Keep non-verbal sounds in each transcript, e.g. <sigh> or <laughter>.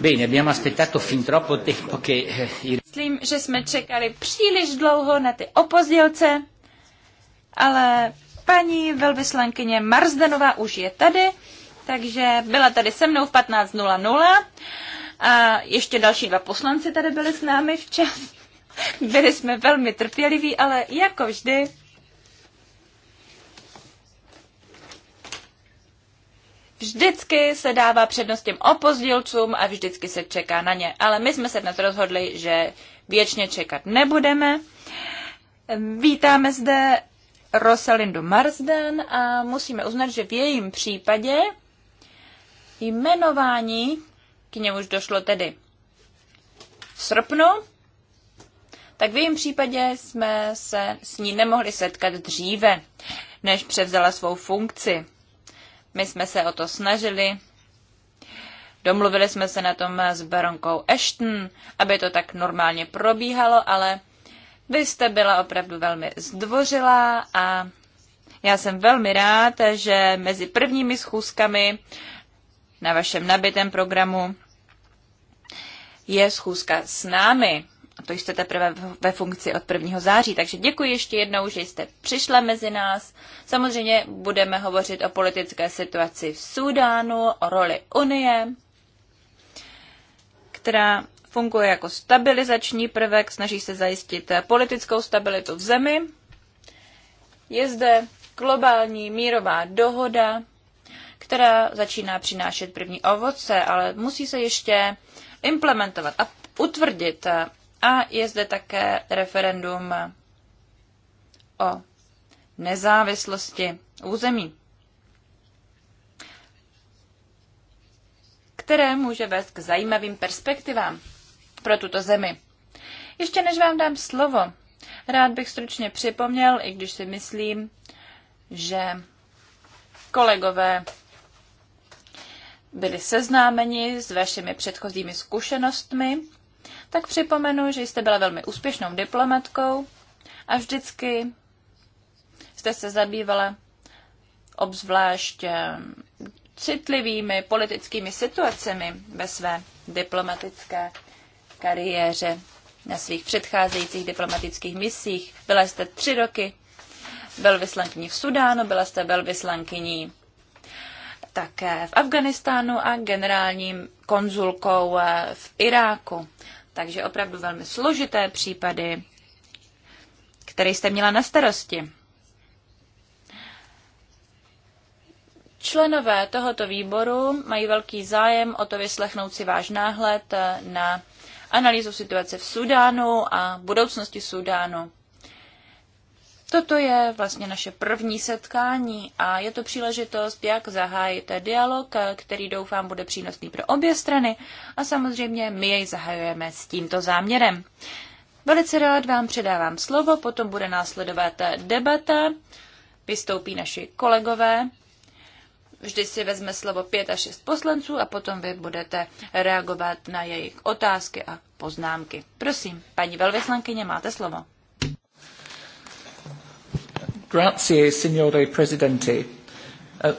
Bene, abbiamo aspettato fin troppo tempo che... Eh, Myslím, že jsme čekali příliš dlouho na ty opozdělce, ale paní velvyslankyně Marzdenová už je tady, takže byla tady se mnou v 15.00 a ještě další dva poslanci tady byli s námi včas. <laughs> Byli jsme velmi trpěliví, ale jako vždy Vždycky se dává přednost těm opozdilcům a vždycky se čeká na ně. Ale my jsme se dnes rozhodli, že věčně čekat nebudeme. Vítáme zde Rosalindu Marsden a musíme uznat, že v jejím případě jmenování, k němuž došlo tedy v srpnu, tak v jejím případě jsme se s ní nemohli setkat dříve, než převzala svou funkci. My jsme se o to snažili. Domluvili jsme se na tom s baronkou Ashton, aby to tak normálně probíhalo, ale vy jste byla opravdu velmi zdvořilá a já jsem velmi rád, že mezi prvními schůzkami na vašem nabitém programu je schůzka s námi to jste teprve ve funkci od 1. září. Takže děkuji ještě jednou, že jste přišla mezi nás. Samozřejmě budeme hovořit o politické situaci v Súdánu, o roli Unie, která funguje jako stabilizační prvek, snaží se zajistit politickou stabilitu v zemi. Je zde globální mírová dohoda, která začíná přinášet první ovoce, ale musí se ještě implementovat a utvrdit. A je zde také referendum o nezávislosti území, které může vést k zajímavým perspektivám pro tuto zemi. Ještě než vám dám slovo, rád bych stručně připomněl, i když si myslím, že kolegové byli seznámeni s vašimi předchozími zkušenostmi tak připomenu, že jste byla velmi úspěšnou diplomatkou a vždycky jste se zabývala obzvlášť citlivými politickými situacemi ve své diplomatické kariéře na svých předcházejících diplomatických misích. Byla jste tři roky velvyslankyní v Sudánu, byla jste velvyslankyní také v Afganistánu a generálním konzulkou eh, v Iráku. Takže opravdu velmi složité případy, které jste měla na starosti. Členové tohoto výboru mají velký zájem o to vyslechnout si váš náhled na analýzu situace v Sudánu a budoucnosti Sudánu. Toto je vlastně naše první setkání a je to příležitost, jak zahájit dialog, který doufám bude přínosný pro obě strany a samozřejmě my jej zahajujeme s tímto záměrem. Velice rád vám předávám slovo, potom bude následovat debata, vystoupí naši kolegové, vždy si vezme slovo pět a šest poslanců a potom vy budete reagovat na jejich otázky a poznámky. Prosím, paní velvyslankyně, máte slovo. Grazie, signore presidente. Eh,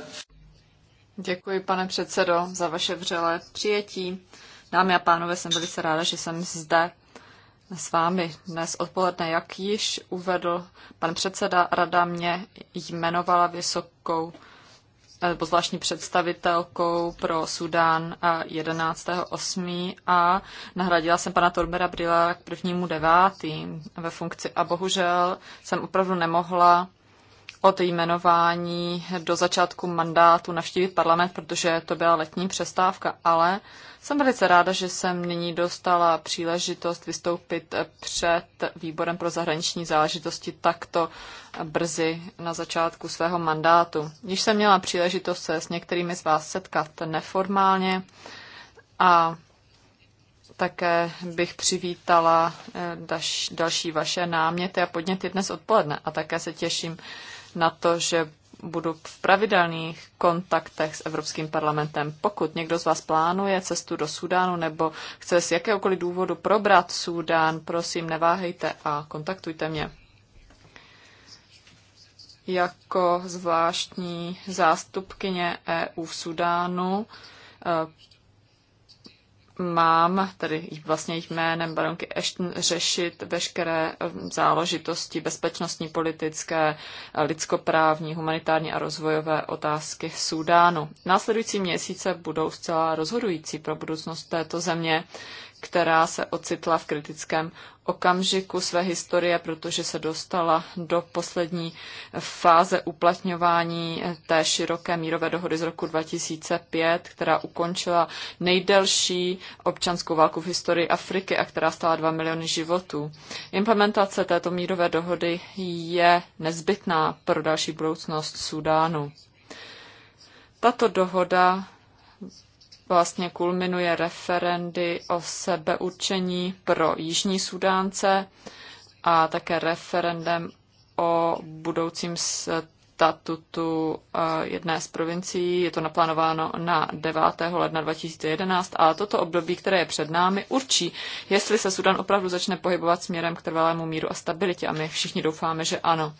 Děkuji, pane předsedo, za vaše vřelé přijetí. Dámy a pánové, jsem velice ráda, že jsem zde s vámi dnes odpoledne. Jak již uvedl pan předseda, rada mě jmenovala vysokou nebo eh, zvláštní představitelkou pro Sudán 11.8. a nahradila jsem pana Torbera Brila k prvnímu devátý ve funkci a bohužel jsem opravdu nemohla od jmenování do začátku mandátu navštívit parlament, protože to byla letní přestávka, ale jsem velice ráda, že jsem nyní dostala příležitost vystoupit před výborem pro zahraniční záležitosti takto brzy na začátku svého mandátu. Již jsem měla příležitost se s některými z vás setkat neformálně a také bych přivítala eh, další vaše náměty a podněty dnes odpoledne a také se těším na to, že budu v pravidelných kontaktech s Evropským parlamentem. Pokud někdo z vás plánuje cestu do Sudánu nebo chce z jakéhokoliv důvodu probrat Sudán, prosím, neváhejte a kontaktujte mě. Jako zvláštní zástupkyně EU v Sudánu mám, tedy vlastně jejich jménem baronky Ashton, řešit veškeré eh, záležitosti bezpečnostní, politické, eh, lidskoprávní, humanitární a rozvojové otázky v Súdánu. Následující měsíce budou zcela rozhodující pro budoucnost této země která se ocitla v kritickém okamžiku své historie, protože se dostala do poslední fáze uplatňování té široké mírové dohody z roku 2005, která ukončila nejdelší občanskou válku v historii Afriky a která stála 2 miliony životů. Implementace této mírové dohody je nezbytná pro další budoucnost Sudánu. Tato dohoda vlastně kulminuje referendy o sebeurčení pro Jižní Sudánce a také referendem o budoucím statutu eh, jedné z provincií. Je to naplánováno na 9. ledna 2011 a toto období, které je před námi, určí, jestli se Sudan opravdu začne pohybovat směrem k trvalému míru a stabilitě. A my všichni doufáme, že ano.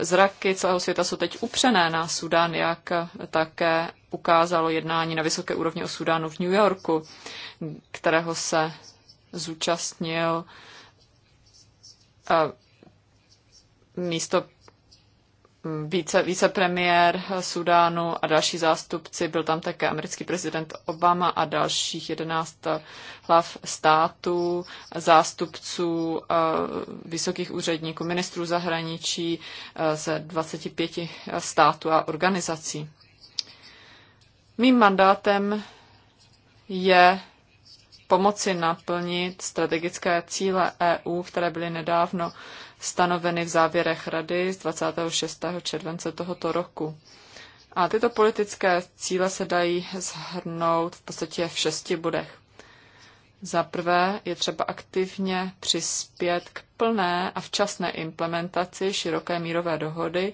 Eh, Zraky celého světa jsou teď upřené na Sudan, jak také ukázalo jednání na vysoké úrovni o Sudánu v New Yorku, kterého se zúčastnil eh, místo více, premiér Sudánu a další zástupci, byl tam také americký prezident Obama a dalších 11 hlav států, zástupců eh, vysokých úředníků, ministrů zahraničí eh, ze 25 států a organizací. Mým mandátem je pomoci naplnit strategické cíle EU, které byly nedávno stanoveny v závěrech Rady z 26. července tohoto roku. A tyto politické cíle se dají zhrnout v podstatě v šesti bodech. Za prvé je třeba aktivně přispět k plné a včasné implementaci široké mírové dohody,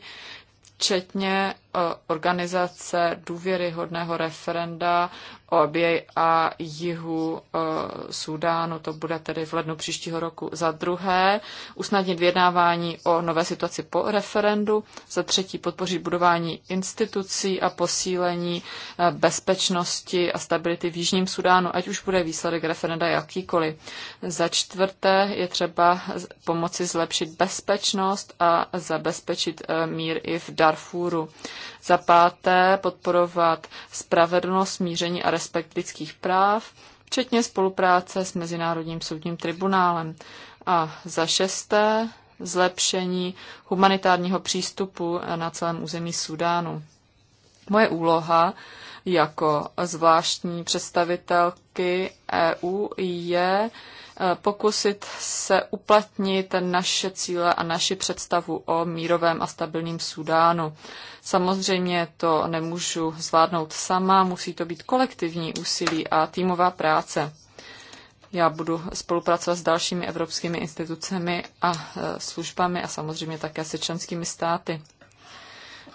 včetně Eh, organizace důvěryhodného referenda o a jihu eh, Súdánu. To bude tedy v lednu příštího roku. Za druhé, usnadnit vyjednávání o nové situaci po referendu. Za třetí, podpořit budování institucí a posílení eh, bezpečnosti a stability v Jižním Sudánu, ať už bude výsledek referenda jakýkoliv. Za čtvrté, je třeba pomoci zlepšit bezpečnost a zabezpečit mír i v Darfuru. Za páté, podporovat spravedlnost, smíření a respekt lidských práv, včetně spolupráce s Mezinárodním soudním tribunálem. A za šesté, zlepšení humanitárního přístupu na celém území Sudánu. Moje úloha jako zvláštní představitelky EU je Eh, pokusit se uplatnit naše cíle a naši představu o mírovém a stabilním Sudánu. Samozřejmě to nemůžu zvládnout sama, musí to být kolektivní úsilí a týmová práce. Já budu spolupracovat s dalšími evropskými institucemi a eh, službami a samozřejmě také se členskými státy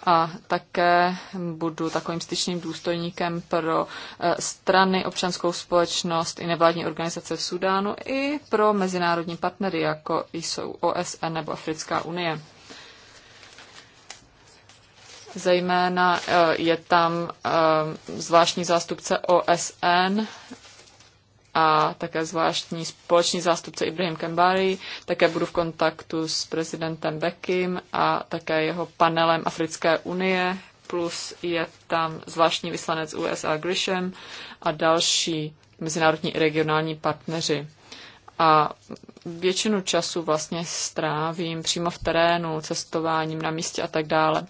a také budu takovým styčným důstojníkem pro eh, strany, občanskou společnost i nevládní organizace v Sudánu i pro mezinárodní partnery, jako jsou OSN nebo Africká unie. Zejména eh, je tam eh, zvláštní zástupce OSN a také zvláštní společný zástupce Ibrahim Kembari. Také budu v kontaktu s prezidentem Bekim a také jeho panelem Africké unie, plus je tam zvláštní vyslanec USA Grisham a další mezinárodní i regionální partneři. A většinu času vlastně strávím přímo v terénu, cestováním na místě a tak dále.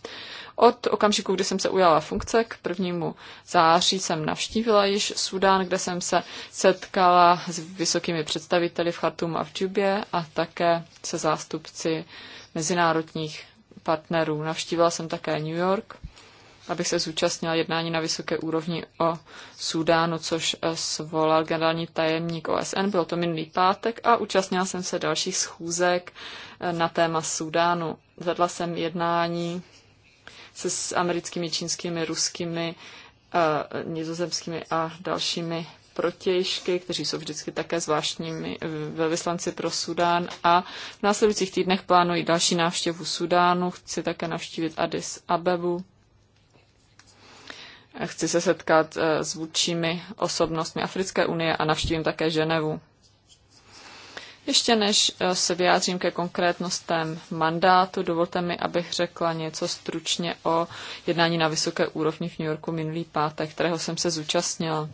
Od okamžiku, kdy jsem se ujala funkce, k prvnímu září jsem navštívila již Sudán, kde jsem se setkala s vysokými představiteli v Chartum a v Džubě a také se zástupci mezinárodních partnerů. Navštívila jsem také New York, abych se zúčastnila jednání na vysoké úrovni o Súdánu, což eh, svolal generální tajemník OSN. Bylo to minulý pátek a účastnila jsem se dalších schůzek eh, na téma Súdánu. Vedla jsem jednání se s americkými, čínskými, ruskými, eh, nizozemskými a dalšími protějšky, kteří jsou vždycky také zvláštními eh, vyslanci pro Sudán a v následujících týdnech plánují další návštěvu Sudánu. Chci také navštívit Addis Abebu. Chci se setkat eh, s vůdčími osobnostmi Africké unie a navštívím také Ženevu. Ještě než eh, se vyjádřím ke konkrétnostem mandátu, dovolte mi, abych řekla něco stručně o jednání na vysoké úrovni v New Yorku minulý pátek, kterého jsem se zúčastnila.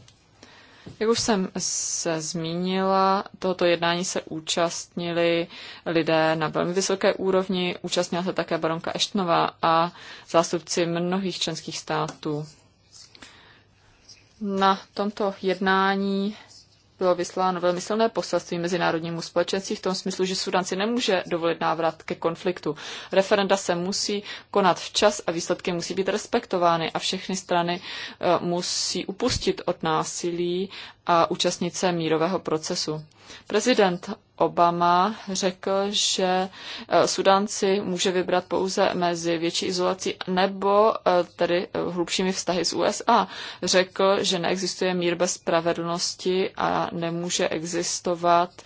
Jak už jsem se zmínila, tohoto jednání se účastnili lidé na velmi vysoké úrovni, účastnila se také baronka Eštnová a zástupci mnohých členských států. Na tomto jednání bylo vysláno velmi silné poselství mezinárodnímu společenství v tom smyslu, že Sudan si nemůže dovolit návrat ke konfliktu. Referenda se musí konat včas a výsledky musí být respektovány a všechny strany eh, musí upustit od násilí a účastnit se mírového procesu. Prezident Obama řekl, že eh, Sudánci může vybrat pouze mezi větší izolací nebo eh, tedy eh, hlubšími vztahy s USA. Řekl, že neexistuje mír bez spravedlnosti a nemůže existovat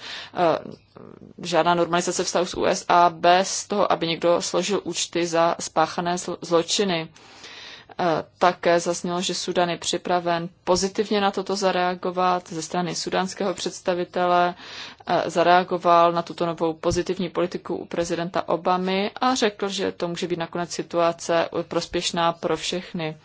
žádná normalizace vztahu s USA bez toho, aby někdo složil účty za spáchané zločiny. E, také zaznělo, že Sudan je připraven pozitivně na toto zareagovat. Ze strany sudánského představitele e, zareagoval na tuto novou pozitivní politiku u prezidenta Obamy a řekl, že to může být nakonec situace prospěšná pro všechny.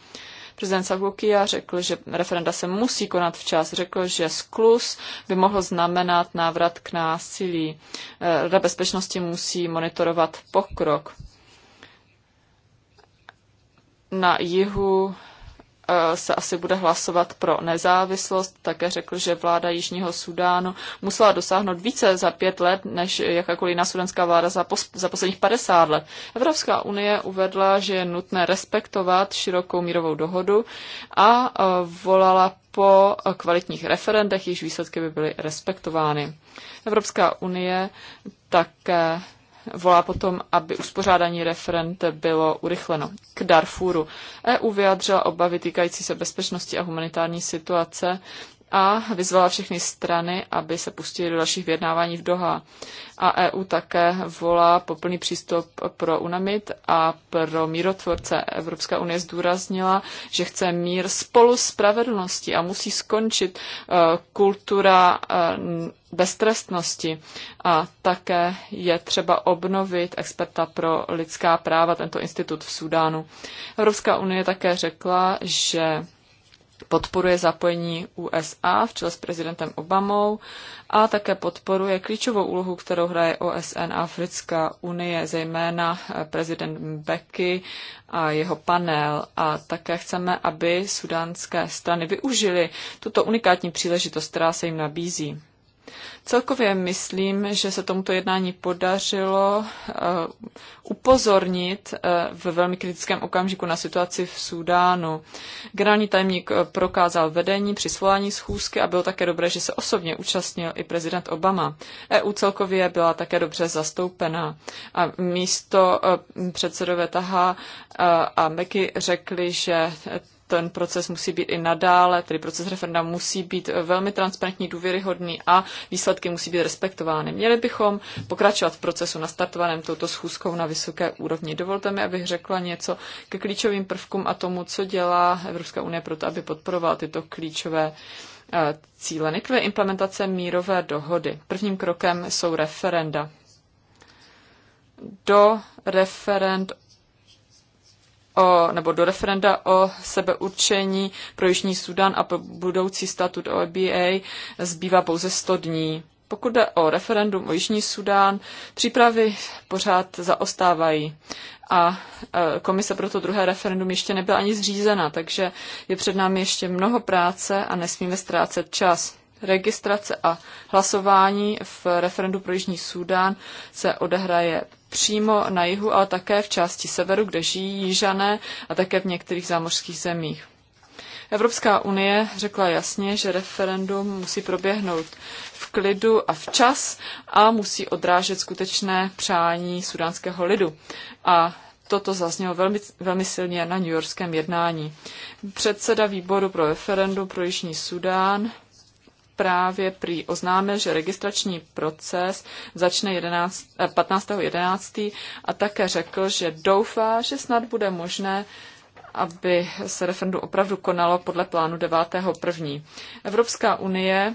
Prezident Savukia řekl, že referenda se musí konat včas. Řekl, že sklus by mohl znamenat návrat k násilí. E, Rada bezpečnosti musí monitorovat pokrok na jihu eh, se asi bude hlasovat pro nezávislost. Také řekl, že vláda Jižního Sudánu musela dosáhnout více za pět let, než jakákoliv jiná sudanská vláda za, pos- za posledních 50 let. Evropská unie uvedla, že je nutné respektovat širokou mírovou dohodu a eh, volala po kvalitních referendech, jejichž výsledky by byly respektovány. Evropská unie také volá potom, aby uspořádání referent bylo urychleno. K Darfuru. EU vyjádřila obavy týkající se bezpečnosti a humanitární situace a vyzvala všechny strany, aby se pustili do dalších vyjednávání v Doha. A EU také volá po plný přístup pro UNAMID a pro mírotvorce. Evropská unie zdůraznila, že chce mír spolu s spravedlností a musí skončit e, kultura e, beztrestnosti a také je třeba obnovit experta pro lidská práva, tento institut v Sudánu. Evropská unie také řekla, že podporuje zapojení USA v čele s prezidentem Obamou a také podporuje klíčovou úlohu, kterou hraje OSN a Africká unie, zejména prezident Mbeki a jeho panel. A také chceme, aby sudánské strany využily tuto unikátní příležitost, která se jim nabízí. Celkově myslím, že se tomuto jednání podařilo eh, upozornit eh, v velmi kritickém okamžiku na situaci v Súdánu. Generální tajemník eh, prokázal vedení při svolání schůzky a bylo také dobré, že se osobně účastnil i prezident Obama. EU celkově byla také dobře zastoupena a místo předsedové Taha a Meky řekli, že ten proces musí být i nadále, tedy proces referenda musí být velmi transparentní, důvěryhodný a výsledky musí být respektovány. Měli bychom pokračovat v procesu nastartovaném touto schůzkou na vysoké úrovni. Dovolte mi, abych řekla něco ke klíčovým prvkům a tomu, co dělá Evropská unie pro to, aby podporovala tyto klíčové eh, cíle. Nejprve implementace mírové dohody. Prvním krokem jsou referenda do referend o, nebo do referenda o sebeurčení pro Jižní Sudan a pro budoucí statut OBA zbývá pouze 100 dní. Pokud jde o referendum o Jižní Sudán, přípravy pořád zaostávají a e, komise pro to druhé referendum ještě nebyla ani zřízena, takže je před námi ještě mnoho práce a nesmíme ztrácet čas. Registrace a hlasování v referendu pro Jižní Súdán se odehraje přímo na jihu, ale také v části severu, kde žijí jižané a také v některých zámořských zemích. Evropská unie řekla jasně, že referendum musí proběhnout v klidu a včas a musí odrážet skutečné přání sudánského lidu. A toto zaznělo velmi, velmi silně na New Yorkském jednání. Předseda výboru pro referendum pro Jižní Sudán právě prý oznámil, že registrační proces začne 11, 15.11. Eh, a také řekl, že doufá, že snad bude možné aby se referendum opravdu konalo podle plánu 9.1. Evropská unie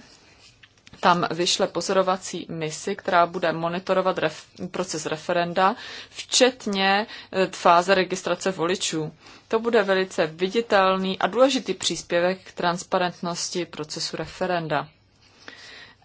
tam vyšle pozorovací misi, která bude monitorovat ref, proces referenda, včetně e, fáze registrace voličů. To bude velice viditelný a důležitý příspěvek k transparentnosti procesu referenda.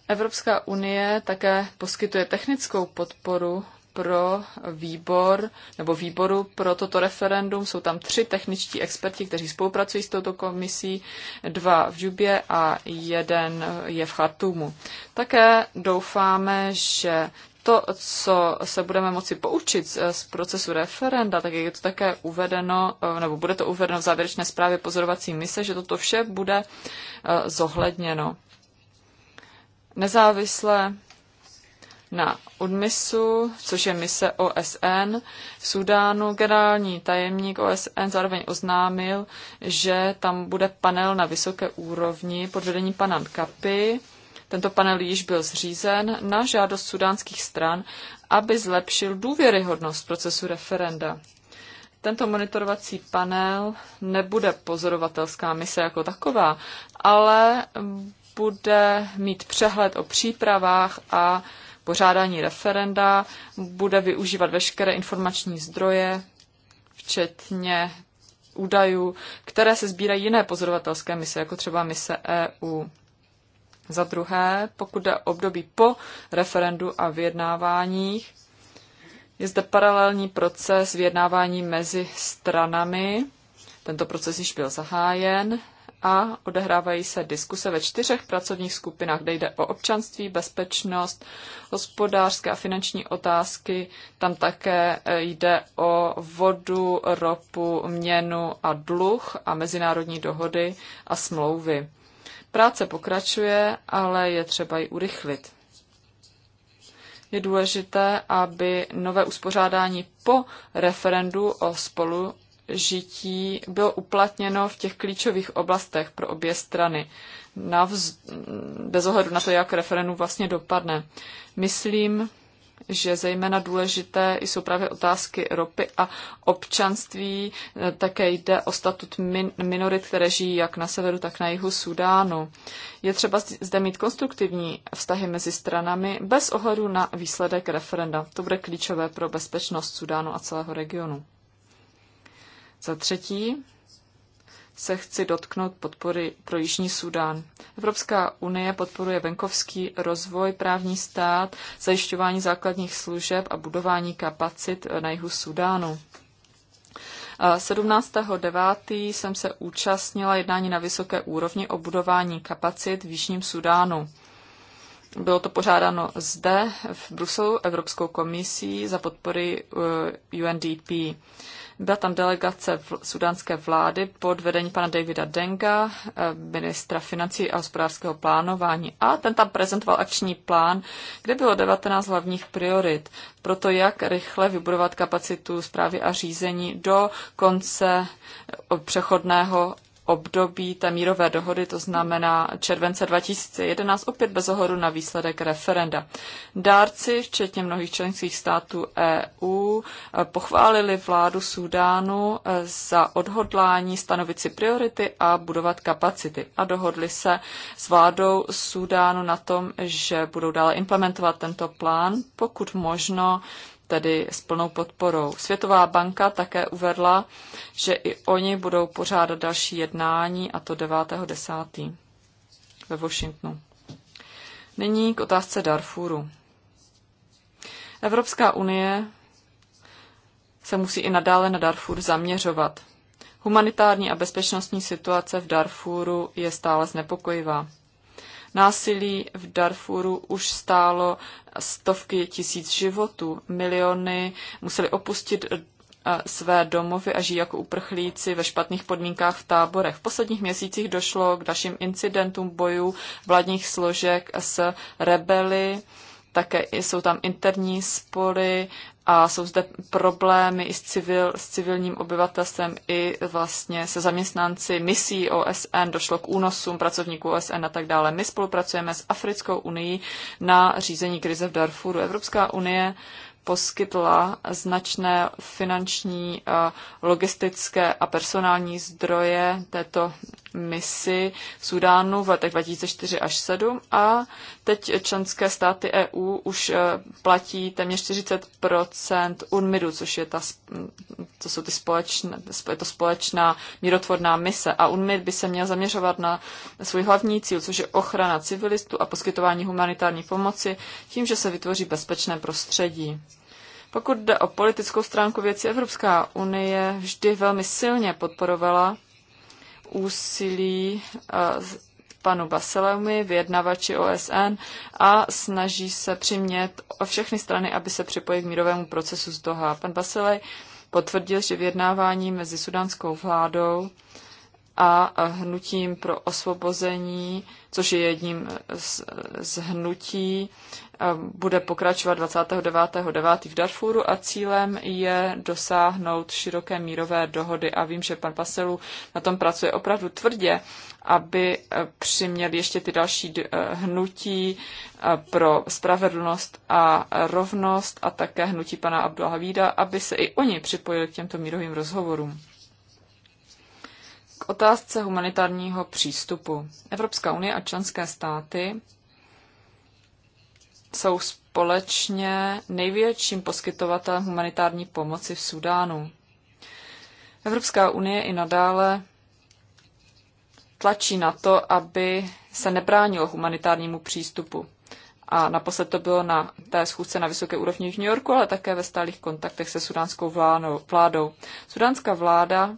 Evropská unie také poskytuje technickou podporu pro výbor nebo výboru pro toto referendum. Jsou tam tři techničtí experti, kteří spolupracují s touto komisí, dva v Džubě a jeden je v Chartumu. Také doufáme, že to, co se budeme moci poučit z procesu referenda, tak je to také uvedeno, nebo bude to uvedeno v závěrečné zprávě pozorovací mise, že toto vše bude eh, zohledněno. Nezávisle na UNMISu, což je mise OSN v Sudánu. Generální tajemník OSN zároveň oznámil, že tam bude panel na vysoké úrovni pod vedením pana Kapy. Tento panel již byl zřízen na žádost sudánských stran, aby zlepšil důvěryhodnost procesu referenda. Tento monitorovací panel nebude pozorovatelská mise jako taková, ale bude mít přehled o přípravách a pořádání referenda, bude využívat veškeré informační zdroje, včetně údajů, které se sbírají jiné pozorovatelské mise, jako třeba mise EU. Za druhé, pokud jde období po referendu a vyjednáváních, je zde paralelní proces vyjednávání mezi stranami. Tento proces již byl zahájen a odehrávají se diskuse ve čtyřech pracovních skupinách, kde jde o občanství, bezpečnost, hospodářské a finanční otázky. Tam také eh, jde o vodu, ropu, měnu a dluh a mezinárodní dohody a smlouvy. Práce pokračuje, ale je třeba ji urychlit. Je důležité, aby nové uspořádání po referendu o spolu žití bylo uplatněno v těch klíčových oblastech pro obě strany, navz, bez ohledu na to, jak referendum vlastně dopadne. Myslím, že zejména důležité jsou právě otázky ropy a občanství. Také jde o statut min- minorit, které žijí jak na severu, tak na jihu Sudánu. Je třeba zde mít konstruktivní vztahy mezi stranami bez ohledu na výsledek referenda. To bude klíčové pro bezpečnost Sudánu a celého regionu. Za třetí se chci dotknout podpory pro Jižní Sudán. Evropská unie podporuje venkovský rozvoj, právní stát, zajišťování základních služeb a budování kapacit na jihu Sudánu. 17.9. jsem se účastnila jednání na vysoké úrovni o budování kapacit v Jižním Sudánu. Bylo to pořádáno zde v Bruselu Evropskou komisí za podpory eh, UNDP. Byla tam delegace v sudánské vlády pod vedení pana Davida Denga, eh, ministra financí a hospodářského plánování. A ten tam prezentoval akční plán, kde bylo 19 hlavních priorit pro to, jak rychle vybudovat kapacitu zprávy a řízení do konce eh, přechodného období té mírové dohody, to znamená července 2011, opět bez ohledu na výsledek referenda. Dárci, včetně mnohých členských států EU, pochválili vládu Súdánu eh, za odhodlání stanovit si priority a budovat kapacity. A dohodli se s vládou Súdánu na tom, že budou dále implementovat tento plán, pokud možno tedy s plnou podporou. Světová banka také uvedla, že i oni budou pořádat další jednání, a to 9.10. ve Washingtonu. Nyní k otázce Darfuru. Evropská unie se musí i nadále na Darfur zaměřovat. Humanitární a bezpečnostní situace v Darfuru je stále znepokojivá. Násilí v Darfuru už stálo stovky tisíc životů. Miliony museli opustit eh, své domovy a žijí jako uprchlíci ve špatných podmínkách v táborech. V posledních měsících došlo k dalším incidentům bojů vládních složek s rebely, také jsou tam interní spory, a jsou zde problémy i s, civil, s civilním obyvatelstvem, i vlastně se zaměstnanci misí OSN, došlo k únosům pracovníků OSN a tak dále. My spolupracujeme s Africkou unii na řízení krize v Darfuru. Evropská unie poskytla značné finanční, eh, logistické a personální zdroje této misi v Sudánu v letech 2004 až 7 a teď členské státy EU už e, platí téměř 40 UNMIDu, což je ta, to jsou ty společné, je to společná mírotvorná mise. A UNMID by se měl zaměřovat na svůj hlavní cíl, což je ochrana civilistů a poskytování humanitární pomoci tím, že se vytvoří bezpečné prostředí. Pokud jde o politickou stránku věci, Evropská unie vždy velmi silně podporovala úsilí eh, panu Baselemi, vyjednavači OSN a snaží se přimět o všechny strany, aby se připojili k mírovému procesu z Doha. Pan Baselej potvrdil, že vyjednávání mezi sudánskou vládou a hnutím pro osvobození, což je jedním z, z hnutí, bude pokračovat 29.9. v Darfuru a cílem je dosáhnout široké mírové dohody. A vím, že pan Paselu na tom pracuje opravdu tvrdě, aby eh, přiměl ještě ty další eh, hnutí eh, pro spravedlnost a rovnost a také hnutí pana Vída, aby se i oni připojili k těmto mírovým rozhovorům. K otázce humanitárního přístupu. Evropská unie a členské státy jsou společně největším poskytovatelem humanitární pomoci v Sudánu. Evropská unie i nadále tlačí na to, aby se nebránilo humanitárnímu přístupu. A naposled to bylo na té schůzce na vysoké úrovni v New Yorku, ale také ve stálých kontaktech se sudánskou vládou. Sudánská vláda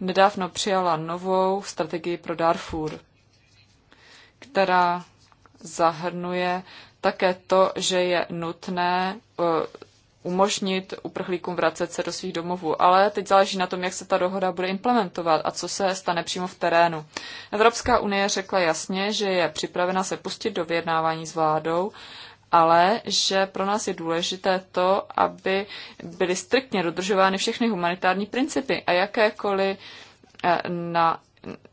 nedávno přijala novou strategii pro Darfur, která zahrnuje také to, že je nutné eh, umožnit uprchlíkům vracet se do svých domovů. Ale teď záleží na tom, jak se ta dohoda bude implementovat a co se stane přímo v terénu. Evropská unie řekla jasně, že je připravena se pustit do vyjednávání s vládou, ale že pro nás je důležité to, aby byly striktně dodržovány všechny humanitární principy a jakékoliv eh, na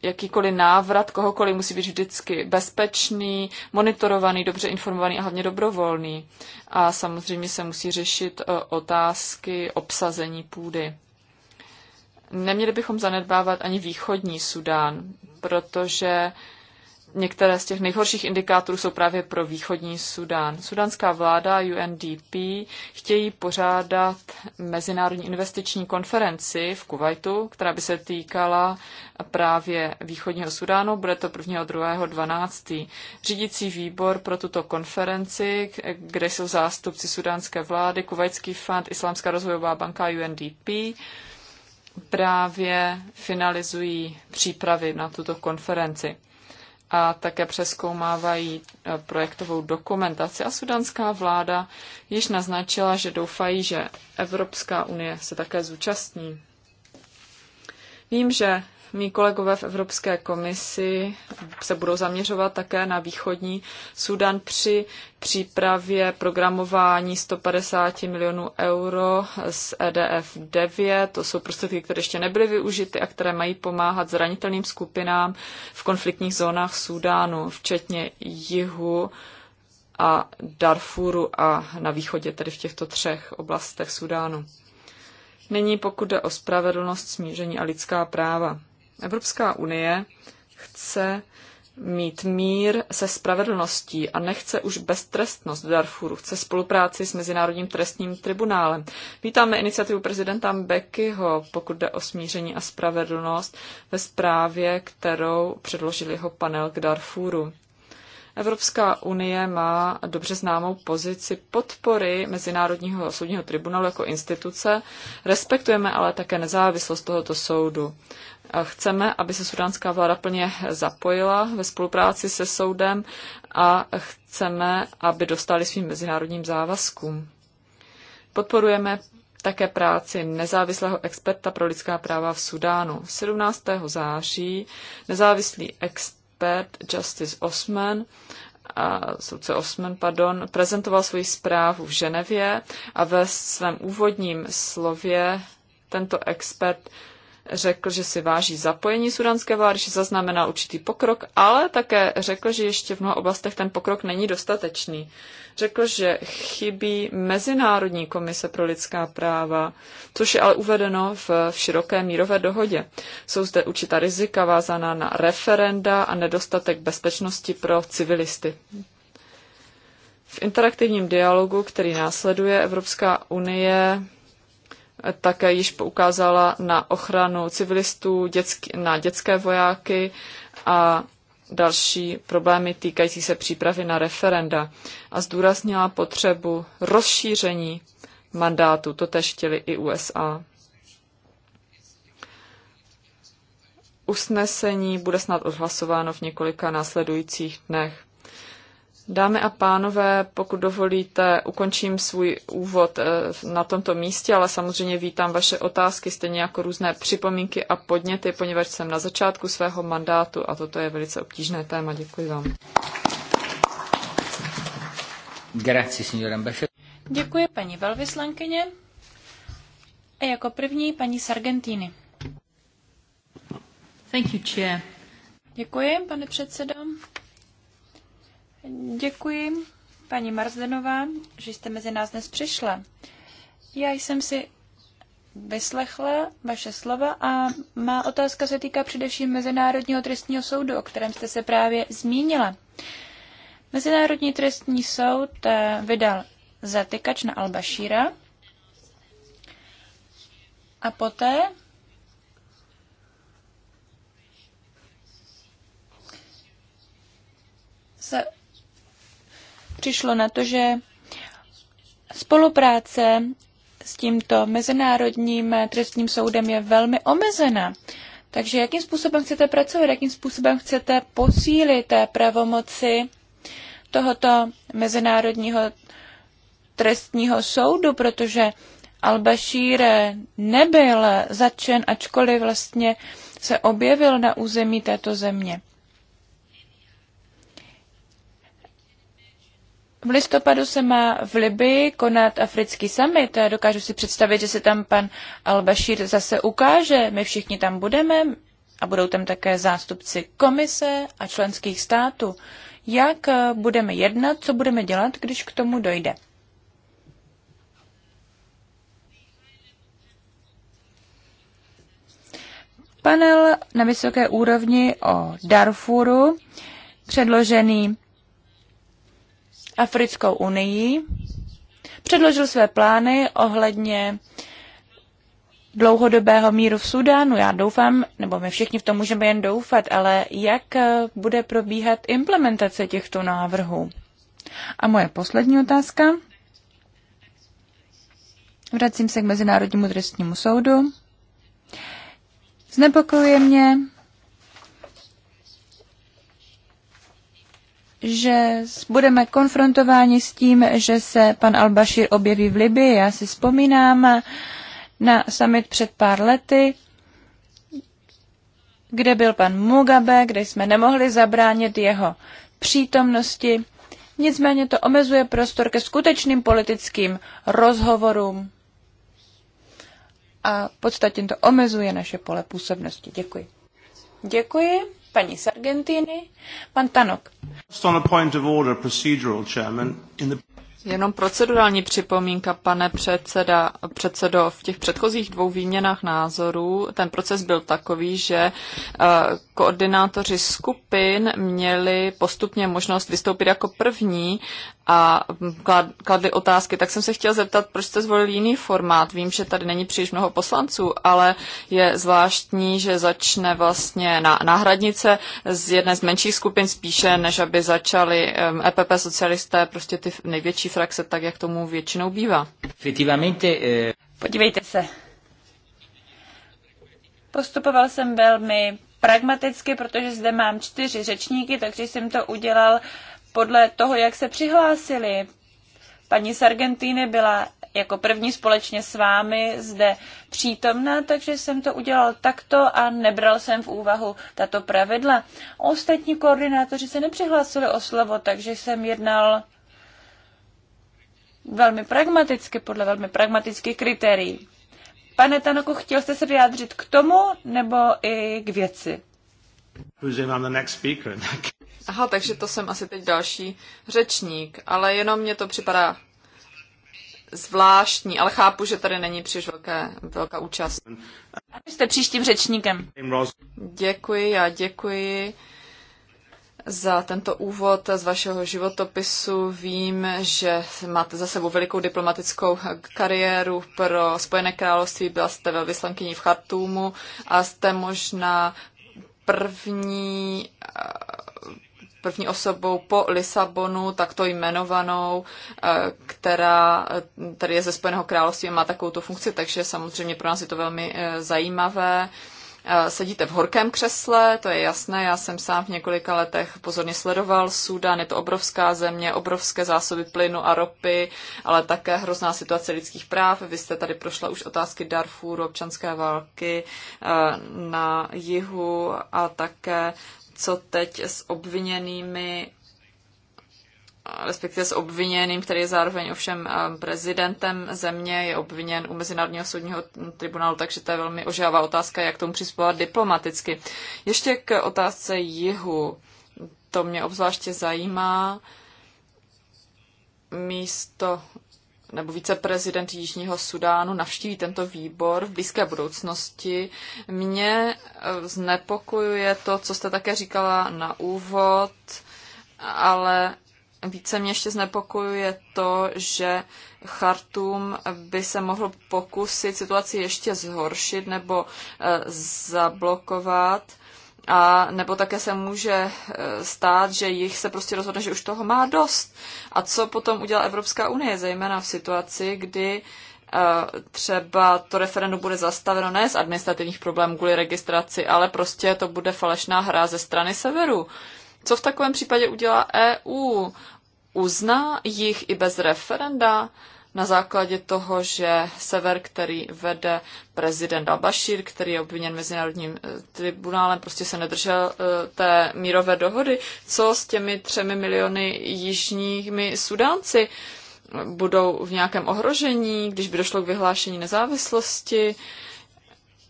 jakýkoliv návrat kohokoliv musí být vždycky bezpečný, monitorovaný, dobře informovaný a hlavně dobrovolný. A samozřejmě se musí řešit eh, otázky obsazení půdy. Neměli bychom zanedbávat ani východní Sudán, protože některé z těch nejhorších indikátorů jsou právě pro východní Sudán. Sudánská vláda UNDP chtějí pořádat mezinárodní investiční konferenci v Kuwaitu, která by se týkala právě východního Sudánu. Bude to 1. 2. 12. Řídící výbor pro tuto konferenci, kde jsou zástupci sudánské vlády, Kuwaitský fond, Islámská rozvojová banka UNDP, právě finalizují přípravy na tuto konferenci a také přeskoumávají e, projektovou dokumentaci. A sudanská vláda již naznačila, že doufají, že Evropská unie se také zúčastní. Vím, že Mí kolegové v Evropské komisi se budou zaměřovat také na východní Sudan při přípravě programování 150 milionů euro z EDF 9. To jsou prostředky, které ještě nebyly využity a které mají pomáhat zranitelným skupinám v konfliktních zónách Sudánu, včetně jihu a Darfuru a na východě, tedy v těchto třech oblastech Sudánu. Nyní pokud jde o spravedlnost, smíření a lidská práva. Evropská unie chce mít mír se spravedlností a nechce už beztrestnost v Darfuru, chce spolupráci s Mezinárodním trestním tribunálem. Vítáme iniciativu prezidenta Bekyho, pokud jde o smíření a spravedlnost, ve zprávě, kterou předložil jeho panel k Darfuru. Evropská unie má dobře známou pozici podpory Mezinárodního soudního tribunálu jako instituce, respektujeme ale také nezávislost tohoto soudu. Chceme, aby se sudánská vláda plně zapojila ve spolupráci se soudem a chceme, aby dostali svým mezinárodním závazkům. Podporujeme také práci nezávislého experta pro lidská práva v Sudánu. 17. září nezávislý ex- Pert, Justice Osman, a soudce Osman, pardon, prezentoval svoji zprávu v Ženevě a ve svém úvodním slově tento expert řekl, že si váží zapojení sudanské vlády, že zaznamená určitý pokrok, ale také řekl, že ještě v mnoha oblastech ten pokrok není dostatečný. Řekl, že chybí Mezinárodní komise pro lidská práva, což je ale uvedeno v, v široké mírové dohodě. Jsou zde určitá rizika vázaná na referenda a nedostatek bezpečnosti pro civilisty. V interaktivním dialogu, který následuje, Evropská unie také již poukázala na ochranu civilistů, dětský, na dětské vojáky a další problémy týkající se přípravy na referenda a zdůraznila potřebu rozšíření mandátu. To tež chtěli i USA. Usnesení bude snad odhlasováno v několika následujících dnech. Dámy a pánové, pokud dovolíte, ukončím svůj úvod eh, na tomto místě, ale samozřejmě vítám vaše otázky, stejně jako různé připomínky a podněty, poněvadž jsem na začátku svého mandátu a toto je velice obtížné téma. Děkuji vám. Děkuji paní velvyslankyně a jako první paní Sargentini. Thank you, chair. Děkuji, pane předsedo. Děkuji, paní Marzdenová, že jste mezi nás dnes přišla. Já jsem si vyslechla vaše slova a má otázka se týká především Mezinárodního trestního soudu, o kterém jste se právě zmínila. Mezinárodní trestní soud eh, vydal zatykač na al a poté se přišlo na to, že spolupráce s tímto mezinárodním trestním soudem je velmi omezena. Takže jakým způsobem chcete pracovat, jakým způsobem chcete posílit pravomoci tohoto mezinárodního trestního soudu, protože Al-Bashir nebyl začen, ačkoliv vlastně se objevil na území této země. V listopadu se má v Libii konat africký summit. Dokážu si představit, že se tam pan Al-Bashir zase ukáže. My všichni tam budeme a budou tam také zástupci komise a členských států. Jak eh, budeme jednat, co budeme dělat, když k tomu dojde? Panel na vysoké úrovni o Darfuru, předložený Africkou unii, předložil své plány ohledně dlouhodobého míru v Sudánu. Já doufám, nebo my všichni v tom můžeme jen doufat, ale jak eh, bude probíhat implementace těchto návrhů? A moje poslední otázka. Vracím se k Mezinárodnímu trestnímu soudu. Znepokojuje mě, že budeme konfrontováni s tím, že se pan Al-Bashir objeví v Libii. Já si vzpomínám na summit před pár lety, kde byl pan Mugabe, kde jsme nemohli zabránit jeho přítomnosti. Nicméně to omezuje prostor ke skutečným politickým rozhovorům a podstatně to omezuje naše pole působnosti. Děkuji. Děkuji paní z Argentiny, pan Tanok. Jenom procedurální připomínka, pane předseda, předsedo. V těch předchozích dvou výměnách názorů ten proces byl takový, že eh, koordinátoři skupin měli postupně možnost vystoupit jako první a kladli otázky. Tak jsem se chtěl zeptat, proč jste zvolili jiný formát. Vím, že tady není příliš mnoho poslanců, ale je zvláštní, že začne vlastně na náhradnice z jedné z menších skupin spíše, než aby začaly EPP e socialisté, prostě ty největší praxe, tak jak tomu většinou bývá. Eh, Podívejte se. Postupoval jsem velmi pragmaticky, protože zde mám čtyři řečníky, takže jsem to udělal podle toho, jak se přihlásili. Paní z Argentíny byla jako první společně s vámi zde přítomná, takže jsem to udělal takto a nebral jsem v úvahu tato pravidla. Ostatní koordinátoři se nepřihlásili o slovo, takže jsem jednal velmi pragmaticky, podle velmi pragmatických kritérií. Pane Tanoku, chtěl jste se vyjádřit k tomu nebo i k věci? Aha, takže to jsem asi teď další řečník, ale jenom mě to připadá zvláštní, ale chápu, že tady není příliš velké, velká účast. A jste příštím řečníkem. Děkuji, já děkuji za tento úvod z vašeho životopisu. Vím, že máte za sebou velikou diplomatickou kariéru pro Spojené království. Byla jste vyslankyní v Chartumu a jste možná první eh, první osobou po Lisabonu, takto jmenovanou, eh, která eh, tady je ze Spojeného království a má takovou tu funkci, takže samozřejmě pro nás je to velmi zajímavé. Sedíte v horkém křesle, to je jasné, já jsem sám v několika letech pozorně sledoval Súdan, je to obrovská země, obrovské zásoby plynu a ropy, ale také hrozná situace lidských práv. Vy jste tady prošla už otázky Darfuru, občanské války eh, na jihu a také co teď s obviněnými respektive s obviněným, který je zároveň ovšem eh, prezidentem země, je obviněn u Mezinárodního soudního tribunálu, takže to je velmi ožává otázka, jak tomu přispívat diplomaticky. Ještě k otázce jihu. To mě obzvláště zajímá. Místo nebo viceprezident Jižního Sudánu navštíví tento výbor v blízké budoucnosti. Mě eh, znepokojuje to, co jste také říkala na úvod, ale více mě ještě znepokojuje to, že Chartum by se mohl pokusit situaci ještě zhoršit nebo eh, zablokovat. A nebo také se může eh, stát, že jich se prostě rozhodne, že už toho má dost. A co potom udělá Evropská unie, zejména v situaci, kdy eh, třeba to referendum bude zastaveno ne z administrativních problémů kvůli registraci, ale prostě to bude falešná hra ze strany severu. Co v takovém případě udělá EU? Uzná jich i bez referenda na základě toho, že sever, který vede prezident Al-Bashir, který je obviněn mezinárodním eh, tribunálem, prostě se nedržel eh, té mírové dohody. Co s těmi třemi miliony jižními Sudánci? Budou v nějakém ohrožení, když by došlo k vyhlášení nezávislosti?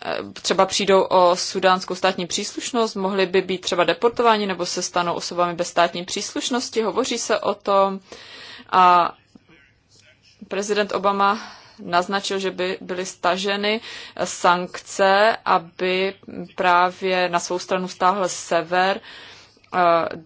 E, třeba přijdou o sudánskou státní příslušnost, mohli by být třeba deportováni nebo se stanou osobami bez státní příslušnosti, hovoří se o tom a prezident Obama naznačil, že by byly staženy sankce, aby právě na svou stranu stáhl sever e,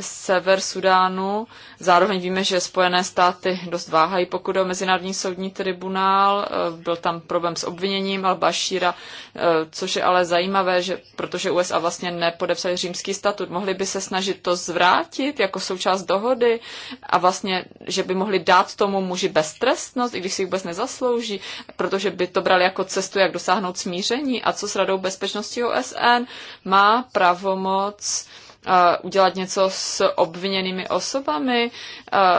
sever Sudánu. Zároveň víme, že Spojené státy dost váhají, pokud o Mezinárodní soudní tribunál. Eh, byl tam problém s obviněním Al-Bashira, eh, což je ale zajímavé, že, protože USA vlastně nepodepsali římský statut. Mohli by se snažit to zvrátit jako součást dohody a vlastně, že by mohli dát tomu muži beztrestnost, i když si ji vůbec nezaslouží, protože by to brali jako cestu, jak dosáhnout smíření. A co s Radou bezpečnosti OSN? Má pravomoc udělat něco s obviněnými osobami,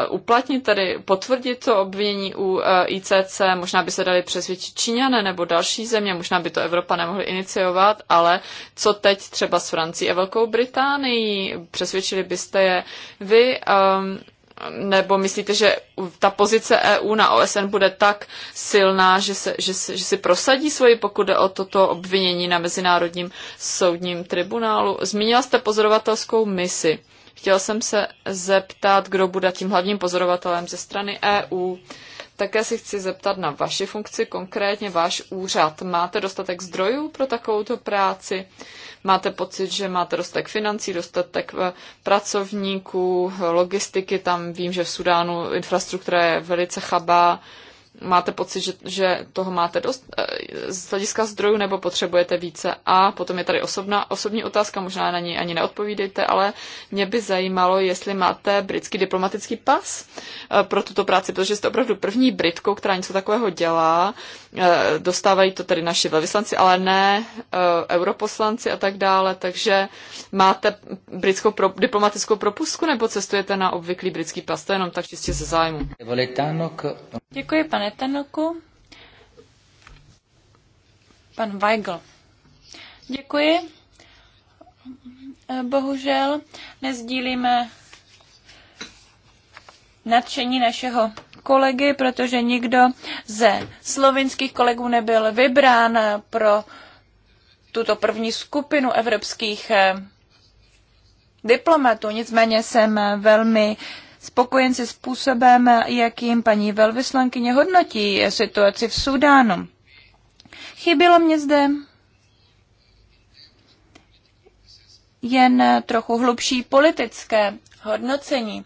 uplatnit tady potvrdit to obvinění u e, ICC, možná by se dali přesvědčit Číňané nebo další země, možná by to Evropa nemohla iniciovat, ale co teď třeba s Francií a Velkou Británií, přesvědčili byste je vy, ehm, nebo myslíte, že ta pozice EU na OSN bude tak silná, že, se, že, se, že si prosadí svoji, pokud jde o toto obvinění na Mezinárodním soudním tribunálu? Zmínila jste pozorovatelskou misi. Chtěl jsem se zeptat, kdo bude tím hlavním pozorovatelem ze strany EU. Také si chci zeptat na vaši funkci, konkrétně váš úřad. Máte dostatek zdrojů pro takovouto práci? Máte pocit, že máte dostatek financí, dostatek eh, pracovníků, logistiky? Tam vím, že v Sudánu infrastruktura je velice chabá máte pocit, že, že toho máte dost eh, z hlediska zdrojů nebo potřebujete více. A potom je tady osobna, osobní otázka, možná na ní ani neodpovídejte, ale mě by zajímalo, jestli máte britský diplomatický pas eh, pro tuto práci, protože jste opravdu první Britkou, která něco takového dělá. Eh, dostávají to tedy naši velvyslanci, ale ne eh, europoslanci a tak dále, takže máte britskou pro, diplomatickou propustku nebo cestujete na obvyklý britský pas, to jenom tak čistě ze zájmu. Děkuji, pane Tanoku. Pan Weigl. Děkuji. Eh, bohužel nezdílíme nadšení našeho kolegy, protože nikdo ze slovinských kolegů nebyl vybrán pro tuto první skupinu evropských eh, diplomatů. Nicméně jsem velmi spokojen se způsobem, jakým paní velvyslankyně hodnotí situaci v Sudánu. Chybělo mě zde jen trochu hlubší politické hodnocení.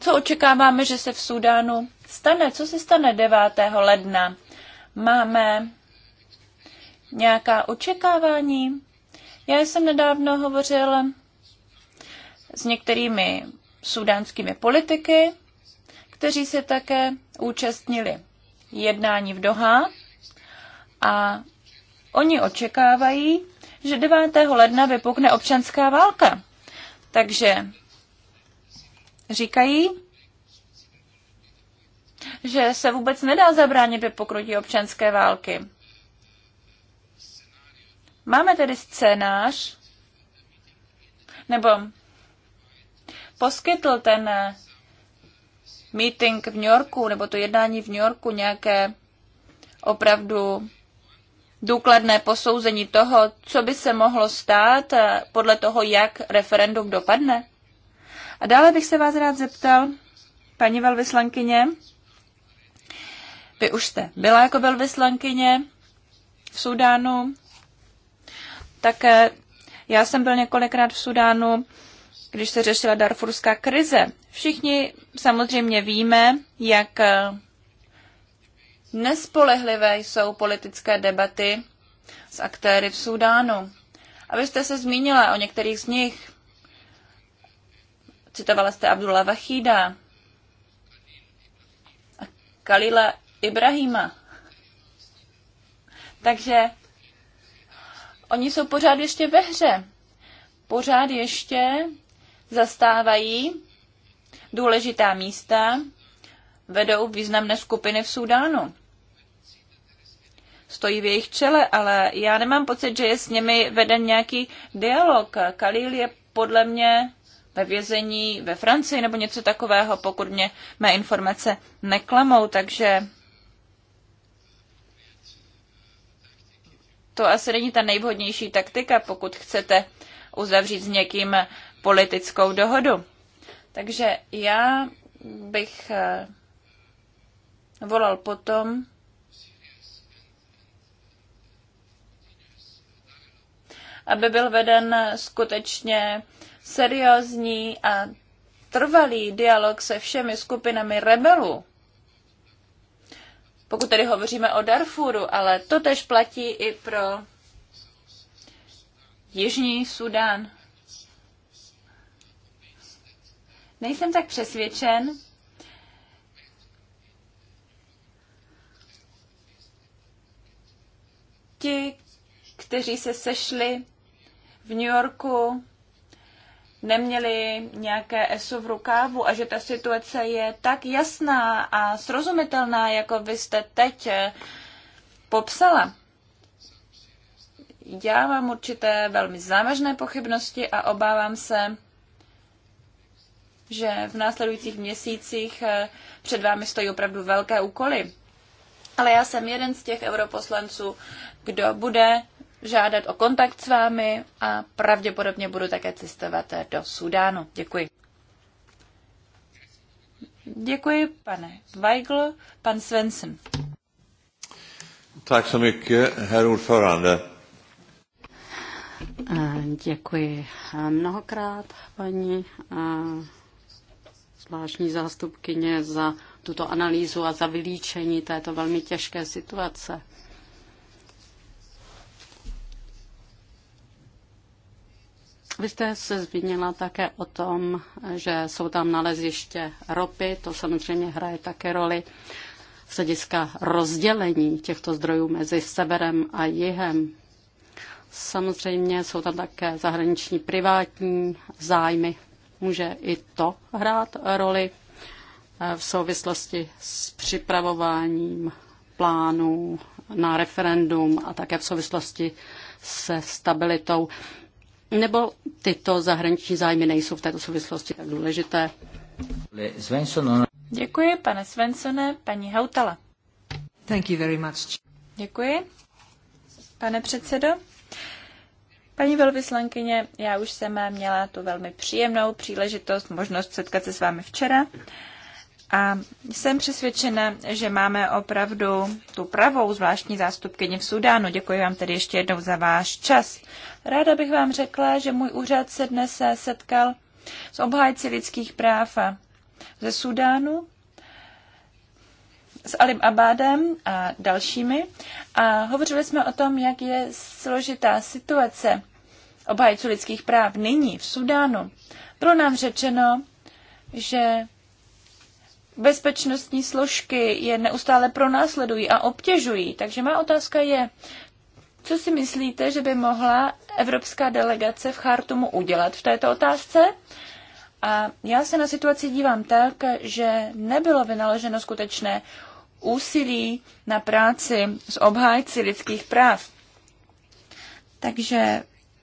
Co očekáváme, že se v Sudánu stane, co se stane 9. ledna? Máme nějaká očekávání? Já jsem nedávno hovořil s některými sudánskými politiky, kteří se také účastnili jednání v Doha a oni očekávají, že 9. ledna vypukne občanská válka. Takže říkají, že se vůbec nedá zabránit vypuknutí občanské války. Máme tedy scénář, nebo poskytl ten eh, meeting v New Yorku, nebo to jednání v New Yorku nějaké opravdu důkladné posouzení toho, co by se mohlo stát eh, podle toho, jak referendum dopadne. A dále bych se vás rád zeptal, paní velvyslankyně, vy už jste byla jako velvyslankyně v Sudánu. Také já jsem byl několikrát v Sudánu, když se řešila darfurská krize. Všichni samozřejmě víme, jak nespolehlivé jsou politické debaty s aktéry v Súdánu. Abyste se zmínila o některých z nich. Citovala jste Abdullah Vachída a Kalila Ibrahima. Takže oni jsou pořád ještě ve hře. Pořád ještě zastávají důležitá místa, vedou významné skupiny v Súdánu. Stojí v jejich čele, ale já nemám pocit, že je s nimi veden nějaký dialog. Kalil je podle mě ve vězení ve Francii nebo něco takového, pokud mě mé informace neklamou, takže To asi není ta nejvhodnější taktika, pokud chcete uzavřít s někým politickou dohodu. Takže já bych eh, volal potom, aby byl veden skutečně seriózní a trvalý dialog se všemi skupinami rebelů pokud tady hovoříme o Darfuru, ale to tež platí i pro Jižní Sudán. Nejsem tak přesvědčen, ti, kteří se sešli v New Yorku neměli nějaké ESO v rukávu a že ta situace je tak jasná a srozumitelná, jako vy jste teď eh, popsala. Já mám určité velmi závažné pochybnosti a obávám se, že v následujících měsících eh, před vámi stojí opravdu velké úkoly. Ale já jsem jeden z těch europoslanců, kdo bude žádat o kontakt s vámi a pravděpodobně budu také cestovat do Sudánu. Děkuji. Děkuji, pane Weigl. Pan Svensson. Tak så mycket, herr eh, Děkuji eh, mnohokrát, paní eh, zvláštní zástupkyně, za tuto analýzu a za vylíčení této velmi těžké situace. Vy jste se zmínila také o tom, že jsou tam naleziště ropy, to samozřejmě hraje také roli z hlediska rozdělení těchto zdrojů mezi severem a jihem. Samozřejmě jsou tam také zahraniční privátní zájmy. Může i to hrát roli v souvislosti s připravováním plánů na referendum a také v souvislosti se stabilitou. Nebo tyto zahraniční zájmy nejsou v této souvislosti tak důležité? Děkuji, pane Svensone, paní Hautala. Thank you very much. Děkuji, pane předsedo. Paní velvyslankyně, já už jsem měla tu velmi příjemnou příležitost, možnost setkat se s vámi včera a jsem přesvědčena, že máme opravdu tu pravou zvláštní zástupkyni v Sudánu. Děkuji vám tedy ještě jednou za váš čas. Ráda bych vám řekla, že můj úřad se dnes setkal s obhájci lidských práv ze Sudánu, s Alim Abádem a dalšími a hovořili jsme o tom, jak je složitá situace obhájců lidských práv nyní v Sudánu. Bylo nám řečeno, že bezpečnostní složky je neustále pronásledují a obtěžují. Takže má otázka je, co si myslíte, že by mohla evropská delegace v Chartumu udělat v této otázce? A já se na situaci dívám tak, že nebylo vynaloženo skutečné úsilí na práci s obhájci lidských práv. Takže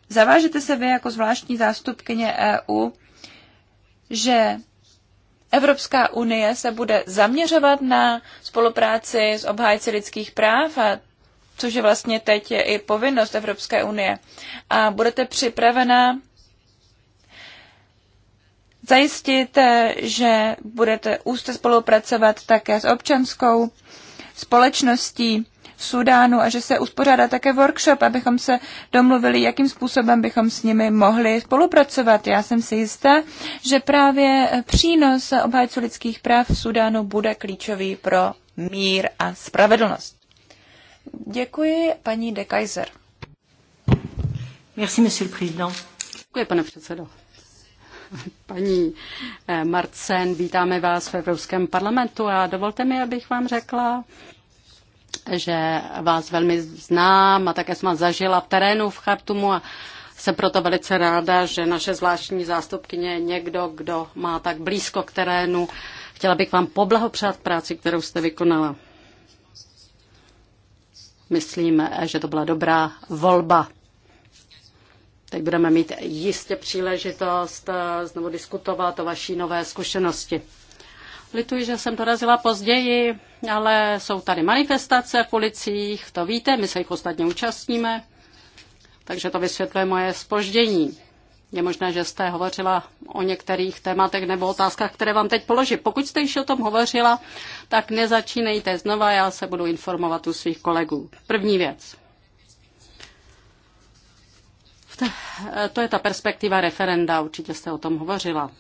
zavážete se vy jako zvláštní zástupkyně EU, že Evropská unie se bude zaměřovat na spolupráci s obhájci lidských práv, a což je vlastně teď je i povinnost Evropské unie. A budete připravena zajistit, že budete úzce spolupracovat také s občanskou společností Sudánu a že se uspořádá také workshop, abychom se domluvili, jakým způsobem bychom s nimi mohli spolupracovat. Já jsem si jistá, že právě přínos obhájců lidských práv v Sudánu bude klíčový pro mír a spravedlnost. Děkuji, paní de Kaiser. Merci, monsieur le président. Děkuji, pane předsedo. Paní eh, Marcen, vítáme vás v Evropském parlamentu a dovolte mi, abych vám řekla, že vás velmi znám a také jsem vás zažila v terénu v Chartumu a jsem proto velice ráda, že naše zvláštní zástupkyně je někdo, kdo má tak blízko k terénu. Chtěla bych vám poblahopřát práci, kterou jste vykonala. Myslím, že to byla dobrá volba. Teď budeme mít jistě příležitost eh, znovu diskutovat o vaší nové zkušenosti. Lituji, že jsem dorazila později, ale jsou tady manifestace v ulicích, to víte, my se jich ostatně účastníme, takže to vysvětluje moje spoždění. Je možné, že jste hovořila o některých tématech nebo otázkách, které vám teď položím. Pokud jste již o tom hovořila, tak nezačínejte znova, já se budu informovat u svých kolegů. První věc. To je ta perspektiva referenda, určitě jste o tom hovořila.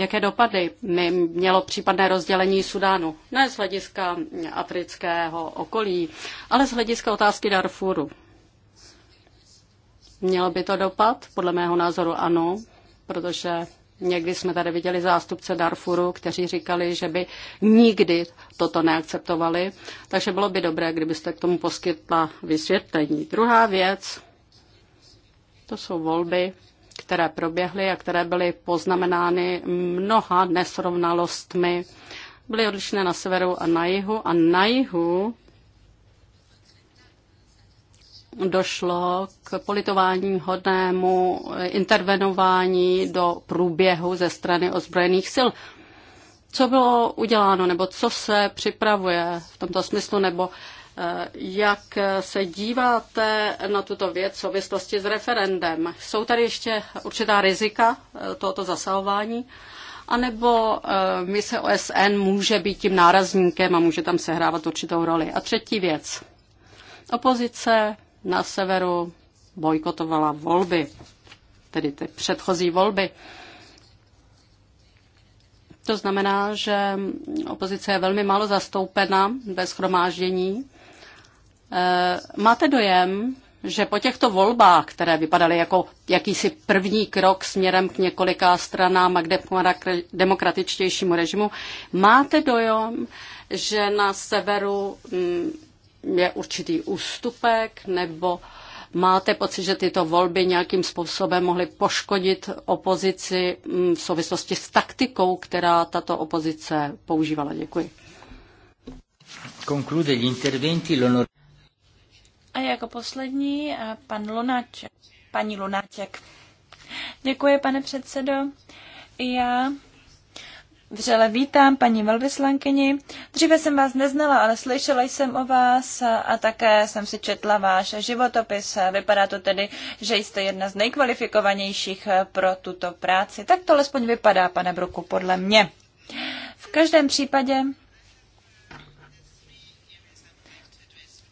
jaké dopady mi mělo případné rozdělení Sudánu. Ne z hlediska afrického okolí, ale z hlediska otázky Darfuru. Mělo by to dopad? Podle mého názoru ano, protože Někdy jsme tady viděli zástupce Darfuru, kteří říkali, že by nikdy toto neakceptovali, takže bylo by dobré, kdybyste k tomu poskytla vysvětlení. Druhá věc, to jsou volby které proběhly a které byly poznamenány mnoha nesrovnalostmi. Byly odlišné na severu a na jihu a na jihu došlo k politování hodnému intervenování do průběhu ze strany ozbrojených sil. Co bylo uděláno, nebo co se připravuje v tomto smyslu, nebo jak se díváte na tuto věc v souvislosti s referendem. Jsou tady ještě určitá rizika eh, tohoto zasahování? A nebo eh, mise OSN může být tím nárazníkem a může tam sehrávat určitou roli. A třetí věc. Opozice na severu bojkotovala volby, tedy ty předchozí volby. To znamená, že opozice je velmi málo zastoupena ve schromáždění Eh, máte dojem, že po těchto volbách, které vypadaly jako jakýsi první krok směrem k několika stranám a k demokratičtějšímu režimu, máte dojem, že na severu mm, je určitý ústupek nebo Máte pocit, že tyto volby nějakým způsobem mohly poškodit opozici mm, v souvislosti s taktikou, která tato opozice používala? Děkuji. Konklude gli interventi l'onore. A jako poslední eh, pan Lunáček. Paní Lunáček. Děkuji, pane předsedo. Já Vřele vítám paní velvyslankyni. Dříve jsem vás neznala, ale slyšela jsem o vás a také jsem si četla váš životopis. Vypadá to tedy, že jste jedna z nejkvalifikovanějších eh, pro tuto práci. Tak to alespoň vypadá, pane Bruku, podle mě. V každém případě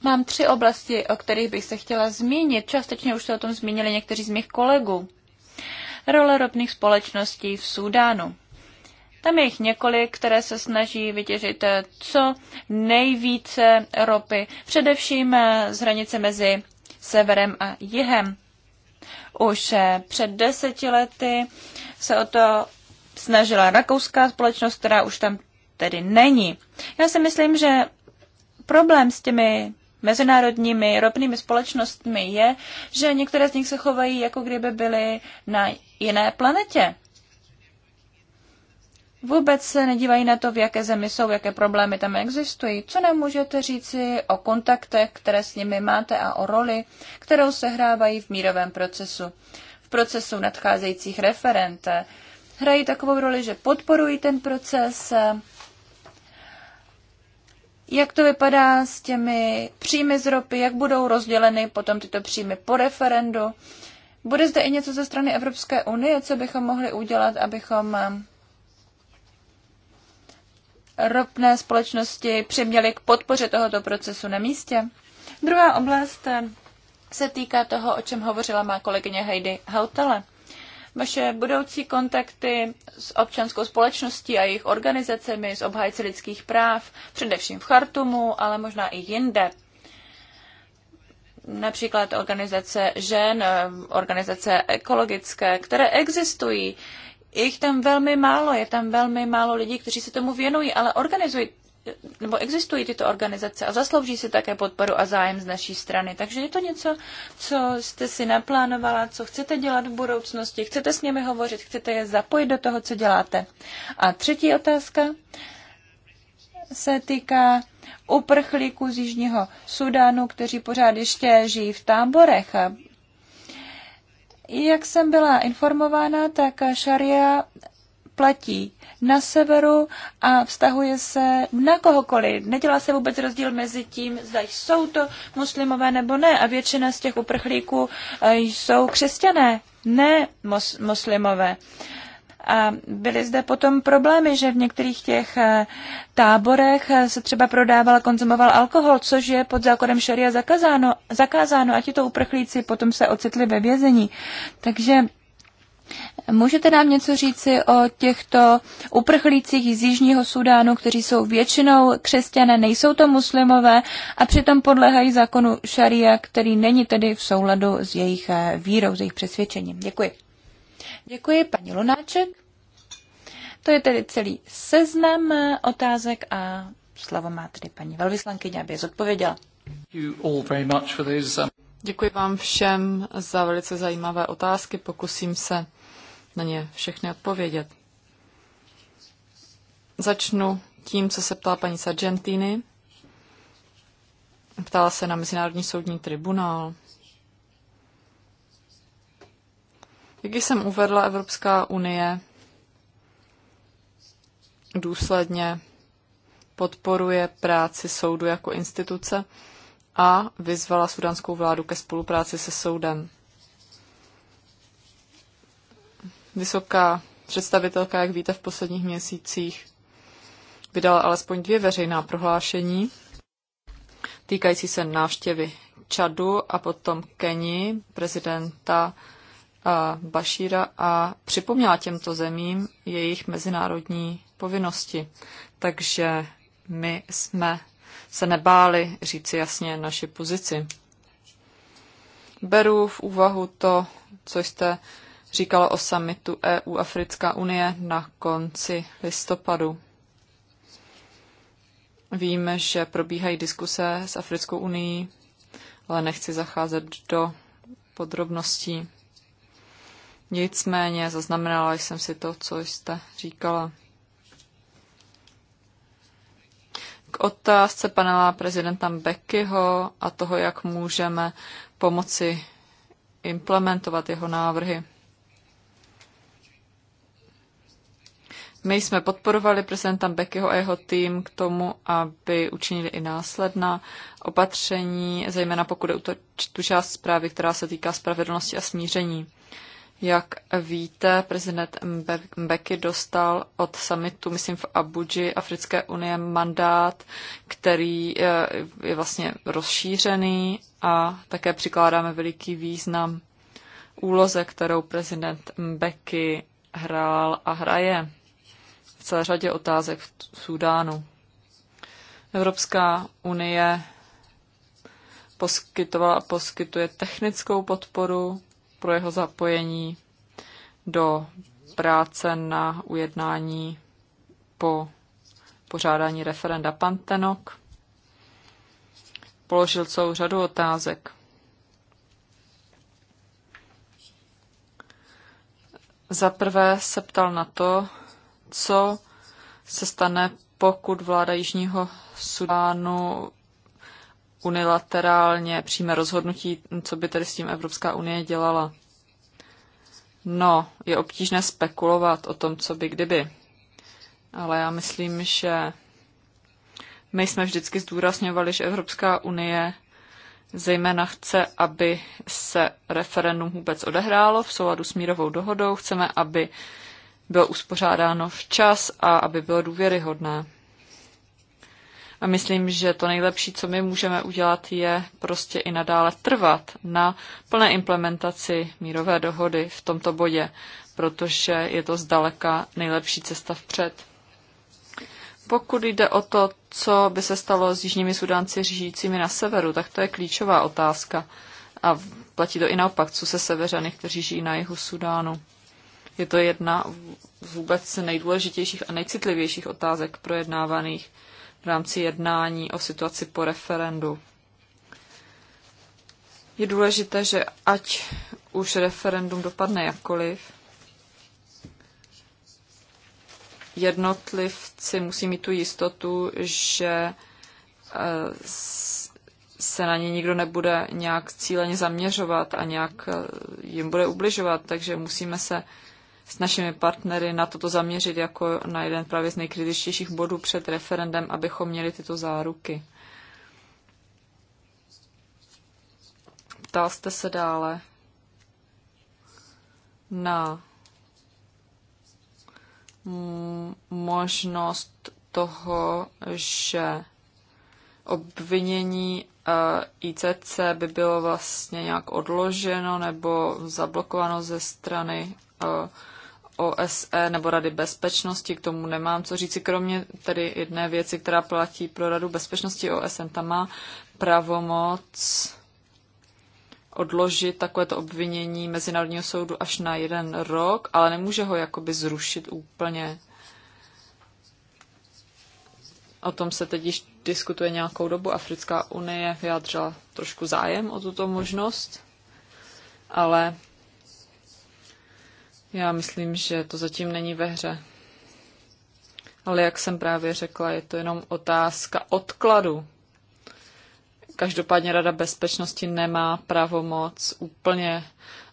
Mám tři oblasti, o kterých bych se chtěla zmínit. Částečně už se o tom zmínili někteří z mých kolegů. Role ropných společností v Súdánu. Tam je jich několik, které se snaží vytěžit eh, co nejvíce ropy, především eh, z hranice mezi severem a jihem. Už eh, před deseti lety se o to snažila rakouská společnost, která už tam tedy není. Já si myslím, že problém s těmi mezinárodními ropnými společnostmi je, že některé z nich se chovají, jako kdyby byly na jiné planetě. Vůbec se nedívají na to, v jaké zemi jsou, jaké problémy tam existují. Co nám můžete říci o kontaktech, které s nimi máte a o roli, kterou se hrávají v mírovém procesu, v procesu nadcházejících referent? Hrají takovou roli, že podporují ten proces, jak to vypadá s těmi příjmy z ropy, jak budou rozděleny potom tyto příjmy po referendu. Bude zde i něco ze strany Evropské unie, co bychom mohli udělat, abychom eh, ropné společnosti přiměli k podpoře tohoto procesu na místě? Druhá oblast eh, se týká toho, o čem hovořila má kolegyně Heidi Hautala vaše budoucí kontakty s občanskou společností a jejich organizacemi, s obhájci lidských práv, především v Chartumu, ale možná i jinde. Například organizace žen, organizace ekologické, které existují. Je jich tam velmi málo, je tam velmi málo lidí, kteří se tomu věnují, ale organizují nebo existují tyto organizace a zaslouží si také podporu a zájem z naší strany. Takže je to něco, co jste si naplánovala, co chcete dělat v budoucnosti, chcete s nimi hovořit, chcete je zapojit do toho, co děláte. A třetí otázka se týká uprchlíků z Jižního Sudánu, kteří pořád ještě žijí v táborech. Jak jsem byla informována, tak šaria platí na severu a vztahuje se na kohokoliv. Nedělá se vůbec rozdíl mezi tím, zda jsou to muslimové nebo ne. A většina z těch uprchlíků eh, jsou křesťané, ne mos- muslimové. A byly zde potom problémy, že v některých těch eh, táborech eh, se třeba prodával a konzumoval alkohol, což je pod zákonem šaria zakázáno, zakázáno a tito uprchlíci potom se ocitli ve vězení. Takže Můžete nám něco říci o těchto uprchlících z Jižního Sudánu, kteří jsou většinou křesťané, nejsou to muslimové a přitom podléhají zákonu šaria, který není tedy v souladu s jejich eh, vírou, s jejich přesvědčením. Děkuji. Děkuji, paní Lunáček. To je tedy celý seznam eh, otázek a slovo má tedy paní velvyslankyně, aby je zodpověděla. Um, Děkuji vám všem za velice zajímavé otázky. Pokusím se na ně všechny odpovědět. Začnu tím, co se ptala paní Sargentini. Ptala se na Mezinárodní soudní tribunál. Jak jsem uvedla, Evropská unie důsledně podporuje práci soudu jako instituce a vyzvala sudánskou vládu ke spolupráci se soudem. Vysoká představitelka, jak víte, v posledních měsících vydala alespoň dvě veřejná prohlášení týkající se návštěvy Čadu a potom Keni, prezidenta eh, Bašíra a připomněla těmto zemím jejich mezinárodní povinnosti. Takže my jsme se nebáli říci jasně naši pozici. Beru v úvahu to, co jste říkala o samitu EU Africká unie na konci listopadu. Víme, že probíhají diskuse s Africkou unii, ale nechci zacházet do podrobností. Nicméně zaznamenala jsem si to, co jste říkala. K otázce panela prezidenta Beckyho a toho, jak můžeme pomoci implementovat jeho návrhy. My jsme podporovali prezidenta Beckyho a jeho tým k tomu, aby učinili i následná opatření, zejména pokud je tu část zprávy, která se týká spravedlnosti a smíření. Jak víte, prezident Mbeki dostal od summitu, myslím v Abuji, Africké unie mandát, který eh, je vlastně rozšířený a také přikládáme veliký význam úloze, kterou prezident Mbeki hrál a hraje celé řadě otázek v Súdánu. Evropská unie poskytovala a poskytuje technickou podporu pro jeho zapojení do práce na ujednání po pořádání referenda Pantenok. Položil celou řadu otázek. Za prvé se ptal na to, co se stane, pokud vláda Jižního Sudánu unilaterálně přijme rozhodnutí, co by tedy s tím Evropská unie dělala. No, je obtížné spekulovat o tom, co by kdyby. Ale já myslím, že my jsme vždycky zdůrazňovali, že Evropská unie zejména chce, aby se referendum vůbec odehrálo v souladu s mírovou dohodou. Chceme, aby bylo uspořádáno včas a aby bylo důvěryhodné. A myslím, že to nejlepší, co my můžeme udělat, je prostě i nadále trvat na plné implementaci mírové dohody v tomto bodě, protože je to zdaleka nejlepší cesta vpřed. Pokud jde o to, co by se stalo s jižními Sudánci žijícími na severu, tak to je klíčová otázka. A platí to i naopak, co se severany, kteří žijí na jihu Sudánu. Je to jedna z vůbec nejdůležitějších a nejcitlivějších otázek projednávaných v rámci jednání o situaci po referendu. Je důležité, že ať už referendum dopadne jakkoliv, jednotlivci musí mít tu jistotu, že eh, se na ně nikdo nebude nějak cíleně zaměřovat a nějak eh, jim bude ubližovat, takže musíme se s našimi partnery na toto zaměřit jako na jeden právě z nejkritičtějších bodů před referendem, abychom měli tyto záruky. Ptal jste se dále na možnost toho, že obvinění eh, ICC by bylo vlastně nějak odloženo nebo zablokováno ze strany eh, OSE nebo Rady bezpečnosti, k tomu nemám co říci, kromě tedy jedné věci, která platí pro Radu bezpečnosti OSN. Ta má pravomoc odložit takovéto obvinění Mezinárodního soudu až na jeden rok, ale nemůže ho jakoby zrušit úplně. O tom se teď již diskutuje nějakou dobu. Africká unie vyjádřila trošku zájem o tuto možnost, ale já myslím, že to zatím není ve hře. Ale jak jsem právě řekla, je to jenom otázka odkladu. Každopádně Rada bezpečnosti nemá pravomoc úplně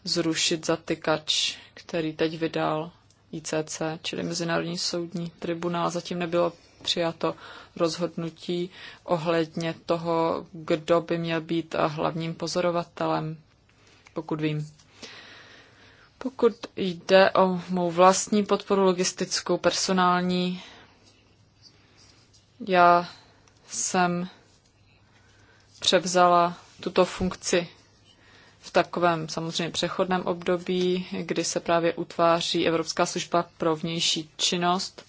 zrušit zatykač, který teď vydal ICC, čili Mezinárodní soudní tribunál. Zatím nebylo přijato rozhodnutí ohledně toho, kdo by měl být hlavním pozorovatelem, pokud vím. Pokud jde o mou vlastní podporu logistickou, personální, já jsem převzala tuto funkci v takovém samozřejmě přechodném období, kdy se právě utváří Evropská služba pro vnější činnost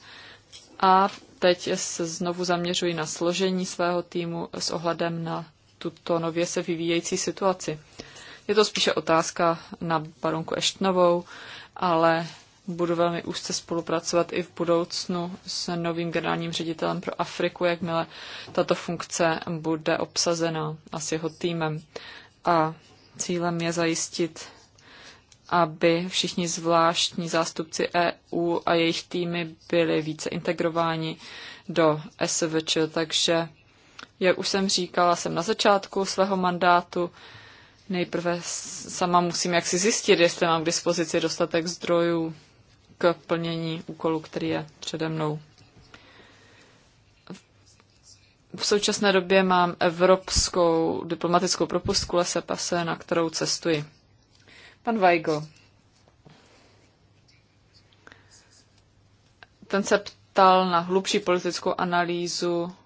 a teď se znovu zaměřuji na složení svého týmu s ohledem na tuto nově se vyvíjející situaci. Je to spíše otázka na baronku Eštnovou, ale budu velmi úzce spolupracovat i v budoucnu s novým generálním ředitelem pro Afriku, jakmile tato funkce bude obsazena a s jeho týmem. A cílem je zajistit, aby všichni zvláštní zástupci EU a jejich týmy byli více integrováni do SVČ. Takže, jak už jsem říkala, jsem na začátku svého mandátu, Nejprve sama musím jaksi zjistit, jestli mám k dispozici dostatek zdrojů k plnění úkolu, který je přede mnou. V současné době mám evropskou diplomatickou propustku Lese Pase, na kterou cestuji. Pan Vajgo. Ten se ptal na hlubší politickou analýzu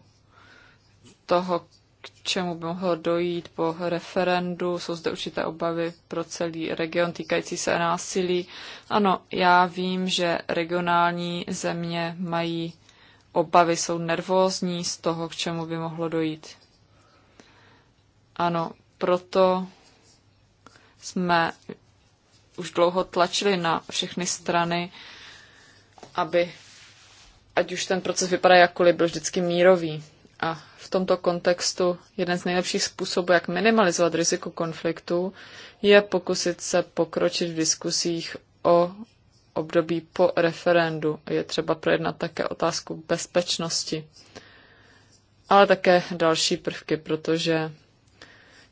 toho, k čemu by mohlo dojít po referendu. Jsou zde určité obavy pro celý region týkající se násilí. Ano, já vím, že regionální země mají obavy, jsou nervózní z toho, k čemu by mohlo dojít. Ano, proto jsme už dlouho tlačili na všechny strany, aby ať už ten proces vypadá jakkoliv, byl vždycky mírový. A v tomto kontextu jeden z nejlepších způsobů, jak minimalizovat riziko konfliktů, je pokusit se pokročit v diskusích o období po referendu. Je třeba projednat také otázku bezpečnosti, ale také další prvky, protože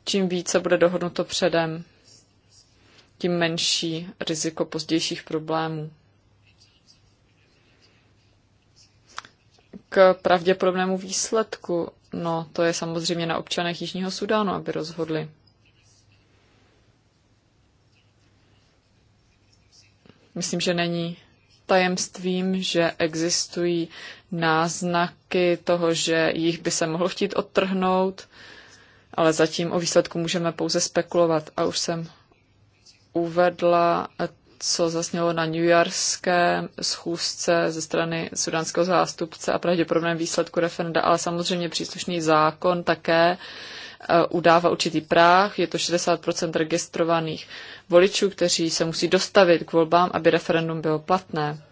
čím více bude dohodnuto předem, tím menší riziko pozdějších problémů. k pravděpodobnému výsledku. No, to je samozřejmě na občanech Jižního Sudánu, aby rozhodli. Myslím, že není tajemstvím, že existují náznaky toho, že jich by se mohlo chtít odtrhnout, ale zatím o výsledku můžeme pouze spekulovat. A už jsem uvedla co zasnělo na New Yorkské schůzce ze strany sudánského zástupce a pravděpodobném výsledku referenda, ale samozřejmě příslušný zákon také e, udává určitý práh, je to 60% registrovaných voličů, kteří se musí dostavit k volbám, aby referendum bylo platné.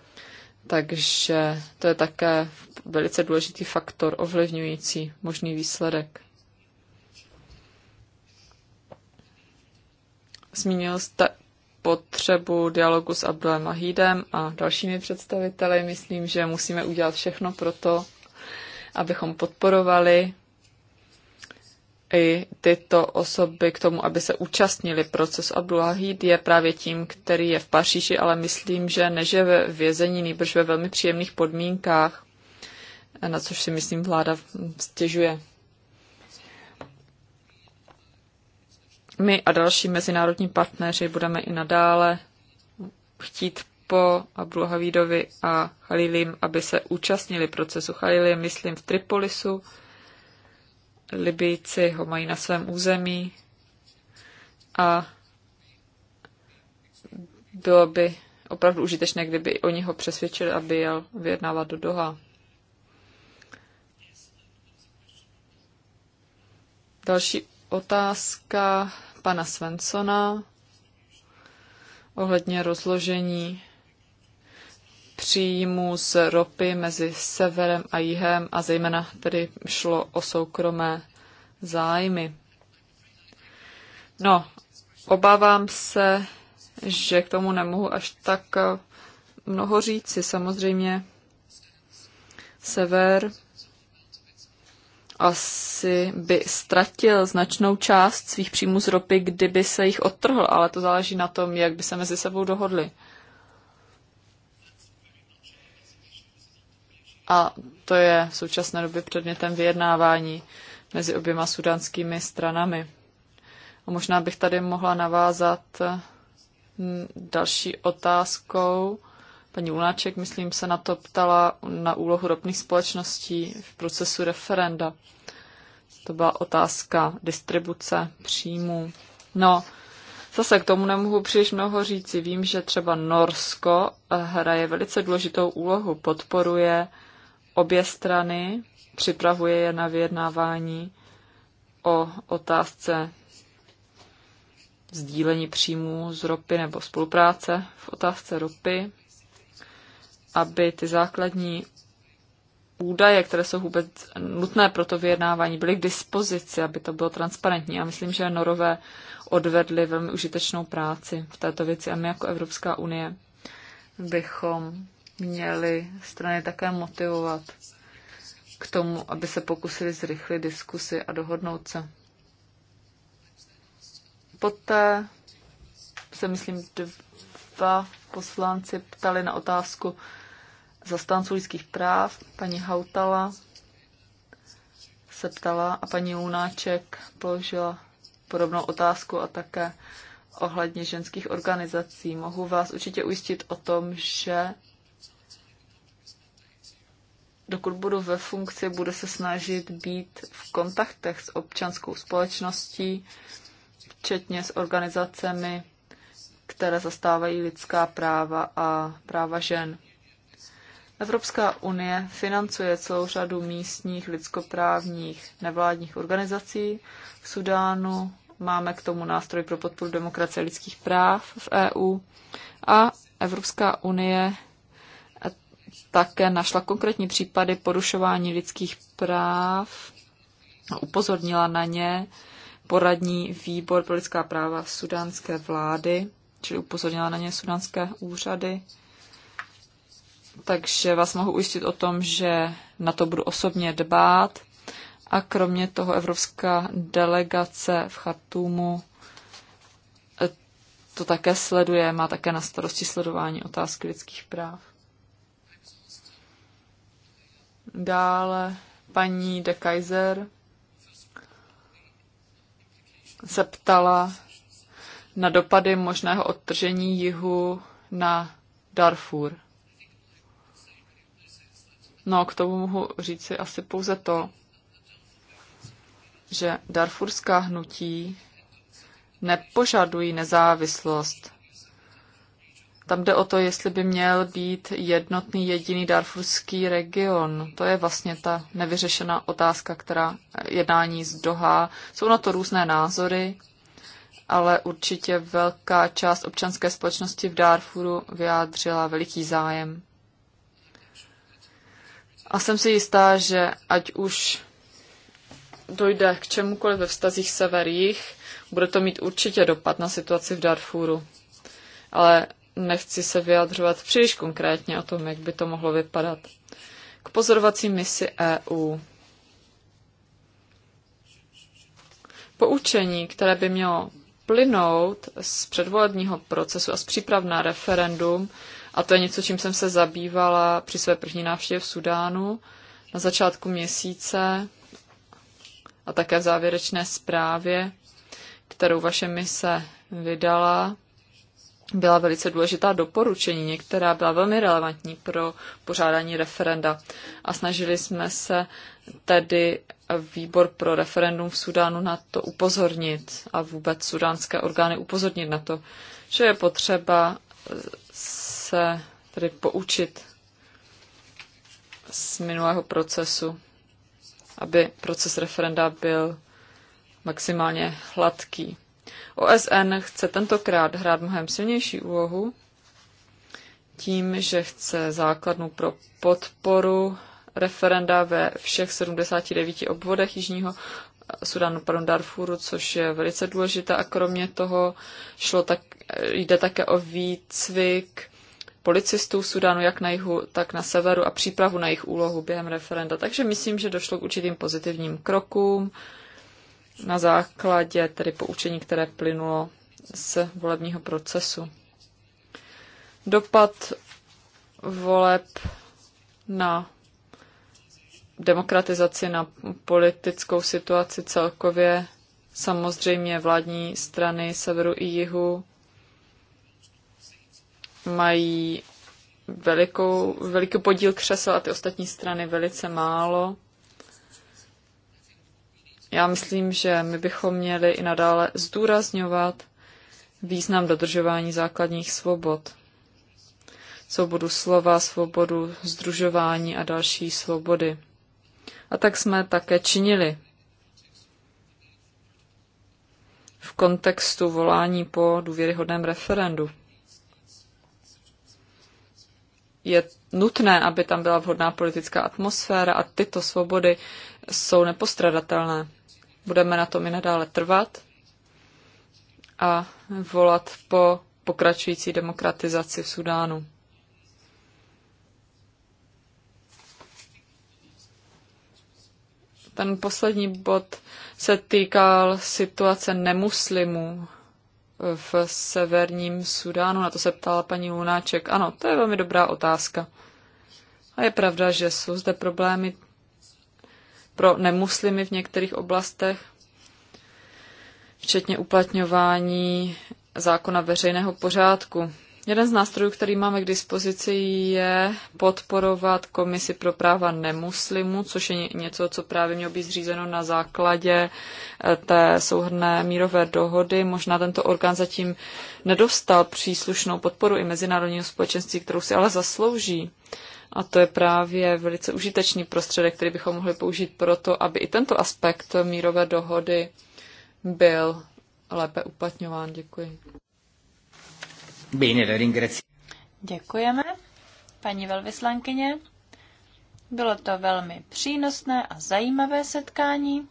Takže to je také velice důležitý faktor ovlivňující možný výsledek. Zmínil jste potřebu dialogu s Abdulem Mahídem a dalšími představiteli. Myslím, že musíme udělat všechno pro to, abychom podporovali i tyto osoby k tomu, aby se účastnili. Proces Abdulahid je právě tím, který je v Paříži, ale myslím, že než je ve vězení, nejbrž ve velmi příjemných podmínkách, na což si myslím vláda stěžuje. My a další mezinárodní partneři budeme i nadále chtít po Havidovi a Halilim, aby se účastnili procesu. Khalil myslím, v Tripolisu, Libijci ho mají na svém území a bylo by opravdu užitečné, kdyby oni ho přesvědčili, aby jel vyjednávat do Doha. Další otázka pana Svensona ohledně rozložení příjmu z ropy mezi severem a jihem a zejména tedy šlo o soukromé zájmy. No, obávám se, že k tomu nemohu až tak mnoho říci. Samozřejmě sever asi by ztratil značnou část svých příjmů z ropy, kdyby se jich odtrhl, ale to záleží na tom, jak by se mezi sebou dohodli. A to je v současné době předmětem vyjednávání mezi oběma sudánskými stranami. A možná bych tady mohla navázat hm, další otázkou Paní Uláček, myslím, se na to ptala na úlohu ropných společností v procesu referenda. To byla otázka distribuce příjmů. No, zase k tomu nemohu příliš mnoho říci. Vím, že třeba Norsko hraje velice důležitou úlohu, podporuje obě strany, připravuje je na vyjednávání o otázce sdílení příjmů z ropy nebo spolupráce v otázce ropy aby ty základní údaje, které jsou vůbec nutné pro to vyjednávání, byly k dispozici, aby to bylo transparentní. Já myslím, že Norové odvedli velmi užitečnou práci v této věci a my jako Evropská unie bychom měli strany také motivovat k tomu, aby se pokusili zrychlit diskusy a dohodnout se. Poté se, myslím, dva poslanci ptali na otázku, zastánců lidských práv, paní Hautala se ptala a paní Lunáček položila podobnou otázku a také ohledně ženských organizací. Mohu vás určitě ujistit o tom, že dokud budu ve funkci, budu se snažit být v kontaktech s občanskou společností, včetně s organizacemi, které zastávají lidská práva a práva žen. Evropská unie financuje celou řadu místních lidskoprávních nevládních organizací v Sudánu. Máme k tomu nástroj pro podporu demokracie lidských práv v EU. A Evropská unie také našla konkrétní případy porušování lidských práv a upozornila na ně poradní výbor pro lidská práva sudánské vlády, čili upozornila na ně sudánské úřady takže vás mohu ujistit o tom, že na to budu osobně dbát. A kromě toho evropská delegace v Chartumu eh, to také sleduje, má také na starosti sledování otázky lidských práv. Dále paní de Kaiser se ptala na dopady možného odtržení jihu na Darfur. No, k tomu mohu říci asi pouze to, že darfurská hnutí nepožadují nezávislost. Tam jde o to, jestli by měl být jednotný jediný darfurský region. To je vlastně ta nevyřešená otázka, která jednání z Doha. Jsou na to různé názory, ale určitě velká část občanské společnosti v Darfuru vyjádřila veliký zájem a jsem si jistá, že ať už dojde k čemukoliv ve vztazích severích, bude to mít určitě dopad na situaci v Darfuru. Ale nechci se vyjadřovat příliš konkrétně o tom, jak by to mohlo vypadat. K pozorovací misi EU. Poučení, které by mělo plynout z předvolebního procesu a z příprav na referendum, a to je něco, čím jsem se zabývala při své první návštěvě v Sudánu na začátku měsíce a také v závěrečné zprávě, kterou vaše mise vydala, byla velice důležitá doporučení. Některá byla velmi relevantní pro pořádání referenda. A snažili jsme se tedy výbor pro referendum v Sudánu na to upozornit a vůbec sudánské orgány upozornit na to, že je potřeba se tedy poučit z minulého procesu, aby proces referenda byl maximálně hladký. OSN chce tentokrát hrát mnohem silnější úlohu tím, že chce základnu pro podporu referenda ve všech 79 obvodech Jižního Sudanu, pardon, Darfuru, což je velice důležité a kromě toho šlo tak, jde také o výcvik policistů Sudánu, jak na jihu, tak na severu a přípravu na jejich úlohu během referenda. Takže myslím, že došlo k určitým pozitivním krokům na základě tedy poučení, které plynulo z volebního procesu. Dopad voleb na demokratizaci, na politickou situaci celkově. Samozřejmě vládní strany severu i jihu mají velikou, veliký podíl křesel a ty ostatní strany velice málo. Já myslím, že my bychom měli i nadále zdůrazňovat význam dodržování základních svobod. Svobodu slova, svobodu združování a další svobody. A tak jsme také činili v kontextu volání po důvěryhodném referendu. je nutné, aby tam byla vhodná politická atmosféra a tyto svobody jsou nepostradatelné. Budeme na tom i nadále trvat a volat po pokračující demokratizaci v Sudánu. Ten poslední bod se týkal situace nemuslimů v severním Sudánu? Na to se ptala paní Lunáček. Ano, to je velmi dobrá otázka. A je pravda, že jsou zde problémy pro nemuslimy v některých oblastech, včetně uplatňování zákona veřejného pořádku. Jeden z nástrojů, který máme k dispozici, je podporovat Komisi pro práva nemuslimů, což je něco, co právě mělo být zřízeno na základě eh, té souhrné mírové dohody. Možná tento orgán zatím nedostal příslušnou podporu i mezinárodního společenství, kterou si ale zaslouží. A to je právě velice užitečný prostředek, který bychom mohli použít proto, aby i tento aspekt mírové dohody byl lépe uplatňován. Děkuji. Děkujeme, paní velvyslankyně. Bylo to velmi přínosné a zajímavé setkání.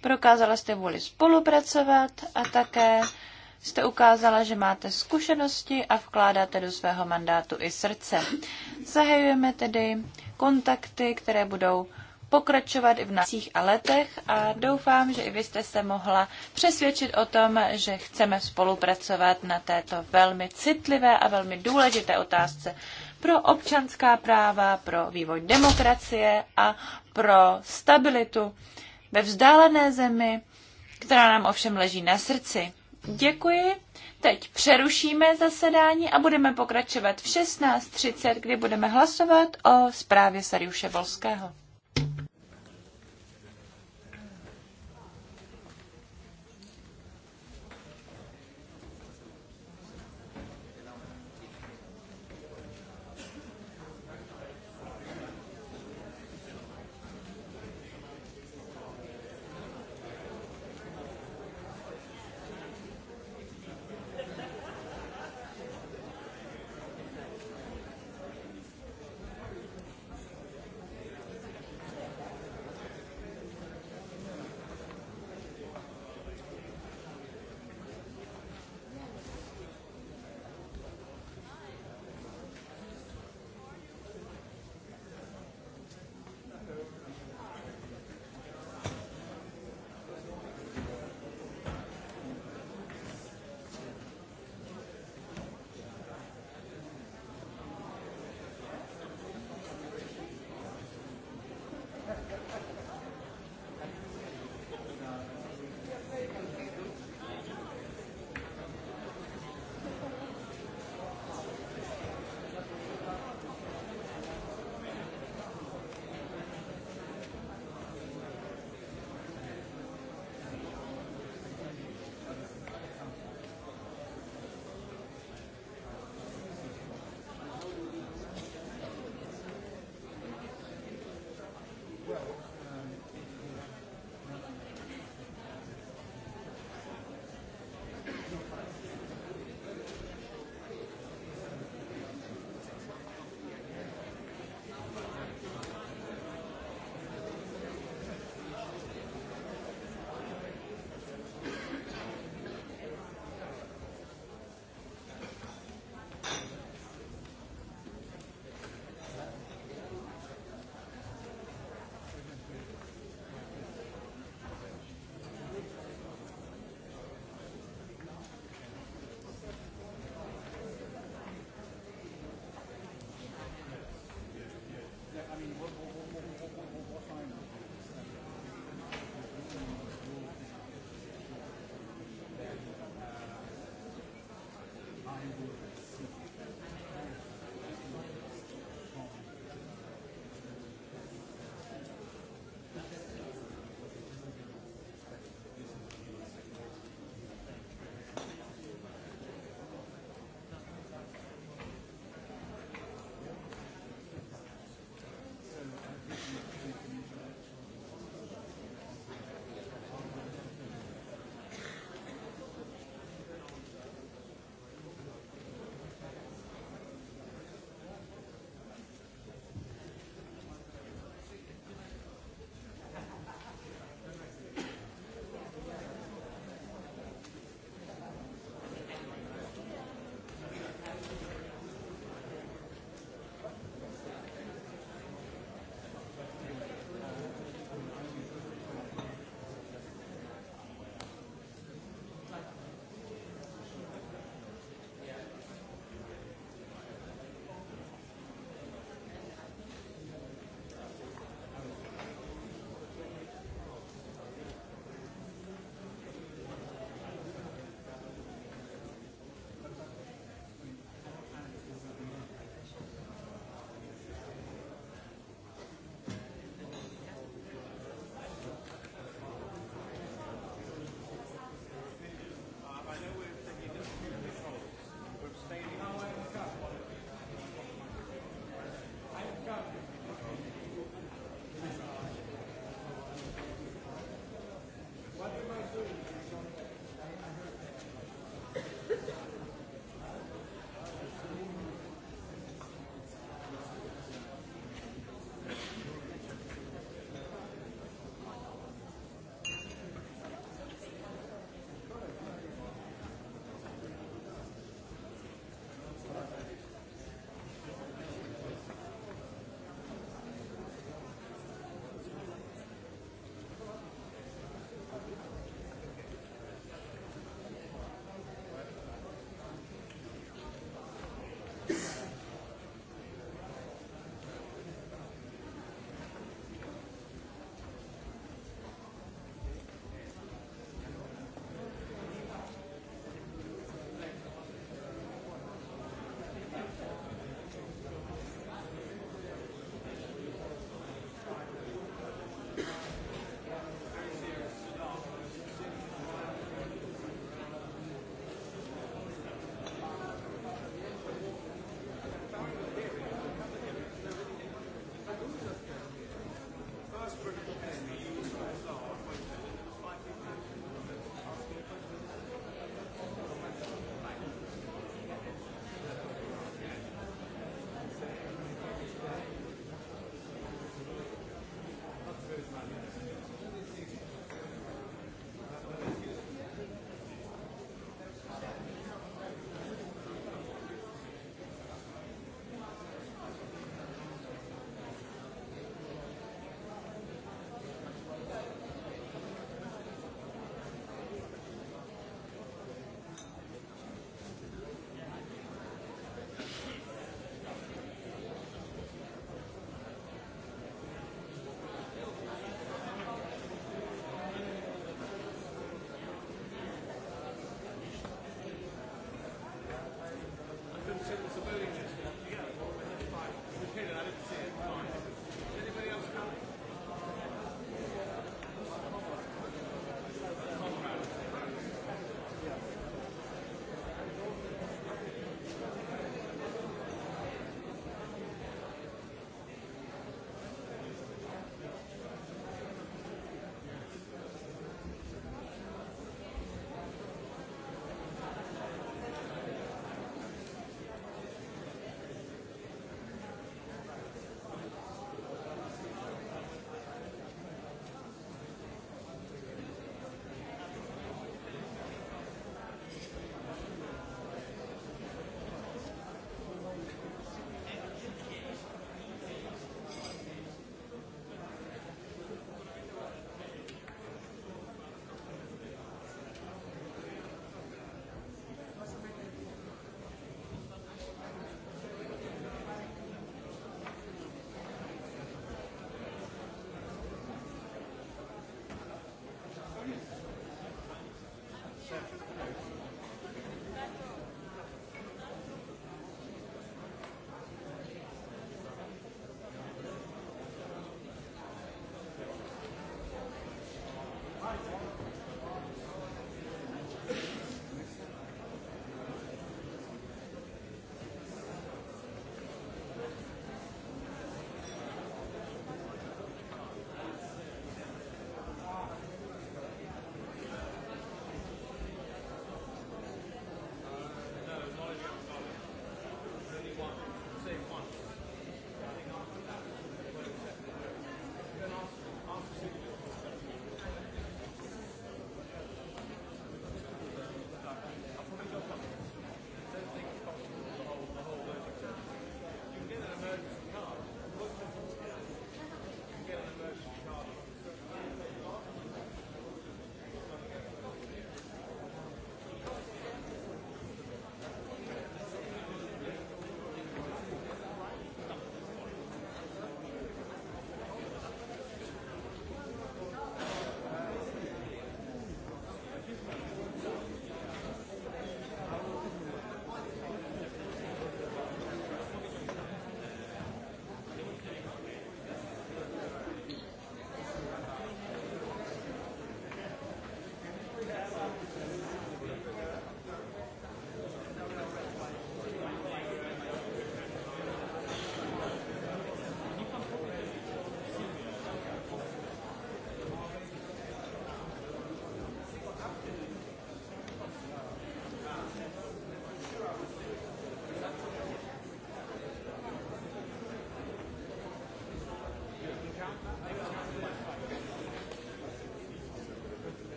Prokázala jste vůli spolupracovat a také jste ukázala, že máte zkušenosti a vkládáte do svého mandátu i srdce. Zahajujeme tedy kontakty, které budou pokračovat i v násích a letech a doufám, že i vy jste se mohla přesvědčit o tom, že chceme spolupracovat na této velmi citlivé a velmi důležité otázce pro občanská práva, pro vývoj demokracie a pro stabilitu ve vzdálené zemi, která nám ovšem leží na srdci. Děkuji. Teď přerušíme zasedání a budeme pokračovat v 16.30, kdy budeme hlasovat o zprávě Sariuše Volského.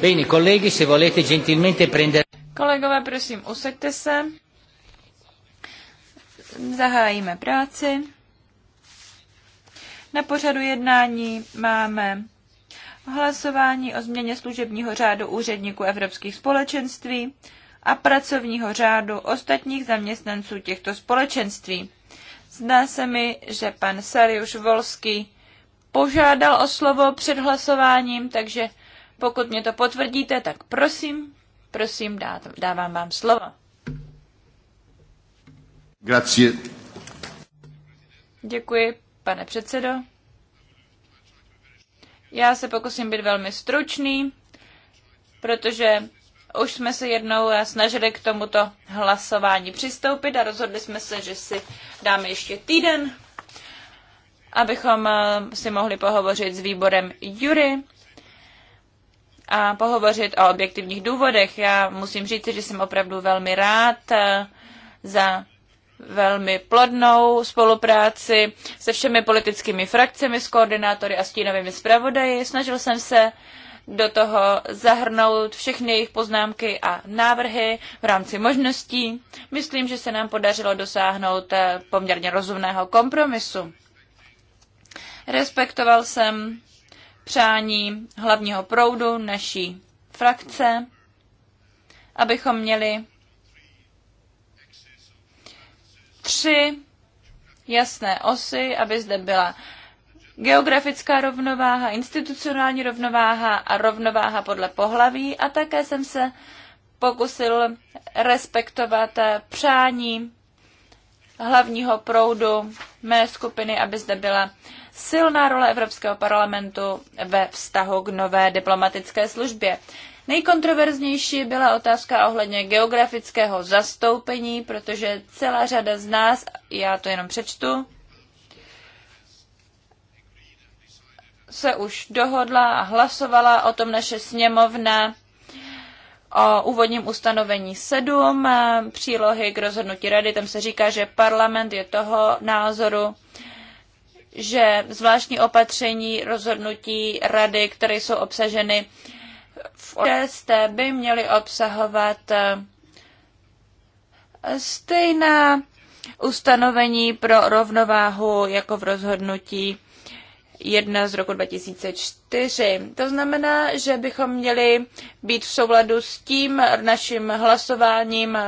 Bene, colleghi, se volete gentilmente prendere... Kolegové, prosím, usaďte se. Zahájíme práci. Na pořadu jednání máme hlasování o změně služebního řádu úředníků Evropských společenství a pracovního řádu ostatních zaměstnanců těchto společenství. Zdá se mi, že pan Sariuš Volský požádal o slovo před hlasováním, takže pokud mě to potvrdíte, tak prosím, prosím, dávám vám slovo. Grazie. Děkuji, pane předsedo. Já se pokusím být velmi stručný, protože už jsme se jednou snažili k tomuto hlasování přistoupit a rozhodli jsme se, že si dáme ještě týden, abychom eh, si mohli pohovořit s výborem Jury a pohovořit o objektivních důvodech. Já musím říct, že jsem opravdu velmi rád eh, za velmi plodnou spolupráci se všemi politickými frakcemi, s koordinátory a stínovými zpravodaji. Snažil jsem se do toho zahrnout všechny jejich poznámky a návrhy v rámci možností. Myslím, že se nám podařilo dosáhnout eh, poměrně rozumného kompromisu. Respektoval jsem přání hlavního proudu naší frakce, abychom měli tři jasné osy, aby zde byla geografická rovnováha, institucionální rovnováha a rovnováha podle pohlaví a také jsem se pokusil respektovat přání hlavního proudu mé skupiny, aby zde byla silná role Evropského parlamentu ve vztahu k nové diplomatické službě. Nejkontroverznější byla otázka ohledně geografického zastoupení, protože celá řada z nás, já to jenom přečtu, se už dohodla a hlasovala o tom naše sněmovna o úvodním ustanovení 7 přílohy k rozhodnutí rady. Tam se říká, že parlament je toho názoru, že zvláštní opatření rozhodnutí rady, které jsou obsaženy v OST, by měly obsahovat eh, stejná ustanovení pro rovnováhu jako v rozhodnutí 1 z roku 2004. To znamená, že bychom měli být v souladu s tím naším hlasováním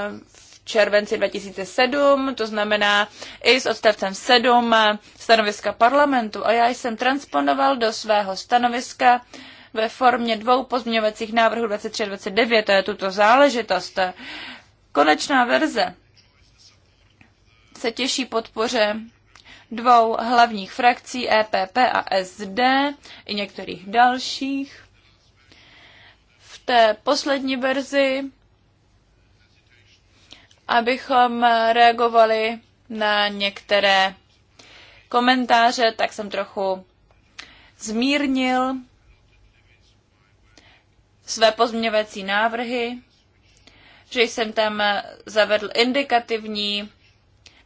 červenci 2007, to znamená i s odstavcem 7 eh, stanoviska parlamentu. A já jsem transponoval do svého stanoviska ve formě dvou pozměňovacích návrhů 23 a 29, to je tuto záležitost. Konečná verze se těší podpoře dvou hlavních frakcí EPP a SD i některých dalších. V té poslední verzi abychom eh, reagovali na některé komentáře, tak jsem trochu zmírnil své pozměňovací návrhy, že jsem tam eh, zavedl indikativní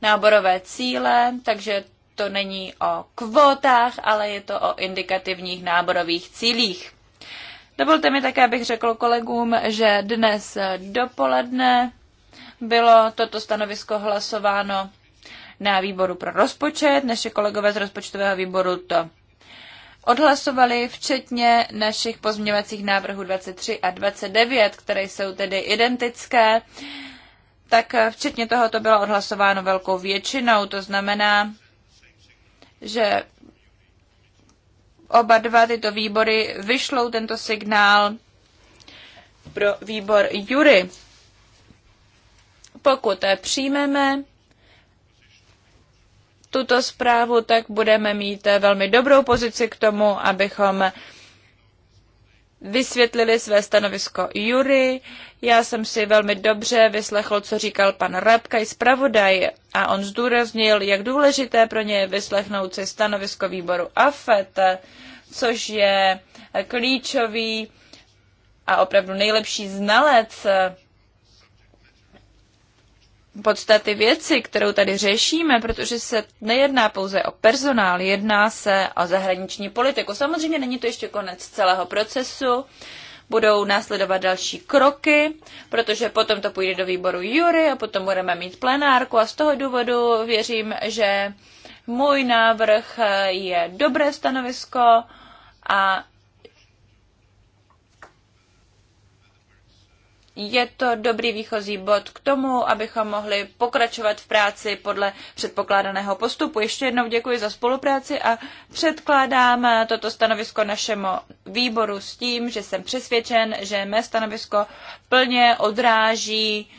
náborové cíle, takže to není o kvótách, ale je to o indikativních náborových cílích. Dovolte mi také, abych řekl kolegům, že dnes eh, dopoledne bylo toto stanovisko hlasováno na výboru pro rozpočet. Naše kolegové z rozpočtového výboru to odhlasovali, včetně našich pozměňovacích návrhů 23 a 29, které jsou tedy identické. Tak včetně toho to bylo odhlasováno velkou většinou, to znamená, že oba dva tyto výbory vyšlou tento signál pro výbor Jury pokud přijmeme tuto zprávu, tak budeme mít velmi dobrou pozici k tomu, abychom vysvětlili své stanovisko Jury. Já jsem si velmi dobře vyslechl, co říkal pan Rabkaj zpravodaj a on zdůraznil, jak důležité pro ně je vyslechnout si stanovisko výboru AFET, což je klíčový a opravdu nejlepší znalec podstaty věci, kterou tady řešíme, protože se nejedná pouze o personál, jedná se o zahraniční politiku. Samozřejmě není to ještě konec celého procesu, budou následovat další kroky, protože potom to půjde do výboru Jury a potom budeme mít plenárku a z toho důvodu věřím, že můj návrh je dobré stanovisko a je to dobrý výchozí bod k tomu, abychom mohli pokračovat v práci podle předpokládaného postupu. Ještě jednou děkuji za spolupráci a předkládám toto stanovisko našemu výboru s tím, že jsem přesvědčen, že mé stanovisko plně odráží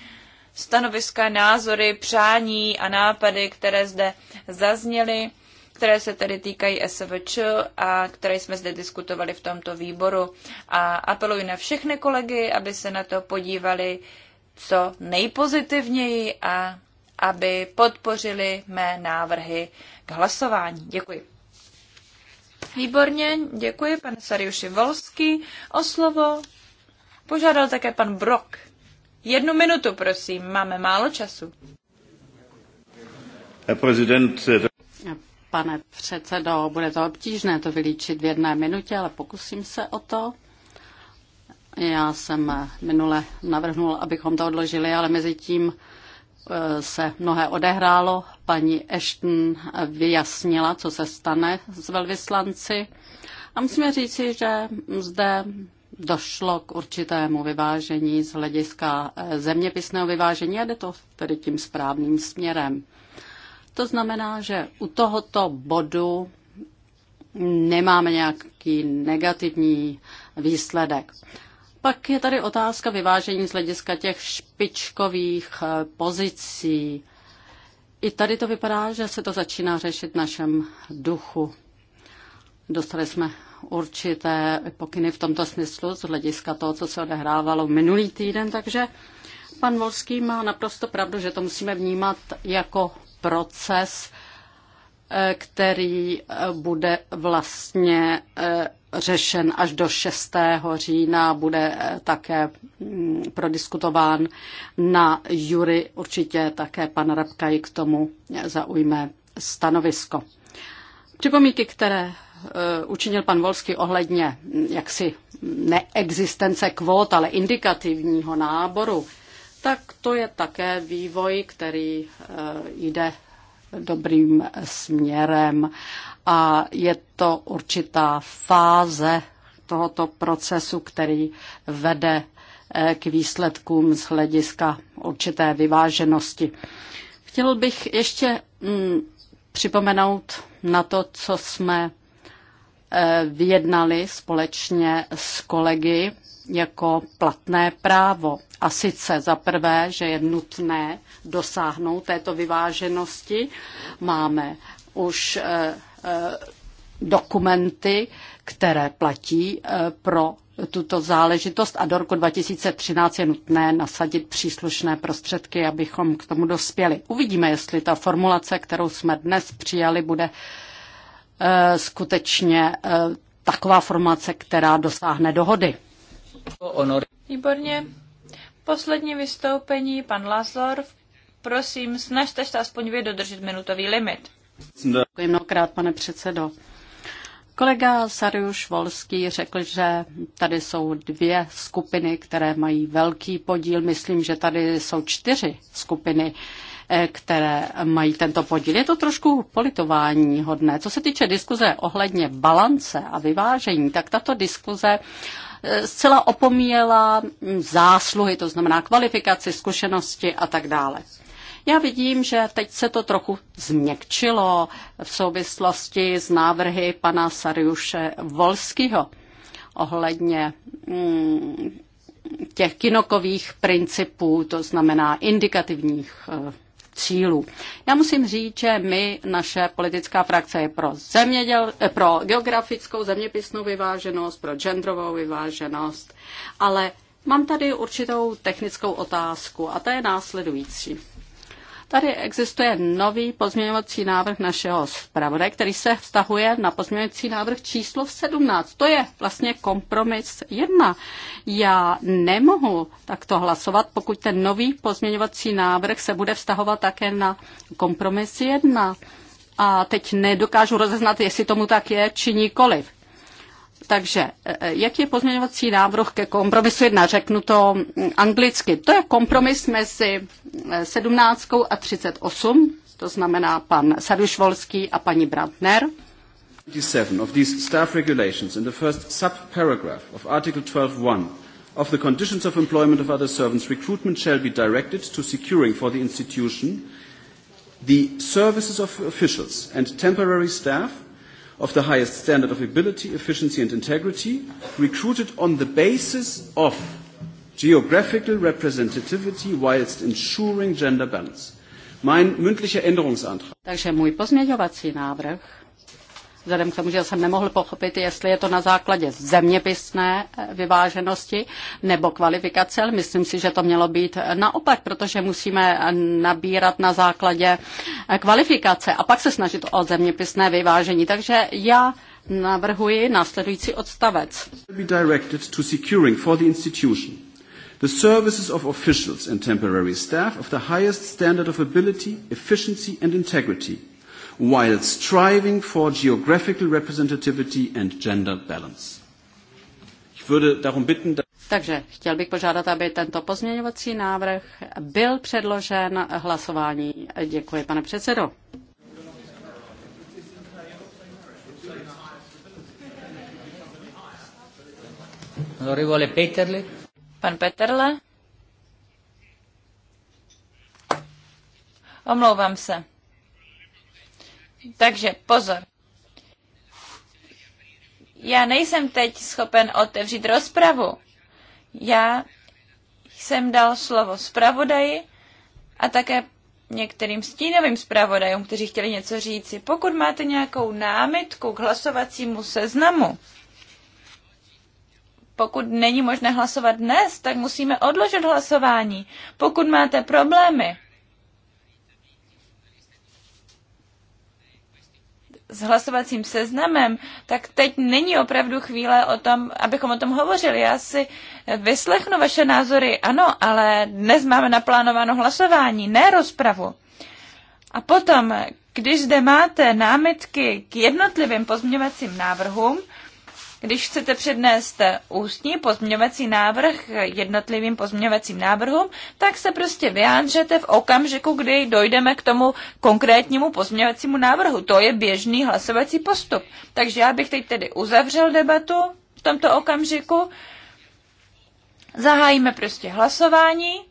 stanoviska, názory, přání a nápady, které zde zazněly které se tedy týkají SVČ a které jsme zde diskutovali v tomto výboru. A apeluji na všechny kolegy, aby se na to podívali co nejpozitivněji a aby podpořili mé návrhy k hlasování. Děkuji. Výborně, děkuji pan Sariuši Volský. O slovo požádal také pan Brok. Jednu minutu, prosím, máme málo času. Herr pane předsedo. Bude to obtížné to vylíčit v jedné minutě, ale pokusím se o to. Já jsem minule navrhnul, abychom to odložili, ale mezi tím e, se mnohé odehrálo. Paní Ashton vyjasnila, co se stane s velvyslanci. A musíme říci, že zde došlo k určitému vyvážení z hlediska e, zeměpisného vyvážení a jde to tedy tím správným směrem. To znamená, že u tohoto bodu nemáme nějaký negativní výsledek. Pak je tady otázka vyvážení z hlediska těch špičkových eh, pozicí. I tady to vypadá, že se to začíná řešit v našem duchu. Dostali jsme určité pokyny v tomto smyslu z hlediska toho, co se odehrávalo minulý týden, takže pan Volský má naprosto pravdu, že to musíme vnímat jako proces, eh, který eh, bude vlastně eh, řešen až do 6. října, bude také mm, prodiskutován na jury. Určitě také pan Rabkaj k tomu zaujme stanovisko. Připomínky, které učinil pan Volský ohledně mm, jaksi neexistence kvót, ale indikativního náboru, tak to je také vývoj, který eh, jde dobrým směrem a je to určitá fáze tohoto procesu, který vede eh, k výsledkům z hlediska určité vyváženosti. Chtěl bych ještě mm, připomenout na to, co jsme eh, vyjednali společně s kolegy jako platné právo. A sice za prvé, že je nutné dosáhnout této vyváženosti. Máme už eh, eh, dokumenty, které platí eh, pro tuto záležitost a do roku 2013 je nutné nasadit příslušné prostředky, abychom k tomu dospěli. Uvidíme, jestli ta formulace, kterou jsme dnes přijali, bude skutečně taková formulace, která dosáhne dohody. Výborně. Poslední vystoupení, pan Lazlorf. Prosím, snažte se aspoň vy dodržet minutový limit. Děkuji mnohokrát, pane předsedo. Kolega Sariuš Volský řekl, že tady jsou dvě skupiny, které mají velký podíl. Myslím, že tady jsou čtyři skupiny, eh, které mají tento podíl. Je to trošku politování hodné. Co se týče diskuze ohledně balance a vyvážení, tak tato diskuze zcela opomíjela zásluhy, to znamená kvalifikaci, zkušenosti a tak dále. Já vidím, že teď se to trochu změkčilo v souvislosti s návrhy pana Sariuše Volského ohledně mm, těch kinokových principů, to znamená indikativních eh, cílů. Já musím říct, že my, naše politická frakce je pro, zeměděl, eh, pro geografickou zeměpisnou vyváženost, pro genderovou vyváženost, ale mám tady určitou technickou otázku a ta je následující. Tady existuje nový pozměňovací návrh našeho zpravodaje, který se vztahuje na pozměňovací návrh číslo 17. To je vlastně kompromis 1. Já nemohu takto hlasovat, pokud ten nový pozměňovací návrh se bude vztahovat také na kompromis 1. A teď nedokážu rozeznat, jestli tomu tak je, či nikoliv. Takže e, e, jaký je pozměňovací návrh ke kompromisu Jedna, Řeknu to anglicky. To je kompromis mezi 17 e, a 38, to znamená pan Sadušvolský a paní Brandner. 27 of these staff regulations in the first subparagraph of Article 12.1 of the conditions of employment of other servants, recruitment shall be directed to securing for the institution the services of officials and temporary staff of the highest standard of ability, efficiency and integrity, recruited on the basis of geographical representativity whilst ensuring gender balance. Mein mündlicher Änderungsantrag. Takže můj pozměňovací návrh vzhledem k tomu, že jsem nemohl pochopit, jestli je to na základě zeměpisné vyváženosti nebo kvalifikace, ale myslím si, že to mělo být naopak, protože musíme nabírat na základě kvalifikace a pak se snažit o zeměpisné vyvážení. Takže já navrhuji následující odstavec. The services of officials and temporary staff of the highest standard of ability, efficiency and integrity while striving for geographical representativity and gender balance. Bitten, takže chtěl bych požádat, aby tento pozměňovací návrh byl předložen hlasování. Děkuji, pane předsedo. Peterle. Pan Peterle. Omlouvám se. Takže pozor. Já nejsem teď schopen otevřít rozpravu. Já jsem dal slovo zpravodaji a také některým stínovým zpravodajům, kteří chtěli něco říci. Pokud máte nějakou námitku k hlasovacímu seznamu, pokud není možné hlasovat dnes, tak musíme odložit hlasování. Pokud máte problémy s hlasovacím seznamem, tak teď není opravdu chvíle o tom, abychom o tom hovořili. Já si vyslechnu vaše názory, ano, ale dnes máme naplánováno hlasování, ne rozpravu. A potom, když zde máte námitky k jednotlivým pozměňovacím návrhům, když chcete přednést ústní pozměňovací návrh jednotlivým pozměňovacím návrhům, tak se prostě vyjádřete v okamžiku, kdy dojdeme k tomu konkrétnímu pozměňovacímu návrhu. To je běžný hlasovací postup. Takže já bych teď tedy uzavřel debatu v tomto okamžiku. Zahájíme prostě hlasování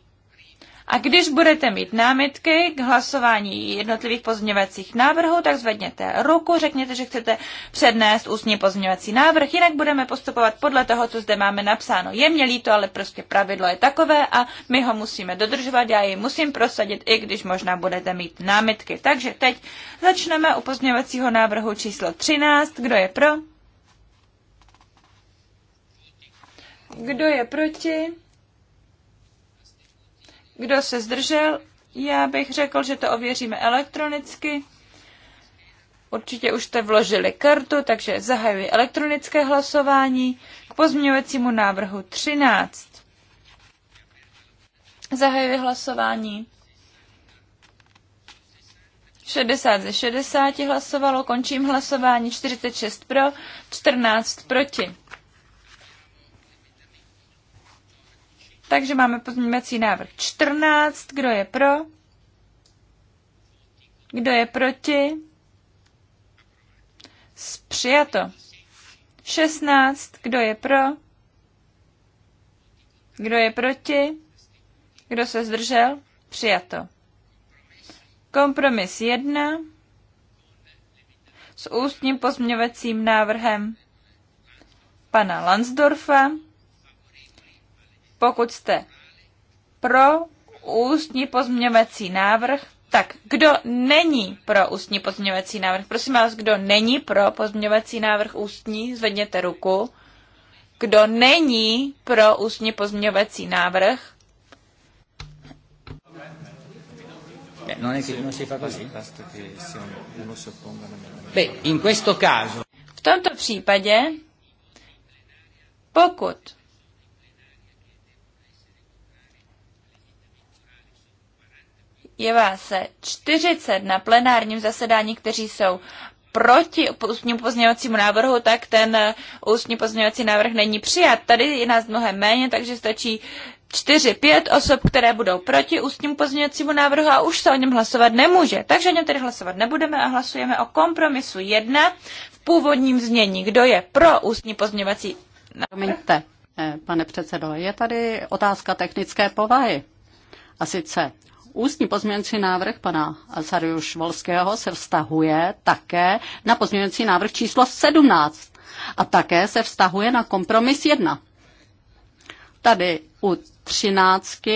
a když budete mít námitky k hlasování jednotlivých pozměňovacích návrhů, tak zvedněte ruku, řekněte, že chcete přednést ústní pozměňovací návrh, jinak budeme postupovat podle toho, co zde máme napsáno. Je mě líto, ale prostě pravidlo je takové a my ho musíme dodržovat, já ji musím prosadit, i když možná budete mít námitky. Takže teď začneme u pozměňovacího návrhu číslo 13. Kdo je pro? Kdo je proti? Kdo se zdržel? Já bych řekl, že to ověříme elektronicky. Určitě už jste vložili kartu, takže zahajuji elektronické hlasování k pozměňovacímu návrhu 13. Zahajuji hlasování. 60 ze 60 hlasovalo, končím hlasování, 46 pro, 14 proti. Takže máme pozměňovací návrh 14. Kdo je pro? Kdo je proti? Přijato. 16. Kdo je pro? Kdo je proti? Kdo se zdržel? Přijato. Kompromis 1 s ústním pozměňovacím návrhem pana Lansdorfa. Pokud jste pro ústní pozměňovací návrh, tak kdo není pro ústní pozměňovací návrh? Prosím vás, kdo není pro pozměňovací návrh ústní, zvedněte ruku. Kdo není pro ústní pozměňovací návrh? No, no, v tomto případě, pokud je vás 40 na plenárním zasedání, kteří jsou proti ústnímu pozměňovacímu návrhu, tak ten eh, ústní pozměňovací návrh není přijat. Tady je nás mnohem méně, takže stačí 4-5 osob, které budou proti ústnímu pozměňovacímu návrhu a už se o něm hlasovat nemůže. Takže o něm tedy hlasovat nebudeme a hlasujeme o kompromisu 1 v původním znění. Kdo je pro ústní pozměňovací návrh? Promiňte, eh, pane předsedo, je tady otázka technické povahy. A sice Ústní pozměňující návrh pana Sariuš Volského se vztahuje také na pozměňující návrh číslo 17 a také se vztahuje na kompromis 1. Tady u 13.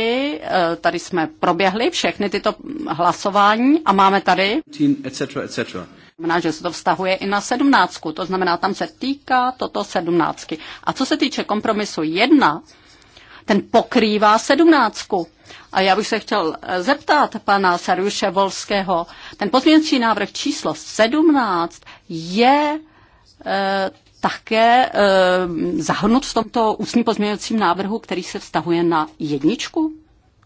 Eh, tady jsme proběhli všechny tyto hlasování a máme tady... Etc, etc. Znamená, že se to vztahuje i na sedmnáctku, to znamená, tam se týká toto sedmnáctky. A co se týče kompromisu jedna, ten pokrývá sedmnáctku. A já bych se chtěl eh, zeptat pana Saruše Volského, ten pozměnčí návrh číslo 17 je e, také e, zahrnut v tomto ústním pozměňovacím návrhu, který se vztahuje na jedničku,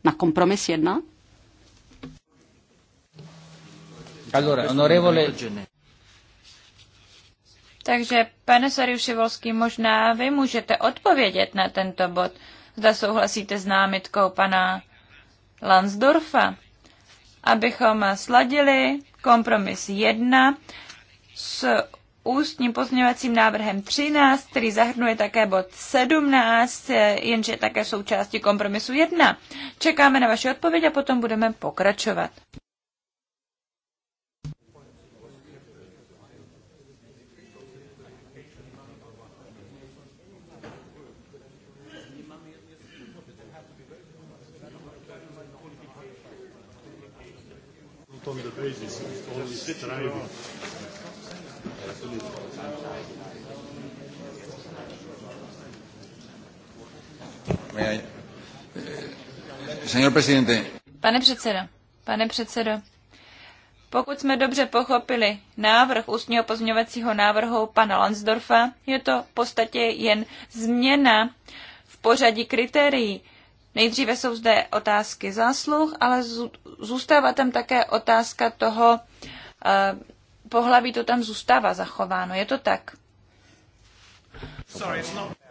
na kompromis jedna? Allora, onorevole... Takže, pane Saruše Volský, možná vy můžete odpovědět na tento bod. Zda souhlasíte s námitkou pana Lansdorfa, abychom sladili kompromis 1 s ústním pozměňovacím návrhem 13, který zahrnuje také bod 17, jenže také součástí kompromisu 1. Čekáme na vaše odpověď a potom budeme pokračovat. on the basis of only striving. Pane předsedo, pane předsedo, pokud jsme dobře pochopili návrh ústního pozměňovacího návrhu pana Lansdorfa, je to v podstatě jen změna v pořadí kritérií, Nejdříve jsou zde otázky zásluh, ale zůstává tam také otázka toho, eh, pohlaví to tam zůstává zachováno. Je to tak? Sorry, it's not...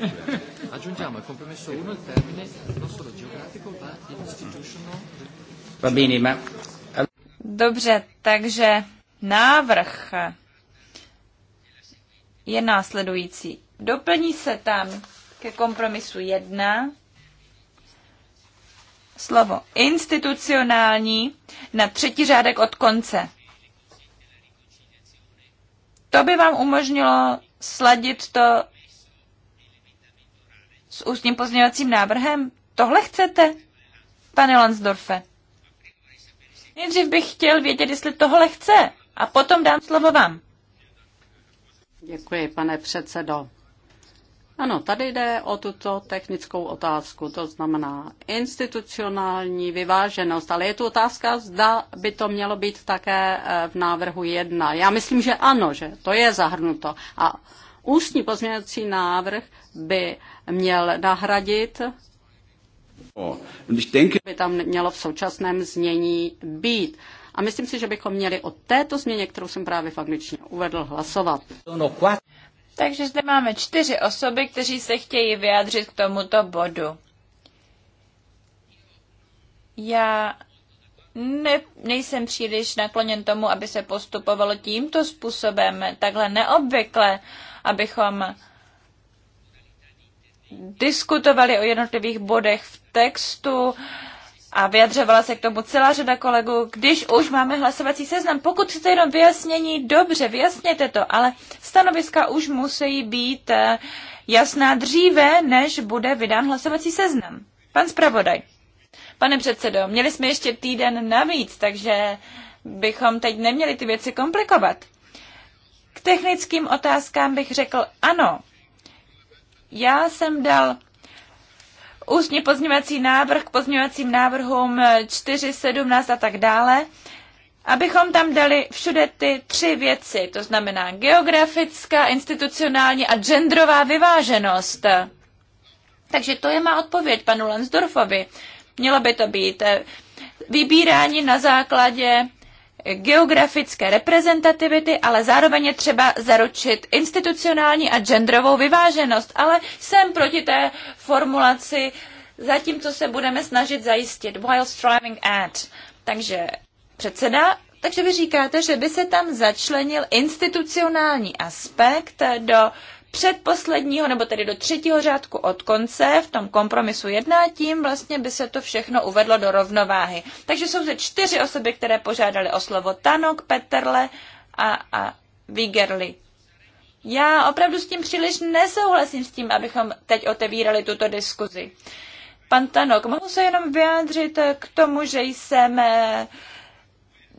<laughs> Aggiungiamo il compromesso 1 il termine non solo geografico ma institutional. Va bene, ma... Dobře, takže návrh je následující. Doplní se tam ke kompromisu 1 slovo institucionální na třetí řádek od konce. To by vám umožnilo sladit to s ústním pozměňovacím návrhem? Tohle chcete, pane Lansdorfe? Nejdřív bych chtěl vědět, jestli tohle chce, a potom dám slovo vám. Děkuji, pane předsedo. Ano, tady jde o tuto technickou otázku, to znamená institucionální vyváženost, ale je tu otázka, zda by to mělo být také eh, v návrhu jedna. Já myslím, že ano, že to je zahrnuto. A ústní pozměňovací návrh by měl nahradit, by tam mělo v současném znění být. A myslím si, že bychom měli o této změně, kterou jsem právě fakticky uvedl, hlasovat. No, Takže zde máme čtyři osoby, kteří se chtějí vyjádřit k tomuto bodu. Já ne, nejsem příliš nakloněn tomu, aby se postupovalo tímto způsobem, takhle neobvykle, abychom diskutovali o jednotlivých bodech v textu a vyjadřovala se k tomu celá řada kolegů. Když už máme hlasovací seznam, pokud chcete jenom vyjasnění, dobře, vyjasněte to, ale stanoviska už musí být eh, jasná dříve, než bude vydán hlasovací seznam. Pan zpravodaj. Pane předsedo, měli jsme ještě týden navíc, takže bychom teď neměli ty věci komplikovat. K technickým otázkám bych řekl ano, já jsem dal ústně pozměňovací návrh k pozměňovacím návrhům 4, 17 a tak dále, abychom tam dali všude ty tři věci, to znamená geografická, institucionální a genderová vyváženost. Takže to je má odpověď panu Lansdorfovi. Mělo by to být eh, vybírání na základě geografické reprezentativity, ale zároveň je třeba zaručit institucionální a genderovou vyváženost. Ale jsem proti té formulaci, zatímco se budeme snažit zajistit while striving at. Takže předseda, takže vy říkáte, že by se tam začlenil institucionální aspekt do předposledního nebo tedy do třetího řádku od konce v tom kompromisu jedná, tím vlastně by se to všechno uvedlo do rovnováhy. Takže jsou zde čtyři osoby, které požádali o slovo Tanok, Peterle a, a Vigerli. Já opravdu s tím příliš nesouhlasím s tím, abychom teď otevírali tuto diskuzi. Pan Tanok, mohu se jenom vyjádřit k tomu, že jsem eh,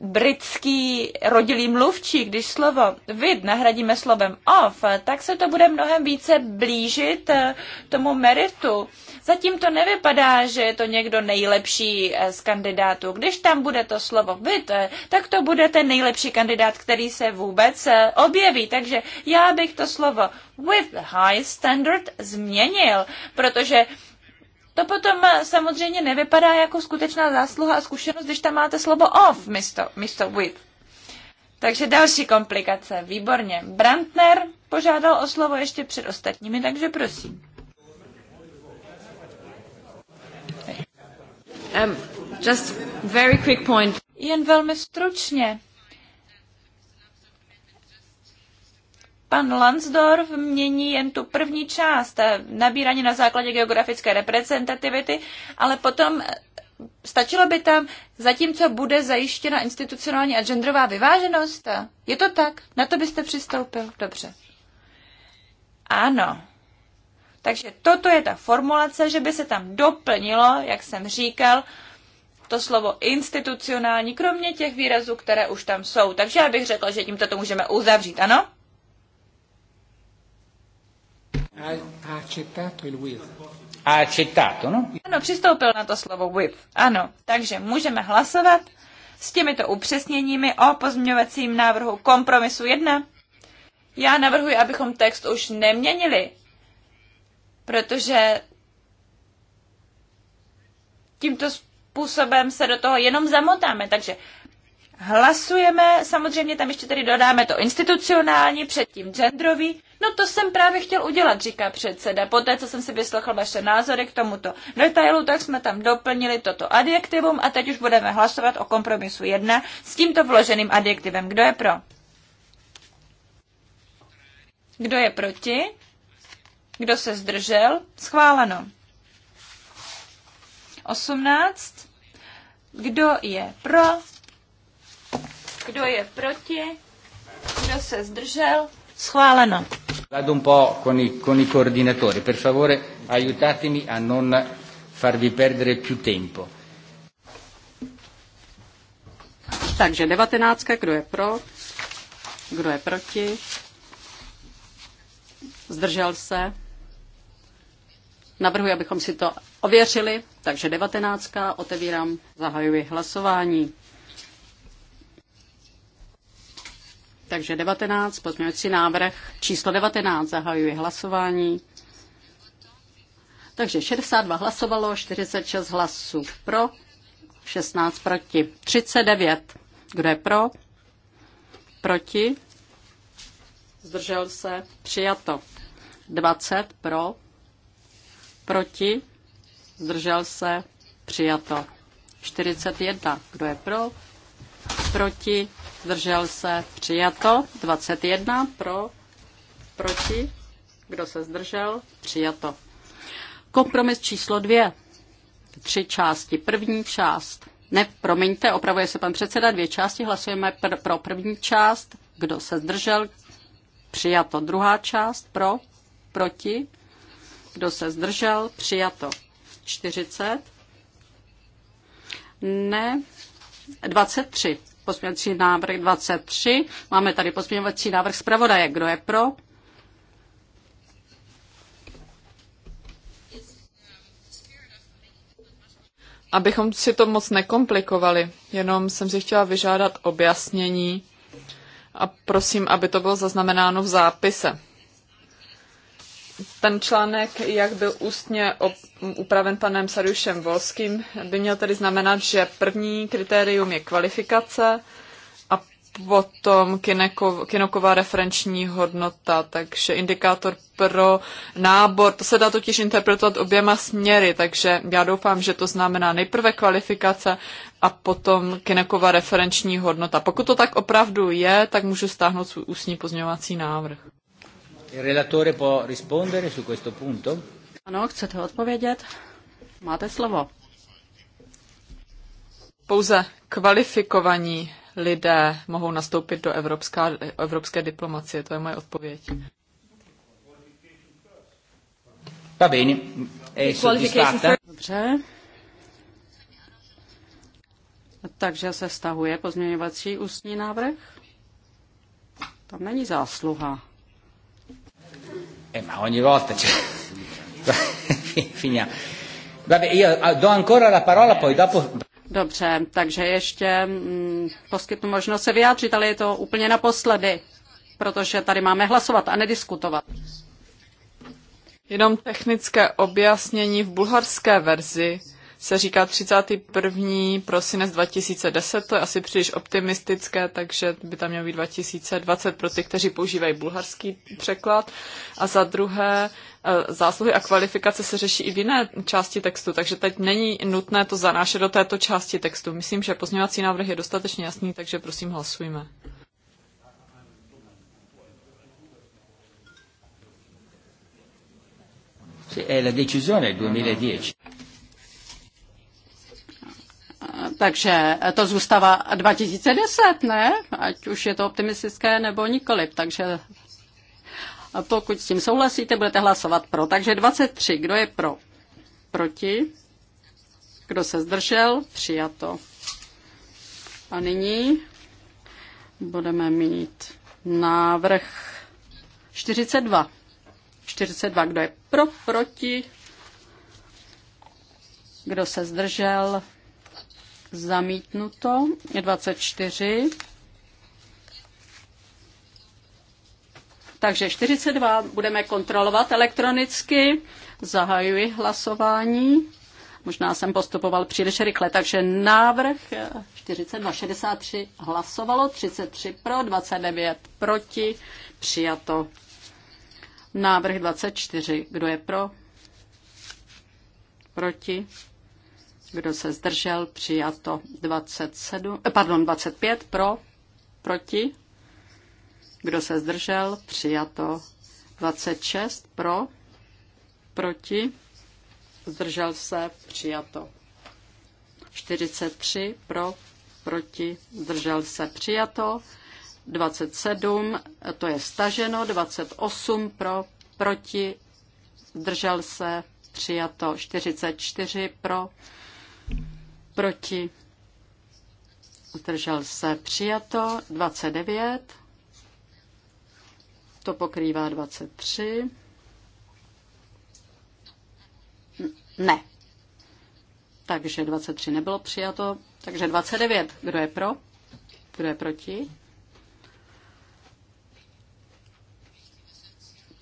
britský rodilý mluvčí, když slovo vid nahradíme slovem of, tak se to bude mnohem více blížit eh, tomu meritu. Zatím to nevypadá, že je to někdo nejlepší eh, z kandidátů. Když tam bude to slovo vid, tak to bude ten nejlepší kandidát, který se vůbec eh, objeví. Takže já bych to slovo with high standard změnil, protože to potom eh, samozřejmě nevypadá jako skutečná zásluha a zkušenost, když tam máte slovo off místo, místo with. Takže další komplikace. Výborně. Brandner požádal o slovo ještě před ostatními, takže prosím. Um, just very quick point. Jen velmi stručně. Pan Lansdorf mění jen tu první část, eh, nabírání na základě geografické reprezentativity, ale potom eh, stačilo by tam, zatímco bude zajištěna institucionální a genderová vyváženost? Je to tak? Na to byste přistoupil? Dobře. Ano. Takže toto je ta formulace, že by se tam doplnilo, jak jsem říkal, to slovo institucionální, kromě těch výrazů, které už tam jsou. Takže já bych řekla, že tímto to můžeme uzavřít, ano? Ha, ha accettato il with. Ha accettato, no? Ano, přistoupil na to slovo with. Ano, takže můžeme hlasovat s těmito upřesněními o pozměňovacím návrhu kompromisu 1. Já navrhuji, abychom text už neměnili, protože tímto způsobem se do toho jenom zamotáme. Takže hlasujeme, samozřejmě tam ještě tedy dodáme to institucionální, předtím genderový. No to jsem právě chtěl udělat, říká předseda. Poté, co jsem si vyslechl vaše názory k tomuto detailu, tak jsme tam doplnili toto adjektivum a teď už budeme hlasovat o kompromisu 1 s tímto vloženým adjektivem. Kdo je pro? Kdo je proti? Kdo se zdržel? Schváleno. 18. Kdo je pro? Kdo je proti? Kdo se zdržel? Schváleno. Vado un po con i, con i coordinatori. Per favore, aiutatemi a non farvi perdere più tempo. Takže devatenáctka, kdo je pro, kdo je proti, zdržel se. Navrhuji, abychom si to ověřili. Takže devatenáctka, otevírám, zahajuji hlasování. Takže 19, pozměňující návrh číslo 19, zahajuji hlasování. Takže 62 hlasovalo, 46 hlasů pro, 16 proti, 39. Kdo je pro? Proti? Zdržel se? Přijato. 20 pro, proti? Zdržel se? Přijato. 41. Kdo je pro? Proti? zdržel se, přijato. 21 pro, proti, kdo se zdržel, přijato. Kompromis číslo 2. Tři části. První část. Ne, promiňte, opravuje se pan předseda, dvě části, hlasujeme pr- pro první část, kdo se zdržel, přijato. Druhá část pro, proti, kdo se zdržel, přijato. 40. Ne, 23. Pozměňovací návrh 23. Máme tady pozměňovací návrh zpravodaje. Kdo je pro? Abychom si to moc nekomplikovali, jenom jsem si chtěla vyžádat objasnění a prosím, aby to bylo zaznamenáno v zápise ten článek, jak byl ústně upraven panem Sarušem Volským, by měl tedy znamenat, že první kritérium je kvalifikace a potom kineko, kinoková referenční hodnota, takže indikátor pro nábor. To se dá totiž interpretovat oběma směry, takže já doufám, že to znamená nejprve kvalifikace a potom kineková referenční hodnota. Pokud to tak opravdu je, tak můžu stáhnout svůj ústní pozměňovací návrh relatore può rispondere su questo punto? Ano, chcete odpovědět? Máte slovo. Pouze kvalifikovaní lidé mohou nastoupit do evropská, evropské diplomacie. To je moje odpověď. Va bene, è Dobře. Takže se stahuje pozměňovací ústní návrh? Tam není zásluha. Eh, ma ogni volta c'è... <laughs> Finiamo. Vabbè, io ah, do ancora la parola, poi dopo... Dobře, takže ještě mm, poskytnu možnost se vyjádřit, ale je to úplně naposledy, protože tady máme hlasovat a nediskutovat. Jenom technické objasnění v bulharské verzi se říká 31. prosinec 2010, to je asi příliš optimistické, takže by tam mělo být 2020 pro ty, kteří používají bulharský překlad. A za druhé, eh, zásluhy a kvalifikace se řeší i v jiné části textu, takže teď není nutné to zanášet do této části textu. Myslím, že pozměňovací návrh je dostatečně jasný, takže prosím hlasujme. Sì, è la decisione del 2010. Takže to zůstává 2010, ne? Ať už je to optimistické nebo nikoliv. Takže pokud s tím souhlasíte, budete hlasovat pro. Takže 23. Kdo je pro? Proti? Kdo se zdržel? Přijato. A nyní budeme mít návrh 42. 42. Kdo je pro? Proti? Kdo se zdržel? Zamítnuto. 24. Takže 42 budeme kontrolovat elektronicky. Zahajuji hlasování. Možná jsem postupoval příliš rychle, takže návrh 42, 63 hlasovalo, 33 pro, 29 proti, přijato. Návrh 24, kdo je pro? Proti? Kdo se zdržel? Přijato 27, eh, pardon, 25 pro, proti. Kdo se zdržel? Přijato 26 pro, proti. Zdržel se? Přijato. 43 pro, proti. Zdržel se? Přijato. 27, to je staženo, 28 pro, proti, zdržel se, přijato 44 pro, proti, zdržel se přijato 29, to pokrývá 23, ne, takže 23 nebylo přijato, takže 29, kdo je pro, kdo je proti,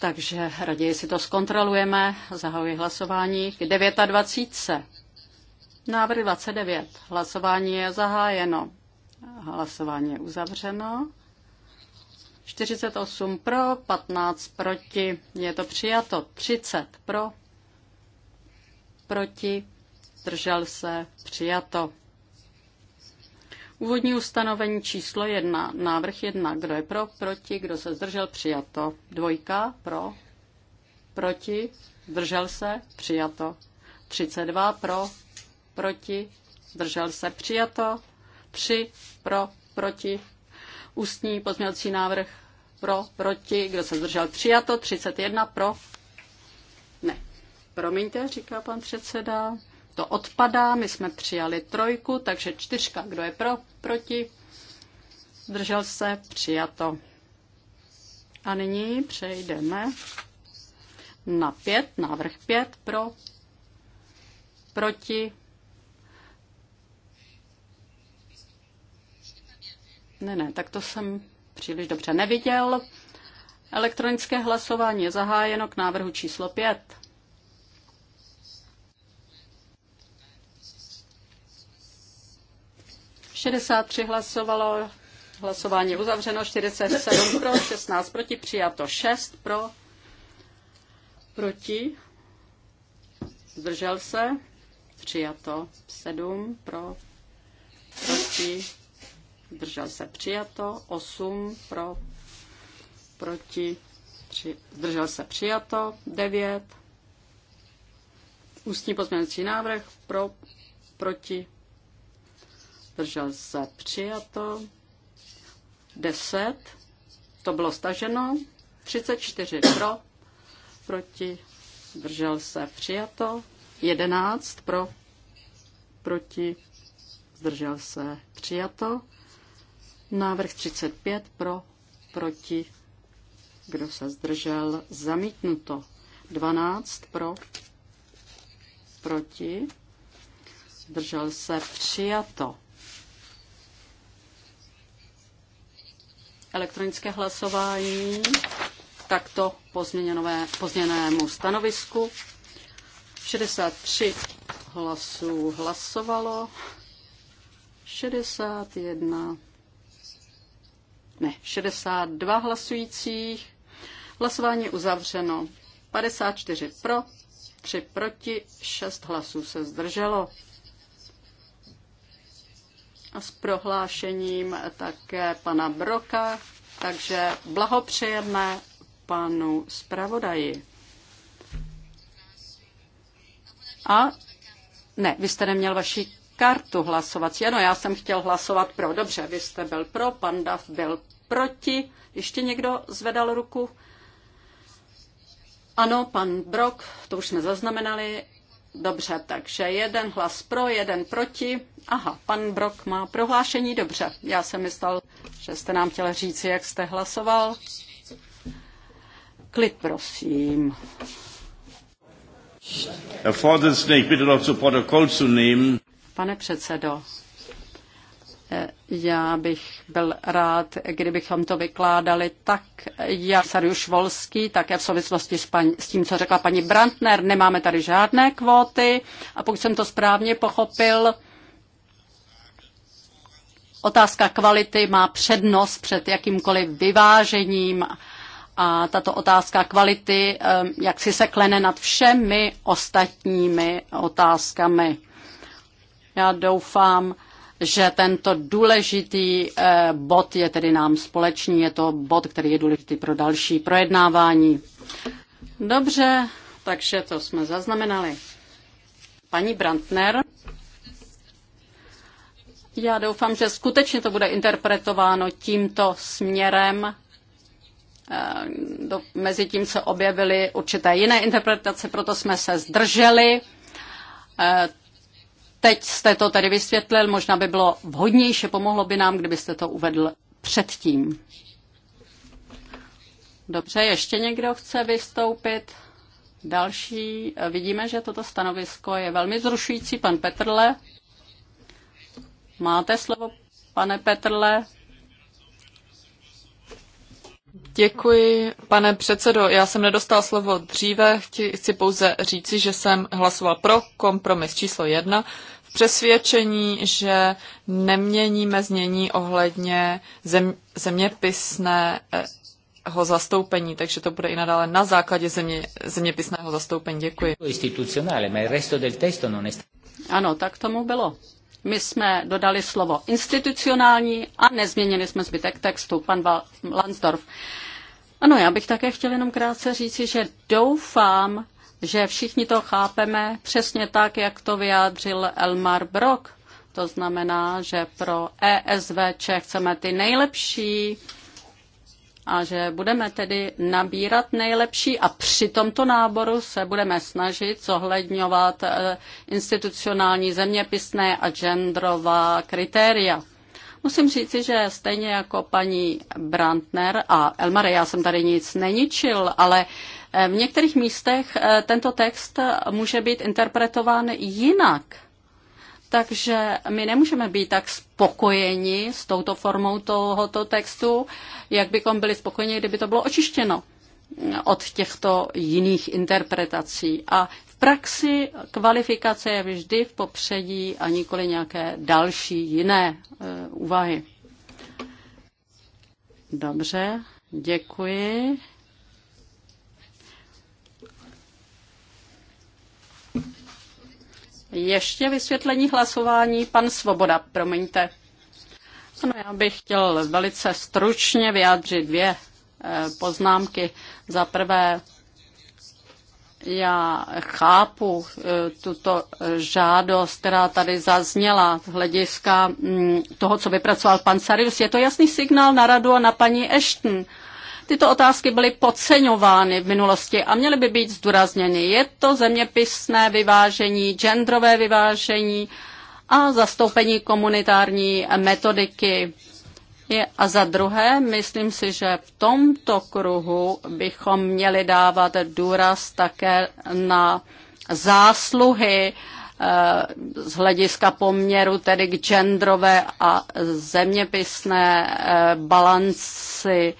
Takže raději si to zkontrolujeme. Zahajuji hlasování k 29. Návrh 29. Hlasování je zahájeno. Hlasování je uzavřeno. 48 pro, 15 proti. Je to přijato. 30 pro, proti, držel se, přijato. Úvodní ustanovení číslo 1, návrh 1, kdo je pro, proti, kdo se zdržel, přijato. Dvojka, pro, proti, držel se, přijato. 32 pro, proti, zdržel se přijato, tři pro, proti, ústní pozměňovací návrh pro, proti, kdo se zdržel přijato, 31 pro, ne, promiňte, říká pan předseda, to odpadá, my jsme přijali trojku, takže čtyřka, kdo je pro, proti, zdržel se přijato. A nyní přejdeme na pět, návrh pět pro, proti, Ne, ne, tak to jsem příliš dobře neviděl. Elektronické hlasování je zahájeno k návrhu číslo 5. Šedesát tři hlasovalo, hlasování uzavřeno, 47 pro, 16 proti, přijato 6 pro, proti, zdržel se, přijato 7 pro, proti, zdržel se přijato, 8 pro, proti, tři, zdržel se přijato, 9, ústní pozměňovací návrh pro, proti, zdržel se přijato, 10, to bylo staženo, 34 pro, proti, zdržel se přijato, 11 pro, proti, zdržel se přijato, Návrh 35 pro, proti, kdo se zdržel, zamítnuto. 12 pro, proti, zdržel se, přijato. Elektronické hlasování takto pozměněnému stanovisku. 63 hlasů hlasovalo, 61 ne, 62 hlasujících. Hlasování uzavřeno. 54 pro, 3 proti, 6 hlasů se zdrželo. A s prohlášením také pana Broka, takže blahopřejeme panu zpravodaji. A ne, vy jste neměl vaši kartu hlasovací. Ano, já jsem chtěl hlasovat pro. Dobře, vy jste byl pro, pan Dav byl proti. Ještě někdo zvedal ruku? Ano, pan Brok, to už jsme zaznamenali. Dobře, takže jeden hlas pro, jeden proti. Aha, pan Brok má prohlášení, dobře. Já jsem myslel, že jste nám chtěl říci, jak jste hlasoval. Klid, prosím. Herr Vorsitzender, ich bitte doch zu Protokoll zu nehmen, Pane předsedo, já bych byl rád, kdybychom to vykládali tak, jak Sariuš Volský, také v souvislosti s, paní, s tím, co řekla paní Brandner, nemáme tady žádné kvóty a pokud jsem to správně pochopil, otázka kvality má přednost před jakýmkoliv vyvážením a tato otázka kvality eh, jak si se klene nad všemi ostatními otázkami. Já doufám, že tento důležitý eh, bod je tedy nám společný, je to bod, který je důležitý pro další projednávání. Dobře, takže to jsme zaznamenali. Paní Brandner. Já doufám, že skutečně to bude interpretováno tímto směrem. Eh, do, mezi tím se objevily určité jiné interpretace, proto jsme se zdrželi. Eh, Teď jste to tady vysvětlil, možná by bylo vhodnější, pomohlo by nám, kdybyste to uvedl předtím. Dobře, ještě někdo chce vystoupit? Další, vidíme, že toto stanovisko je velmi zrušující. Pan Petrle, máte slovo, pane Petrle? Děkuji, pane předsedo. Já jsem nedostal slovo dříve, chci pouze říci, že jsem hlasoval pro kompromis číslo jedna v přesvědčení, že neměníme znění ohledně zem, zeměpisného zastoupení, takže to bude i nadále na základě země, zeměpisného zastoupení. Děkuji. Ano, tak tomu bylo. My jsme dodali slovo institucionální a nezměnili jsme zbytek textu. Pan Lansdorf. Ano, já bych také chtěl jenom krátce říci, že doufám, že všichni to chápeme přesně tak, jak to vyjádřil Elmar Brock. To znamená, že pro ESVČ chceme ty nejlepší a že budeme tedy nabírat nejlepší a při tomto náboru se budeme snažit zohledňovat eh, institucionální zeměpisné a genderová kritéria. Musím říci, že stejně jako paní Brandner a Elmare, já jsem tady nic neničil, ale eh, v některých místech eh, tento text může být interpretován jinak. Takže my nemůžeme být tak spokojeni s touto formou tohoto textu, jak bychom byli spokojeni, kdyby to bylo očištěno mm, od těchto jiných interpretací. A praxi kvalifikace je vždy v popředí a nikoli nějaké další jiné e, úvahy. Dobře, děkuji. Ještě vysvětlení hlasování. Pan Svoboda, promiňte. Ano, já bych chtěl velice stručně vyjádřit dvě e, poznámky. Za prvé já chápu e, tuto žádost, která tady zazněla z hlediska mm, toho, co vypracoval pan Sarius. Je to jasný signál na radu a na paní Ashton. Tyto otázky byly podceňovány v minulosti a měly by být zdůrazněny. Je to zeměpisné vyvážení, genderové vyvážení a zastoupení komunitární metodiky. A za druhé, myslím si, že v tomto kruhu bychom měli dávat důraz také na zásluhy eh, z hlediska poměru tedy k genderové a zeměpisné eh, balanci.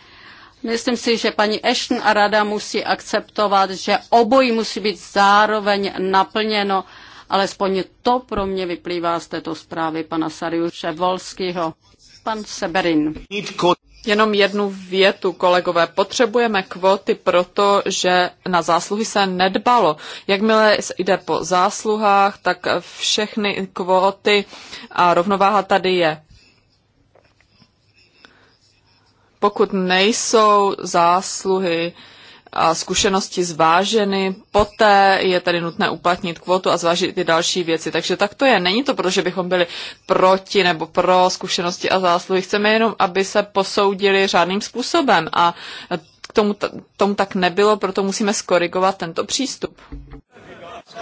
Myslím si, že paní Ashton a rada musí akceptovat, že obojí musí být zároveň naplněno, alespoň to pro mě vyplývá z této zprávy pana Sariuše Volského. Pan Seberin. Jenom jednu větu, kolegové. Potřebujeme kvóty proto, že na zásluhy se nedbalo. Jakmile jde po zásluhách, tak všechny kvóty a rovnováha tady je. Pokud nejsou zásluhy, a zkušenosti zváženy, poté je tedy nutné uplatnit kvotu a zvážit i další věci. Takže tak to je. Není to proto, že bychom byli proti nebo pro zkušenosti a zásluhy. Chceme jenom, aby se posoudili řádným způsobem a k tomu, tomu tak nebylo, proto musíme skorigovat tento přístup.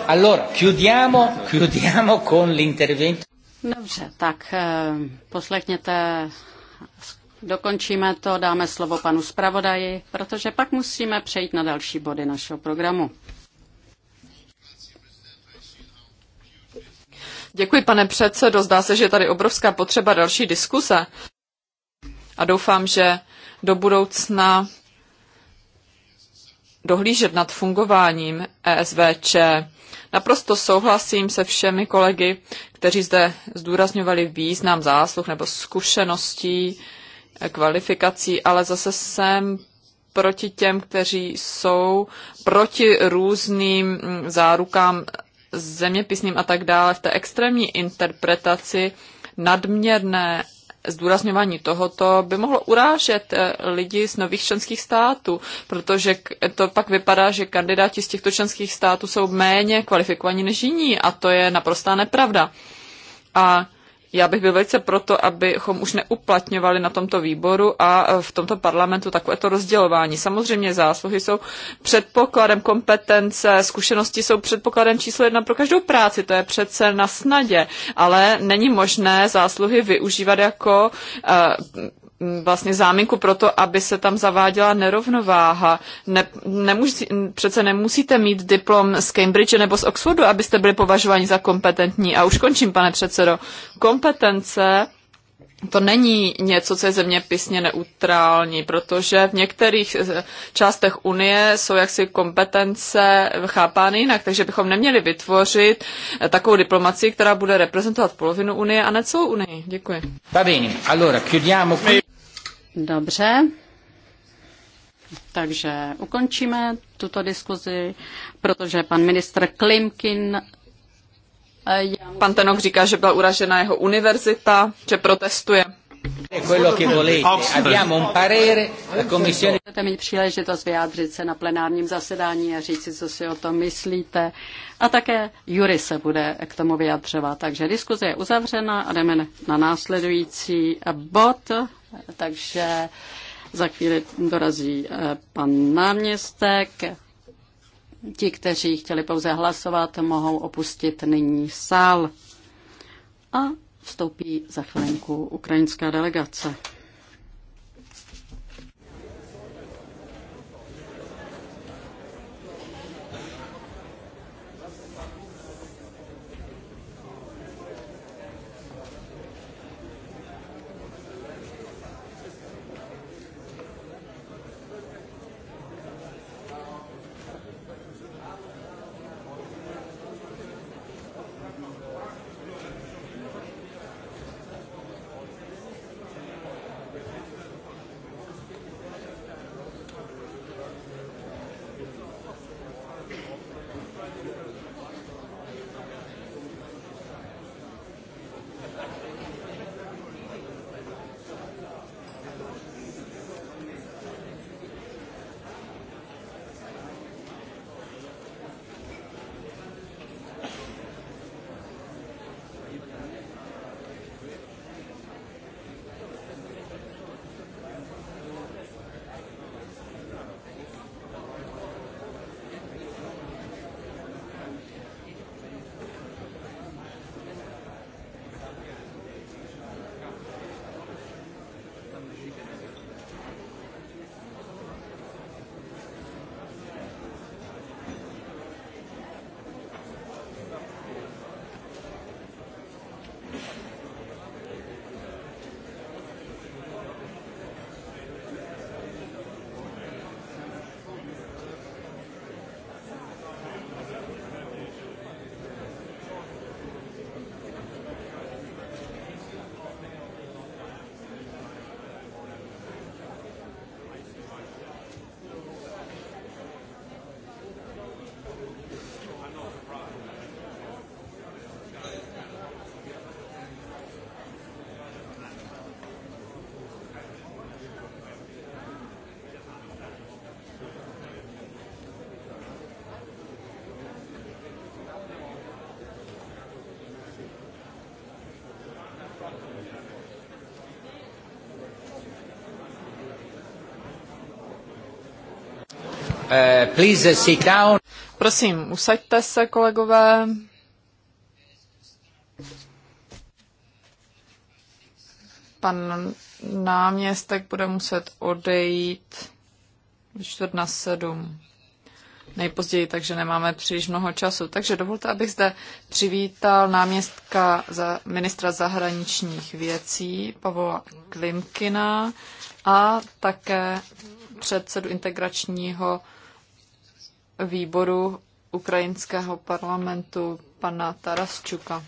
Allora, chiudiamo, chiudiamo con l'intervento. Dobře, tak eh, poslechněte Dokončíme to, dáme slovo panu zpravodaji, protože pak musíme přejít na další body našeho programu. Děkuji, pane předsedo. Zdá se, že je tady obrovská potřeba další diskuse. A doufám, že do budoucna dohlížet nad fungováním ESVČ. Naprosto souhlasím se všemi kolegy, kteří zde zdůrazňovali význam zásluh nebo zkušeností kvalifikací, ale zase jsem proti těm, kteří jsou proti různým mm, zárukám zeměpisným a tak dále v té extrémní interpretaci nadměrné zdůrazňování tohoto by mohlo urážet eh, lidi z nových členských států, protože to pak vypadá, že kandidáti z těchto členských států jsou méně kvalifikovaní než jiní a to je naprostá nepravda. A já bych byl velice proto, abychom už neuplatňovali na tomto výboru a e, v tomto parlamentu takovéto rozdělování. Samozřejmě zásluhy jsou předpokladem kompetence, zkušenosti jsou předpokladem číslo jedna pro každou práci, to je přece na snadě, ale není možné zásluhy využívat jako uh, Mm, vlastně záminku pro to, aby se tam zaváděla nerovnováha. Ne, nemusí, přece nemusíte mít diplom z Cambridge nebo z Oxfordu, abyste byli považováni za kompetentní. A už končím, pane předsedo. Kompetence to není něco, co je písně neutrální, protože v některých eh, částech Unie jsou jaksi kompetence chápány jinak, takže bychom neměli vytvořit eh, takovou diplomaci, která bude reprezentovat polovinu Unie a ne celou Unii. Děkuji. Va bene, allora chiudiamo qui. Dobře. Takže ukončíme tuto diskuzi, protože pan ministr Klimkin. Eh, pan Tenok říká, že byla uražena jeho univerzita, že protestuje. Budete mít příležitost vyjádřit se na plenárním zasedání a říct si, co si o tom myslíte. A také Jury se bude k tomu vyjadřovat. Takže diskuze je uzavřena a jdeme na následující bod takže za chvíli dorazí eh, pan náměstek. Ti, kteří chtěli pouze hlasovat, mohou opustit nyní sál. A vstoupí za chvilinku ukrajinská delegace. Eh, please eh, sit down. Prosím, usaďte se, kolegové. Pan náměstek bude muset odejít ve čtvrt na sedm nejpozději, takže nemáme příliš mnoho času. Takže dovolte, abych zde přivítal náměstka za ministra zahraničních věcí Pavla Klimkina a také předsedu integračního výboru ukrajinského parlamentu pana Tarasčuka.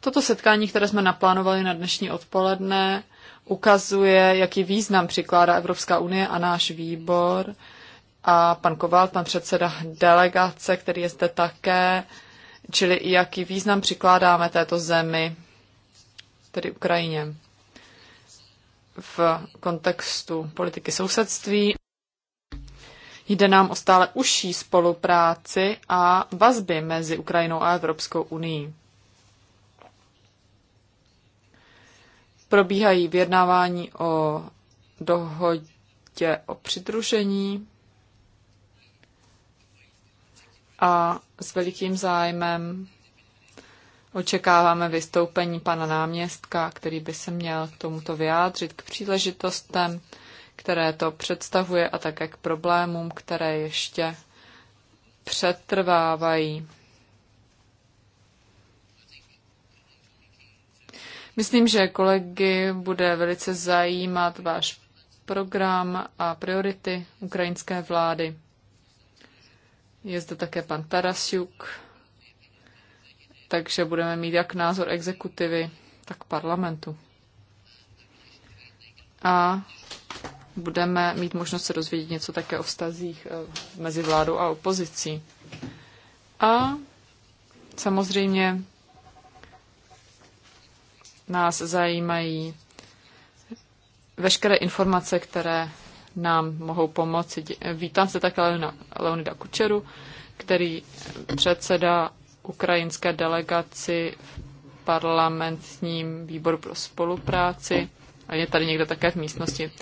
Toto setkání, které jsme naplánovali na dnešní odpoledne, ukazuje, jaký význam přikládá Evropská unie a náš výbor. A pan Koval, pan předseda delegace, který je zde také, čili i jaký význam přikládáme této zemi, tedy Ukrajině v kontextu politiky sousedství. Jde nám o stále užší spolupráci a vazby mezi Ukrajinou a Evropskou unii. Probíhají vyjednávání o dohodě o přidružení a s velikým zájmem Očekáváme vystoupení pana náměstka, který by se měl k tomuto vyjádřit k příležitostem, které to představuje a také k problémům, které ještě přetrvávají. Myslím, že kolegy bude velice zajímat váš program a priority ukrajinské vlády. Je zde také pan Tarasiuk takže budeme mít jak názor exekutivy, tak parlamentu. A budeme mít možnost se dozvědět něco také o vztazích eh, mezi vládou a opozicí. A samozřejmě nás zajímají veškeré informace, které nám mohou pomoci. Vítám se také Leonida Kučeru, který předseda ukrajinské delegaci v parlamentním výboru pro spolupráci. A je tady někdo také v místnosti.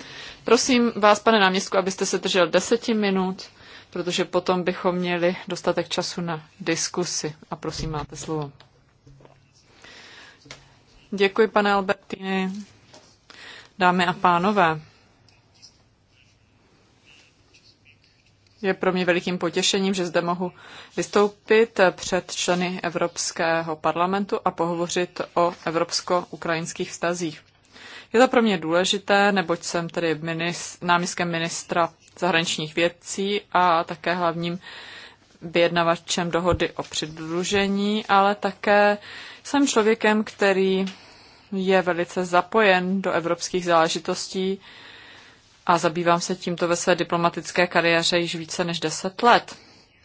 Prosím vás, pane náměstku, abyste se držel deseti minut, protože potom bychom měli dostatek času na diskusy. A prosím, máte slovo. Děkuji, pane Albertini. Dámy a pánové, Je pro mě velikým potěšením, že zde mohu vystoupit před členy Evropského parlamentu a pohovořit o evropsko-ukrajinských vztazích. Je to pro mě důležité, neboť jsem tedy ministr, náměstkem ministra zahraničních věcí a také hlavním vyjednavačem dohody o přidružení, ale také jsem člověkem, který je velice zapojen do evropských záležitostí a zabývám se tímto ve své diplomatické kariéře již více než deset let.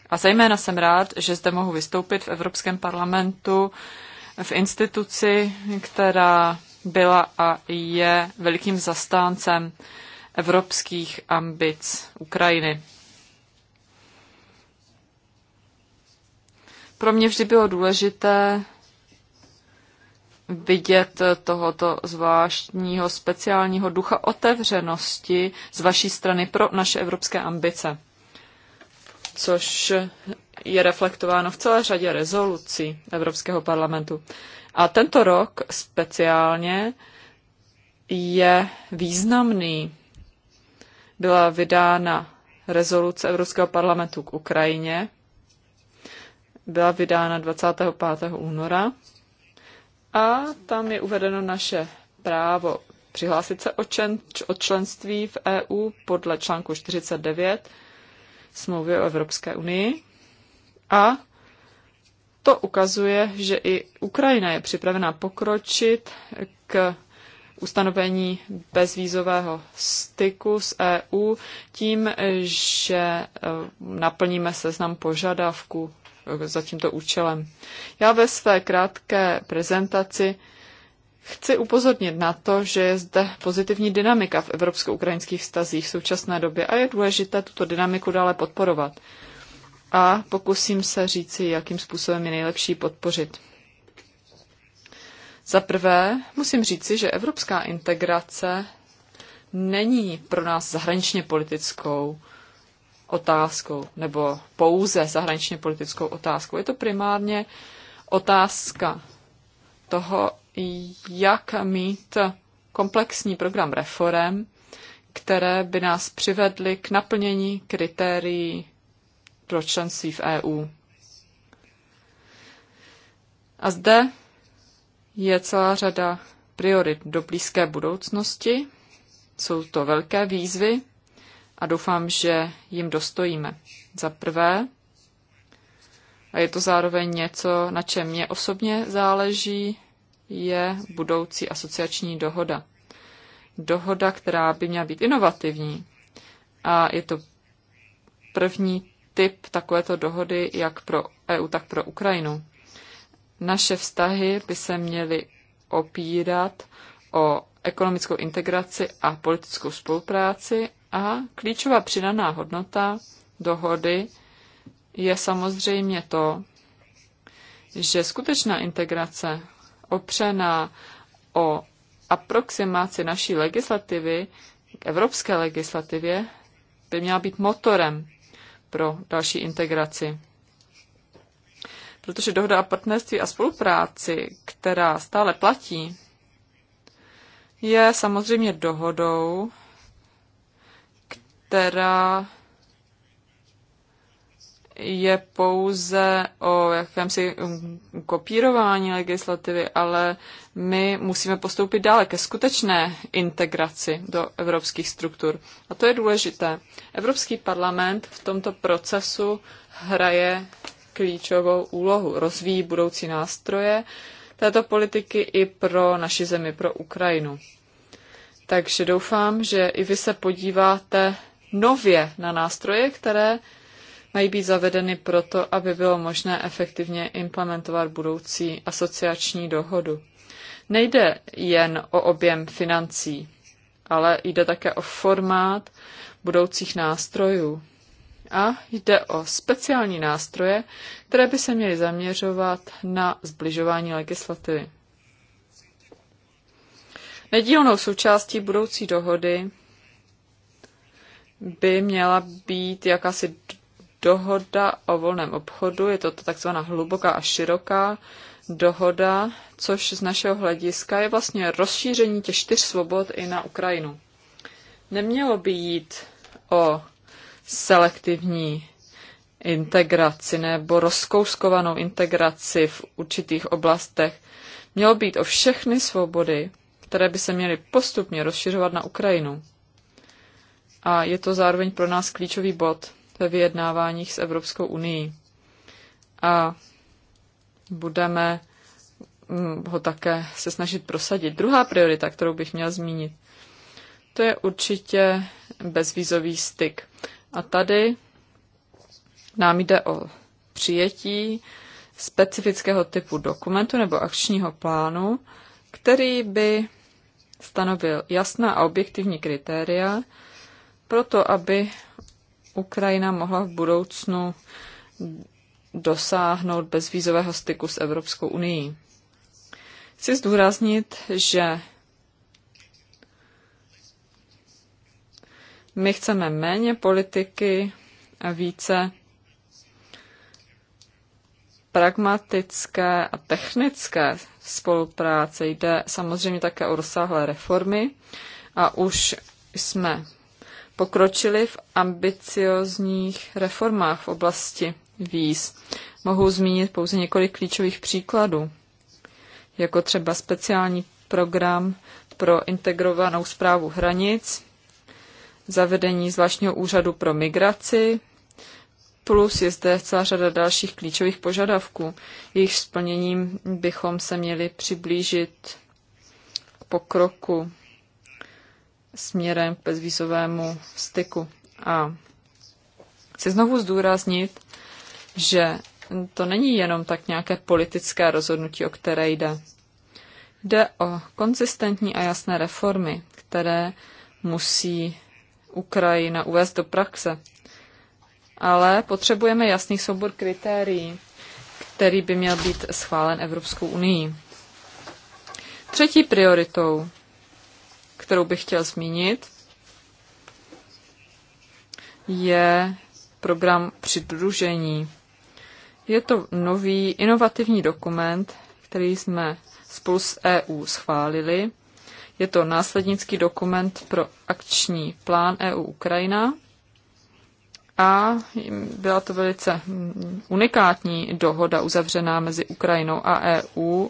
A zejména jsem rád, že zde mohu vystoupit v Evropském parlamentu v instituci, která byla a je velkým zastáncem evropských ambic Ukrajiny. Pro mě vždy bylo důležité vidět tohoto zvláštního speciálního ducha otevřenosti z vaší strany pro naše evropské ambice, což je reflektováno v celé řadě rezolucí Evropského parlamentu. A tento rok speciálně je významný. Byla vydána rezoluce Evropského parlamentu k Ukrajině, byla vydána 25. února a tam je uvedeno naše právo přihlásit se o, čen, o členství v EU podle článku 49 smlouvy o Evropské unii. A to ukazuje, že i Ukrajina je připravena pokročit k ustanovení bezvízového styku s EU tím, že e, naplníme seznam požadavků za tímto účelem. Já ve své krátké prezentaci Chci upozornit na to, že je zde pozitivní dynamika v evropsko-ukrajinských vztazích v současné době a je důležité tuto dynamiku dále podporovat. A pokusím se říci, jakým způsobem je nejlepší podpořit. Za prvé, musím říci, že evropská integrace není pro nás zahraničně politickou otázkou, nebo pouze zahraničně politickou otázkou. Je to primárně otázka toho, jak mít komplexní program reform, které by nás přivedly k naplnění kritérií pro členství v EU. A zde je celá řada priorit do blízké budoucnosti. Jsou to velké výzvy, a doufám, že jim dostojíme. Za prvé, a je to zároveň něco, na čem mě osobně záleží, je budoucí asociační dohoda. Dohoda, která by měla být inovativní. A je to první typ takovéto dohody, jak pro EU, tak pro Ukrajinu. Naše vztahy by se měly opírat o ekonomickou integraci a politickou spolupráci a klíčová přidaná hodnota dohody je samozřejmě to, že skutečná integrace opřená o aproximaci naší legislativy k evropské legislativě by měla být motorem pro další integraci. Protože dohoda o partnerství a spolupráci, která stále platí, je samozřejmě dohodou, která je pouze o jakémsi um, kopírování legislativy, ale my musíme postoupit dále ke skutečné integraci do evropských struktur. A to je důležité. Evropský parlament v tomto procesu hraje klíčovou úlohu, rozvíjí budoucí nástroje této politiky i pro naši zemi, pro Ukrajinu. Takže doufám, že i vy se podíváte nově na nástroje, které mají být zavedeny proto, aby bylo možné efektivně implementovat budoucí asociační dohodu. Nejde jen o objem financí, ale jde také o formát budoucích nástrojů. A jde o speciální nástroje, které by se měly zaměřovat na zbližování legislativy. Nedílnou součástí budoucí dohody by měla být jakási dohoda o volném obchodu, je to takzvaná hluboká a široká dohoda, což z našeho hlediska je vlastně rozšíření těch čtyř svobod i na Ukrajinu. Nemělo by jít o selektivní integraci nebo rozkouskovanou integraci v určitých oblastech. Mělo být o všechny svobody, které by se měly postupně rozšiřovat na Ukrajinu a je to zároveň pro nás klíčový bod ve vyjednáváních s Evropskou unii. A budeme mm, ho také se snažit prosadit. Druhá priorita, kterou bych měla zmínit, to je určitě bezvízový styk. A tady nám jde o přijetí specifického typu dokumentu nebo akčního plánu, který by stanovil jasná a objektivní kritéria, proto aby Ukrajina mohla v budoucnu dosáhnout bezvízového styku s Evropskou unii. Chci zdůraznit, že my chceme méně politiky a více pragmatické a technické spolupráce. Jde samozřejmě také o rozsáhlé reformy a už jsme pokročili v ambiciozních reformách v oblasti víz. Mohu zmínit pouze několik klíčových příkladů, jako třeba speciální program pro integrovanou zprávu hranic, zavedení zvláštního úřadu pro migraci, plus je zde celá řada dalších klíčových požadavků. Jejich splněním bychom se měli přiblížit k pokroku směrem k bezvízovému styku. A chci znovu zdůraznit, že to není jenom tak nějaké politické rozhodnutí, o které jde. Jde o konzistentní a jasné reformy, které musí Ukrajina uvést do praxe. Ale potřebujeme jasný soubor kritérií, který by měl být schválen Evropskou unii. Třetí prioritou kterou bych chtěl zmínit, je program přidružení. Je to nový inovativní dokument, který jsme spolu s EU schválili. Je to následnický dokument pro akční plán EU Ukrajina a byla to velice unikátní dohoda uzavřená mezi Ukrajinou a EU.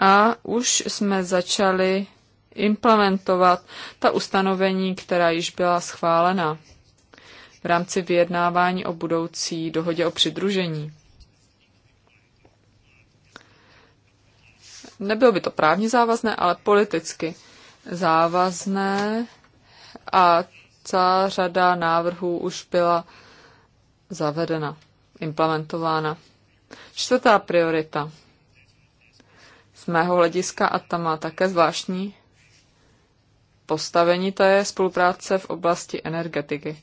A už jsme začali implementovat ta ustanovení, která již byla schválena v rámci vyjednávání o budoucí dohodě o přidružení. Nebylo by to právně závazné, ale politicky závazné a celá řada návrhů už byla zavedena, implementována. Čtvrtá priorita. Z mého hlediska, a ta má také zvláštní postavení té spolupráce v oblasti energetiky.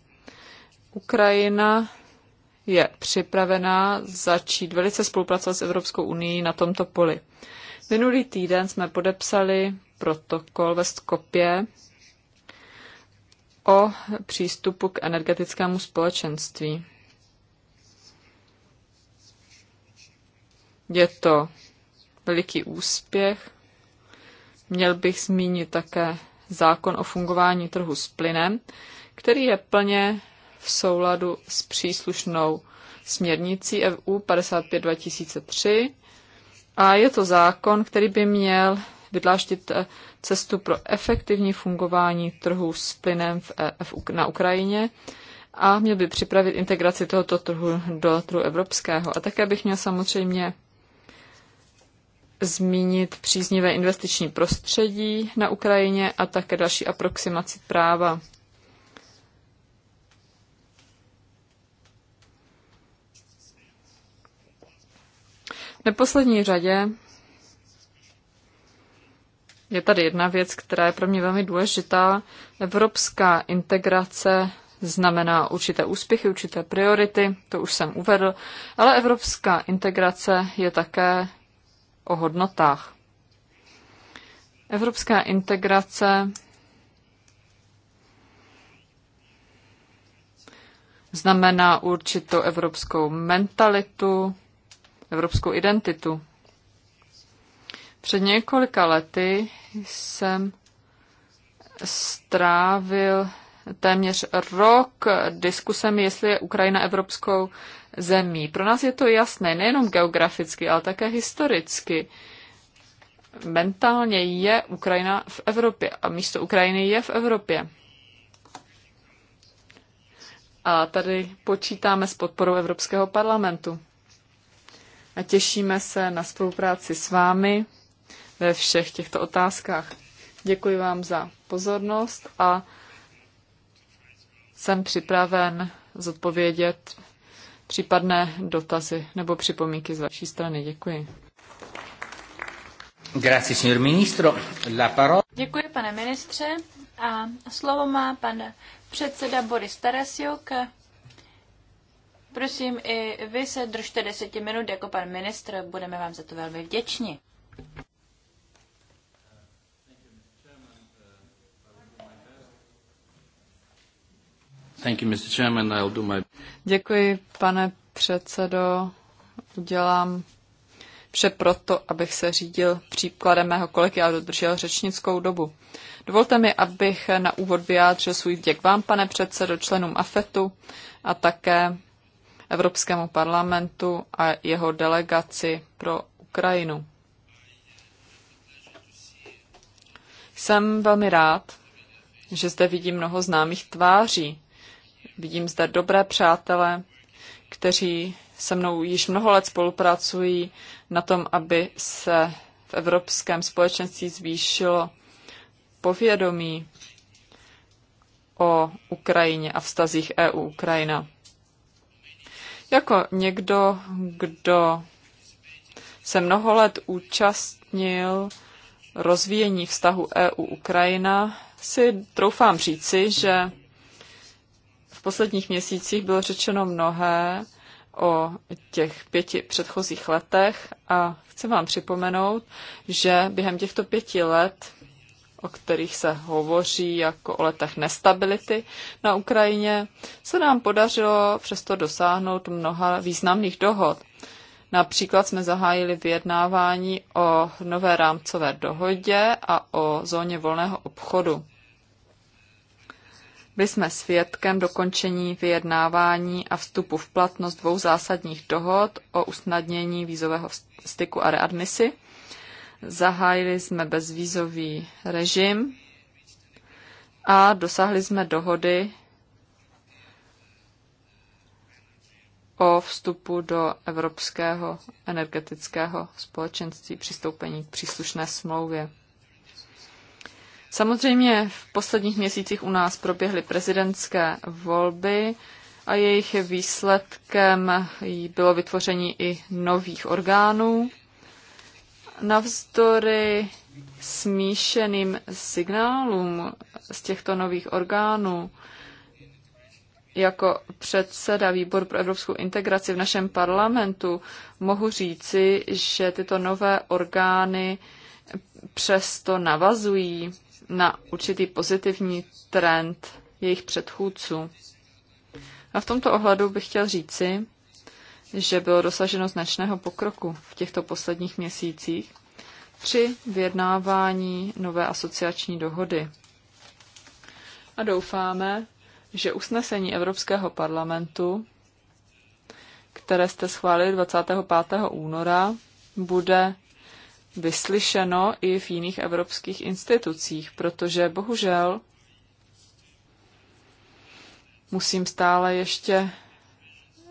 Ukrajina je připravená začít velice spolupracovat s Evropskou unii na tomto poli. Minulý týden jsme podepsali protokol ve Skopě o přístupu k energetickému společenství. Je to veliký úspěch. Měl bych zmínit také zákon o fungování trhu s plynem, který je plně v souladu s příslušnou směrnicí EU 55-2003 a je to zákon, který by měl vydláštit eh, cestu pro efektivní fungování trhu s plynem v, EF eh, na Ukrajině a měl by připravit integraci tohoto trhu do trhu evropského. A také bych měl samozřejmě zmínit příznivé investiční prostředí na Ukrajině a také další aproximaci práva. V neposlední řadě je tady jedna věc, která je pro mě velmi důležitá. Evropská integrace znamená určité úspěchy, určité priority, to už jsem uvedl, ale evropská integrace je také o hodnotách. Evropská integrace znamená určitou evropskou mentalitu, evropskou identitu. Před několika lety jsem strávil téměř rok diskusemi, jestli je Ukrajina evropskou zemí. Pro nás je to jasné, nejenom geograficky, ale také historicky. Mentálně je Ukrajina v Evropě a místo Ukrajiny je v Evropě. A tady počítáme s podporou Evropského parlamentu. A těšíme se na spolupráci s vámi ve všech těchto otázkách. Děkuji vám za pozornost a jsem připraven zodpovědět případné dotazy nebo připomínky z vaší strany. Děkuji. Grazie, signor ministro. La parola... Děkuji, pane ministře. A slovo má pan předseda Boris Tarasiuk. Prosím, i vy se držte deseti minut jako pan ministr. Budeme vám za to velmi vděční. Thank you, Mr. Chairman. I'll do my... Děkuji, pane předsedo. Udělám vše proto, abych se řídil příkladem mého kolegy a dodržel řečnickou dobu. Dovolte mi, abych na úvod vyjádřil svůj děk vám, pane předsedo, členům AFETu a také Evropskému parlamentu a jeho delegaci pro Ukrajinu. Jsem velmi rád, že zde vidím mnoho známých tváří, Vidím zde dobré přátele, kteří se mnou již mnoho let spolupracují na tom, aby se v evropském společenství zvýšilo povědomí o Ukrajině a vztazích EU-Ukrajina. Jako někdo, kdo se mnoho let účastnil rozvíjení vztahu EU-Ukrajina, si troufám říci, že posledních měsících bylo řečeno mnohé o těch pěti předchozích letech a chci vám připomenout, že během těchto pěti let, o kterých se hovoří jako o letech nestability na Ukrajině, se nám podařilo přesto dosáhnout mnoha významných dohod. Například jsme zahájili vyjednávání o nové rámcové dohodě a o zóně volného obchodu. Byli jsme svědkem dokončení vyjednávání a vstupu v platnost dvou zásadních dohod o usnadnění vízového styku a readmisi. Zahájili jsme bezvízový režim a dosáhli jsme dohody o vstupu do Evropského energetického společenství přistoupení k příslušné smlouvě. Samozřejmě v posledních měsících u nás proběhly prezidentské volby a jejich výsledkem bylo vytvoření i nových orgánů. Navzdory smíšeným signálům z těchto nových orgánů, jako předseda výboru pro evropskou integraci v našem parlamentu mohu říci, že tyto nové orgány přesto navazují na určitý pozitivní trend jejich předchůdců. A v tomto ohledu bych chtěl říci, že bylo dosaženo značného pokroku v těchto posledních měsících při vyjednávání nové asociační dohody. A doufáme, že usnesení Evropského parlamentu, které jste schválili 25. února, bude vyslyšeno i v jiných evropských institucích, protože bohužel musím stále ještě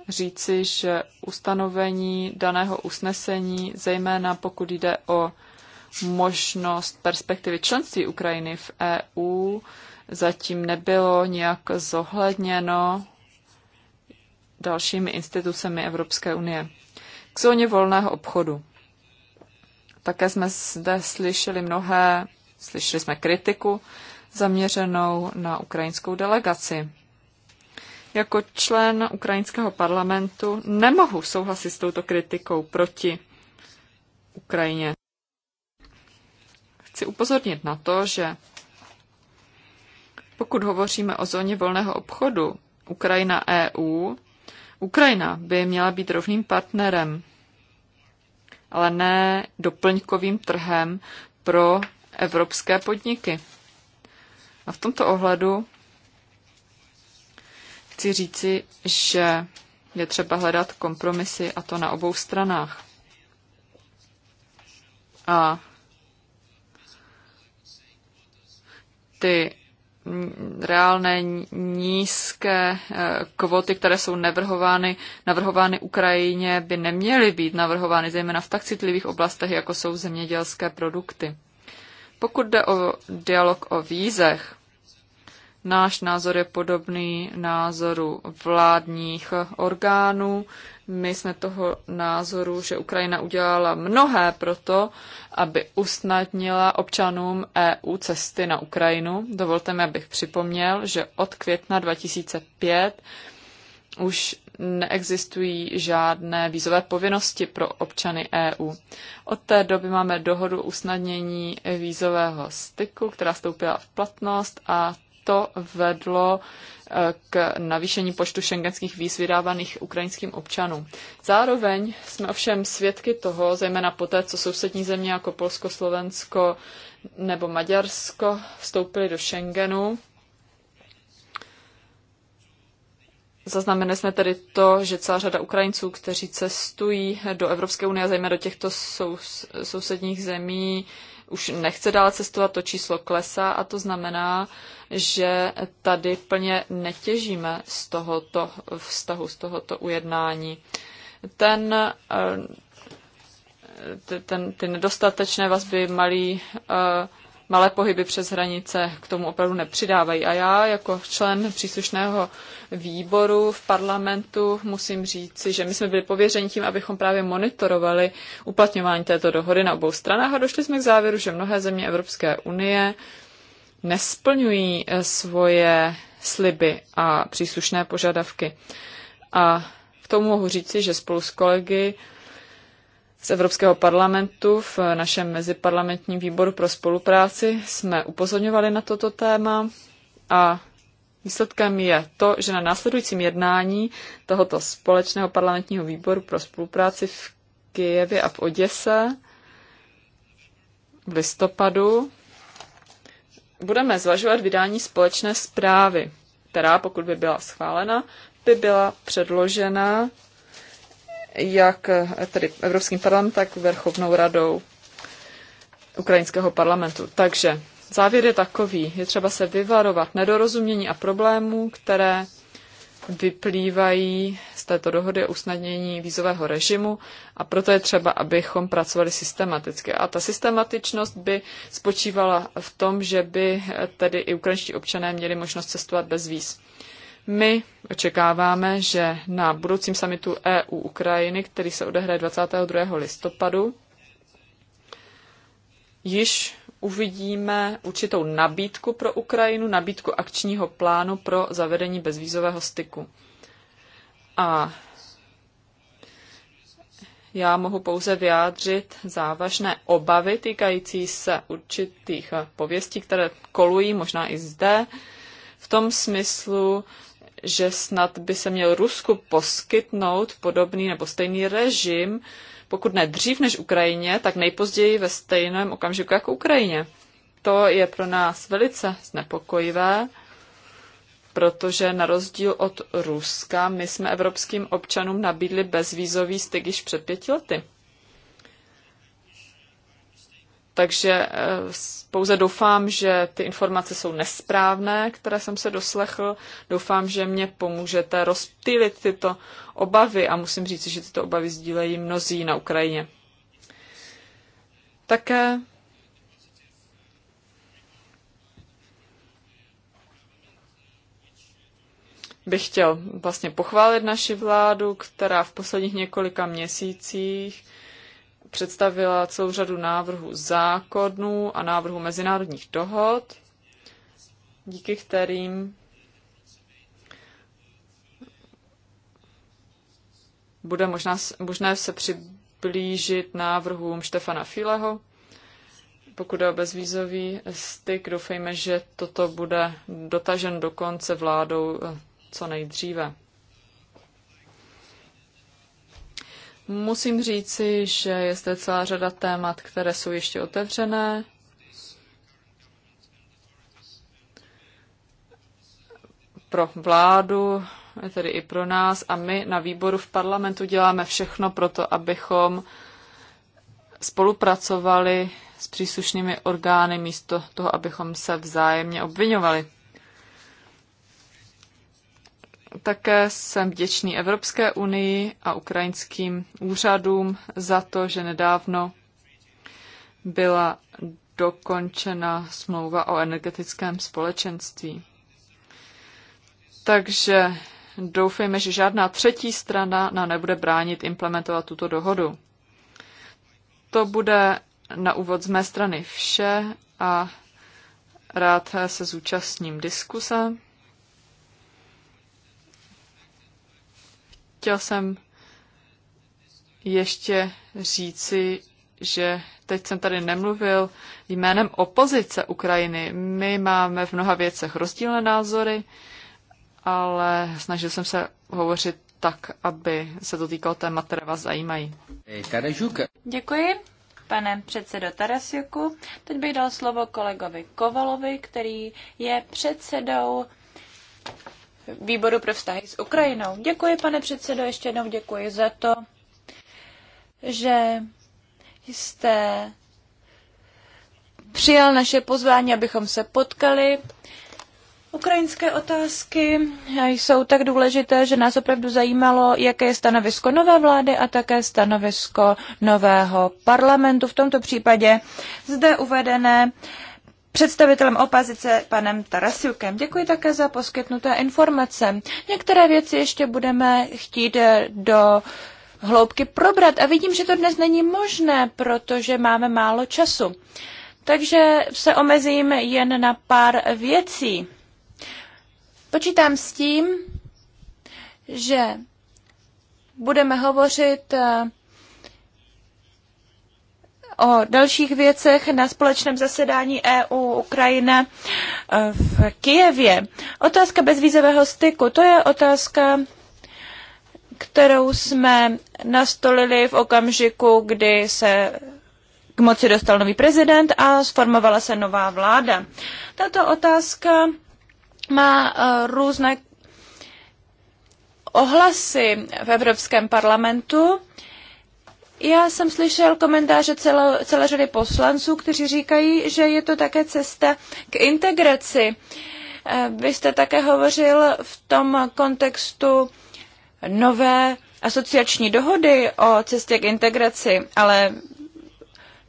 říci, že ustanovení daného usnesení, zejména pokud jde o možnost perspektivy členství Ukrajiny v EU, zatím nebylo nějak zohledněno dalšími institucemi Evropské unie. K zóně volného obchodu. Také jsme zde slyšeli mnohé, slyšeli jsme kritiku zaměřenou na ukrajinskou delegaci. Jako člen ukrajinského parlamentu nemohu souhlasit s touto kritikou proti Ukrajině. Chci upozornit na to, že pokud hovoříme o zóně volného obchodu Ukrajina-EU, Ukrajina by měla být rovným partnerem ale ne doplňkovým trhem pro evropské podniky. A v tomto ohledu chci říci, že je třeba hledat kompromisy a to na obou stranách. A ty reálné nízké eh, kvoty, které jsou navrhovány, navrhovány Ukrajině, by neměly být navrhovány zejména v tak citlivých oblastech, jako jsou zemědělské produkty. Pokud jde o dialog o vízech, Náš názor je podobný názoru vládních orgánů. My jsme toho názoru, že Ukrajina udělala mnohé proto, aby usnadnila občanům EU cesty na Ukrajinu. Dovolte mi, abych připomněl, že od května 2005 už neexistují žádné vízové povinnosti pro občany EU. Od té doby máme dohodu usnadnění vízového styku, která stoupila v platnost a to vedlo eh, k navýšení počtu šengenských víz vydávaných ukrajinským občanům. Zároveň jsme ovšem svědky toho, zejména poté, co sousední země jako Polsko, Slovensko nebo Maďarsko vstoupily do Schengenu, Zaznamenali jsme tedy to, že celá řada Ukrajinců, kteří cestují do Evropské unie, zejména do těchto sous- sousedních zemí, už nechce dále cestovat, to číslo klesá a to znamená, že tady plně netěžíme z tohoto vztahu, z tohoto ujednání. Ten, eh, ten, ty nedostatečné vazby malý eh, malé pohyby přes hranice k tomu opravdu nepřidávají. A já jako člen příslušného výboru v parlamentu musím říci, že my jsme byli pověřeni tím, abychom právě monitorovali uplatňování této dohody na obou stranách a došli jsme k závěru, že mnohé země Evropské unie nesplňují eh, svoje sliby a příslušné požadavky. A k tomu mohu říci, že spolu s kolegy z Evropského parlamentu v našem meziparlamentním výboru pro spolupráci jsme upozorňovali na toto téma a výsledkem je to, že na následujícím jednání tohoto společného parlamentního výboru pro spolupráci v Kijevě a v Oděse v listopadu budeme zvažovat vydání společné zprávy, která, pokud by byla schválena, by byla předložena jak eh, tedy Evropským parlamentem, tak Verchovnou radou ukrajinského parlamentu. Takže závěr je takový. Je třeba se vyvarovat nedorozumění a problémů, které vyplývají z této dohody o usnadnění vízového režimu a proto je třeba, abychom pracovali systematicky. A ta systematičnost by spočívala v tom, že by eh, tedy i ukrajinští občané měli možnost cestovat bez víz. My očekáváme, že na budoucím samitu EU Ukrajiny, který se odehraje 22. listopadu, již uvidíme určitou nabídku pro Ukrajinu, nabídku akčního plánu pro zavedení bezvízového styku. A já mohu pouze vyjádřit závažné obavy týkající se určitých pověstí, které kolují možná i zde, v tom smyslu, že snad by se měl Rusku poskytnout podobný nebo stejný režim, pokud ne dřív než Ukrajině, tak nejpozději ve stejném okamžiku jako Ukrajině. To je pro nás velice znepokojivé, protože na rozdíl od Ruska my jsme evropským občanům nabídli bezvízový styk již před pěti lety. Takže eh, pouze doufám, že ty informace jsou nesprávné, které jsem se doslechl. Doufám, že mě pomůžete rozptýlit tyto obavy a musím říct, že tyto obavy sdílejí mnozí na Ukrajině. Také bych chtěl vlastně pochválit naši vládu, která v posledních několika měsících představila celou řadu návrhů zákonů a návrhů mezinárodních dohod, díky kterým bude možná, možné se přiblížit návrhům Štefana Fileho. Pokud je o bezvízový styk, doufejme, že toto bude dotažen do konce vládou eh, co nejdříve. Musím říci, že je zde celá řada témat, které jsou ještě otevřené. Pro vládu, tedy i pro nás a my na výboru v parlamentu děláme všechno pro to, abychom spolupracovali s příslušnými orgány místo toho, abychom se vzájemně obvinovali. Také jsem vděčný Evropské unii a ukrajinským úřadům za to, že nedávno byla dokončena smlouva o energetickém společenství. Takže doufejme, že žádná třetí strana nám nebude bránit implementovat tuto dohodu. To bude na úvod z mé strany vše a rád se zúčastním diskuse. Chtěl jsem ještě říci, že teď jsem tady nemluvil jménem opozice Ukrajiny. My máme v mnoha věcech rozdílné názory, ale snažil jsem se hovořit tak, aby se to týkalo témat, které vás zajímají. Eh, Děkuji, pane předsedo Tarasiuku. Teď bych dal slovo kolegovi Kovalovi, který je předsedou výboru pro vztahy s Ukrajinou. Děkuji, pane předsedo, ještě jednou děkuji za to, že jste přijal naše pozvání, abychom se potkali. Ukrajinské otázky jsou tak důležité, že nás opravdu zajímalo, jaké je stanovisko nové vlády a také stanovisko nového parlamentu. V tomto případě zde uvedené uh, představitelem opozice panem Tarasiukem. Děkuji také za poskytnuté informace. Některé věci ještě budeme chtít do hloubky probrat a vidím, že to dnes není možné, protože máme málo času. Takže se omezím jen na pár věcí. Počítám s tím, že budeme hovořit o dalších věcech na společném zasedání EU Ukrajina e, v Kijevě. Otázka bezvízového styku, to je otázka, kterou jsme nastolili v okamžiku, kdy se k moci dostal nový prezident a sformovala se nová vláda. Tato otázka má e, různé ohlasy v Evropském parlamentu. Já jsem slyšel komentáře celo, celé řady poslanců, kteří říkají, že je to také cesta k integraci. Eh, vy jste také hovořil v tom kontextu nové asociační dohody o cestě k integraci, ale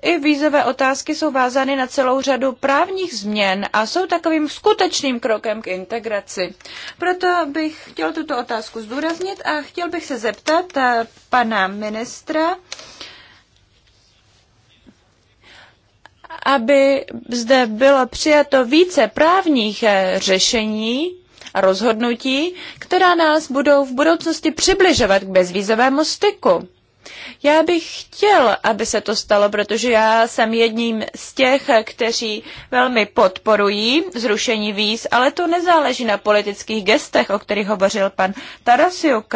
i vízové otázky jsou vázány na celou řadu právních změn a jsou takovým skutečným krokem k integraci. Proto bych chtěl tuto otázku zdůraznit a chtěl bych se zeptat eh, pana ministra, aby zde bylo přijato více právních eh, řešení a rozhodnutí, která nás budou v budoucnosti přibližovat k bezvízovému styku. Já bych chtěl, aby se to stalo, protože já jsem jedním z těch, kteří velmi podporují zrušení víz, ale to nezáleží na politických gestech, o kterých hovořil pan Tarasiuk.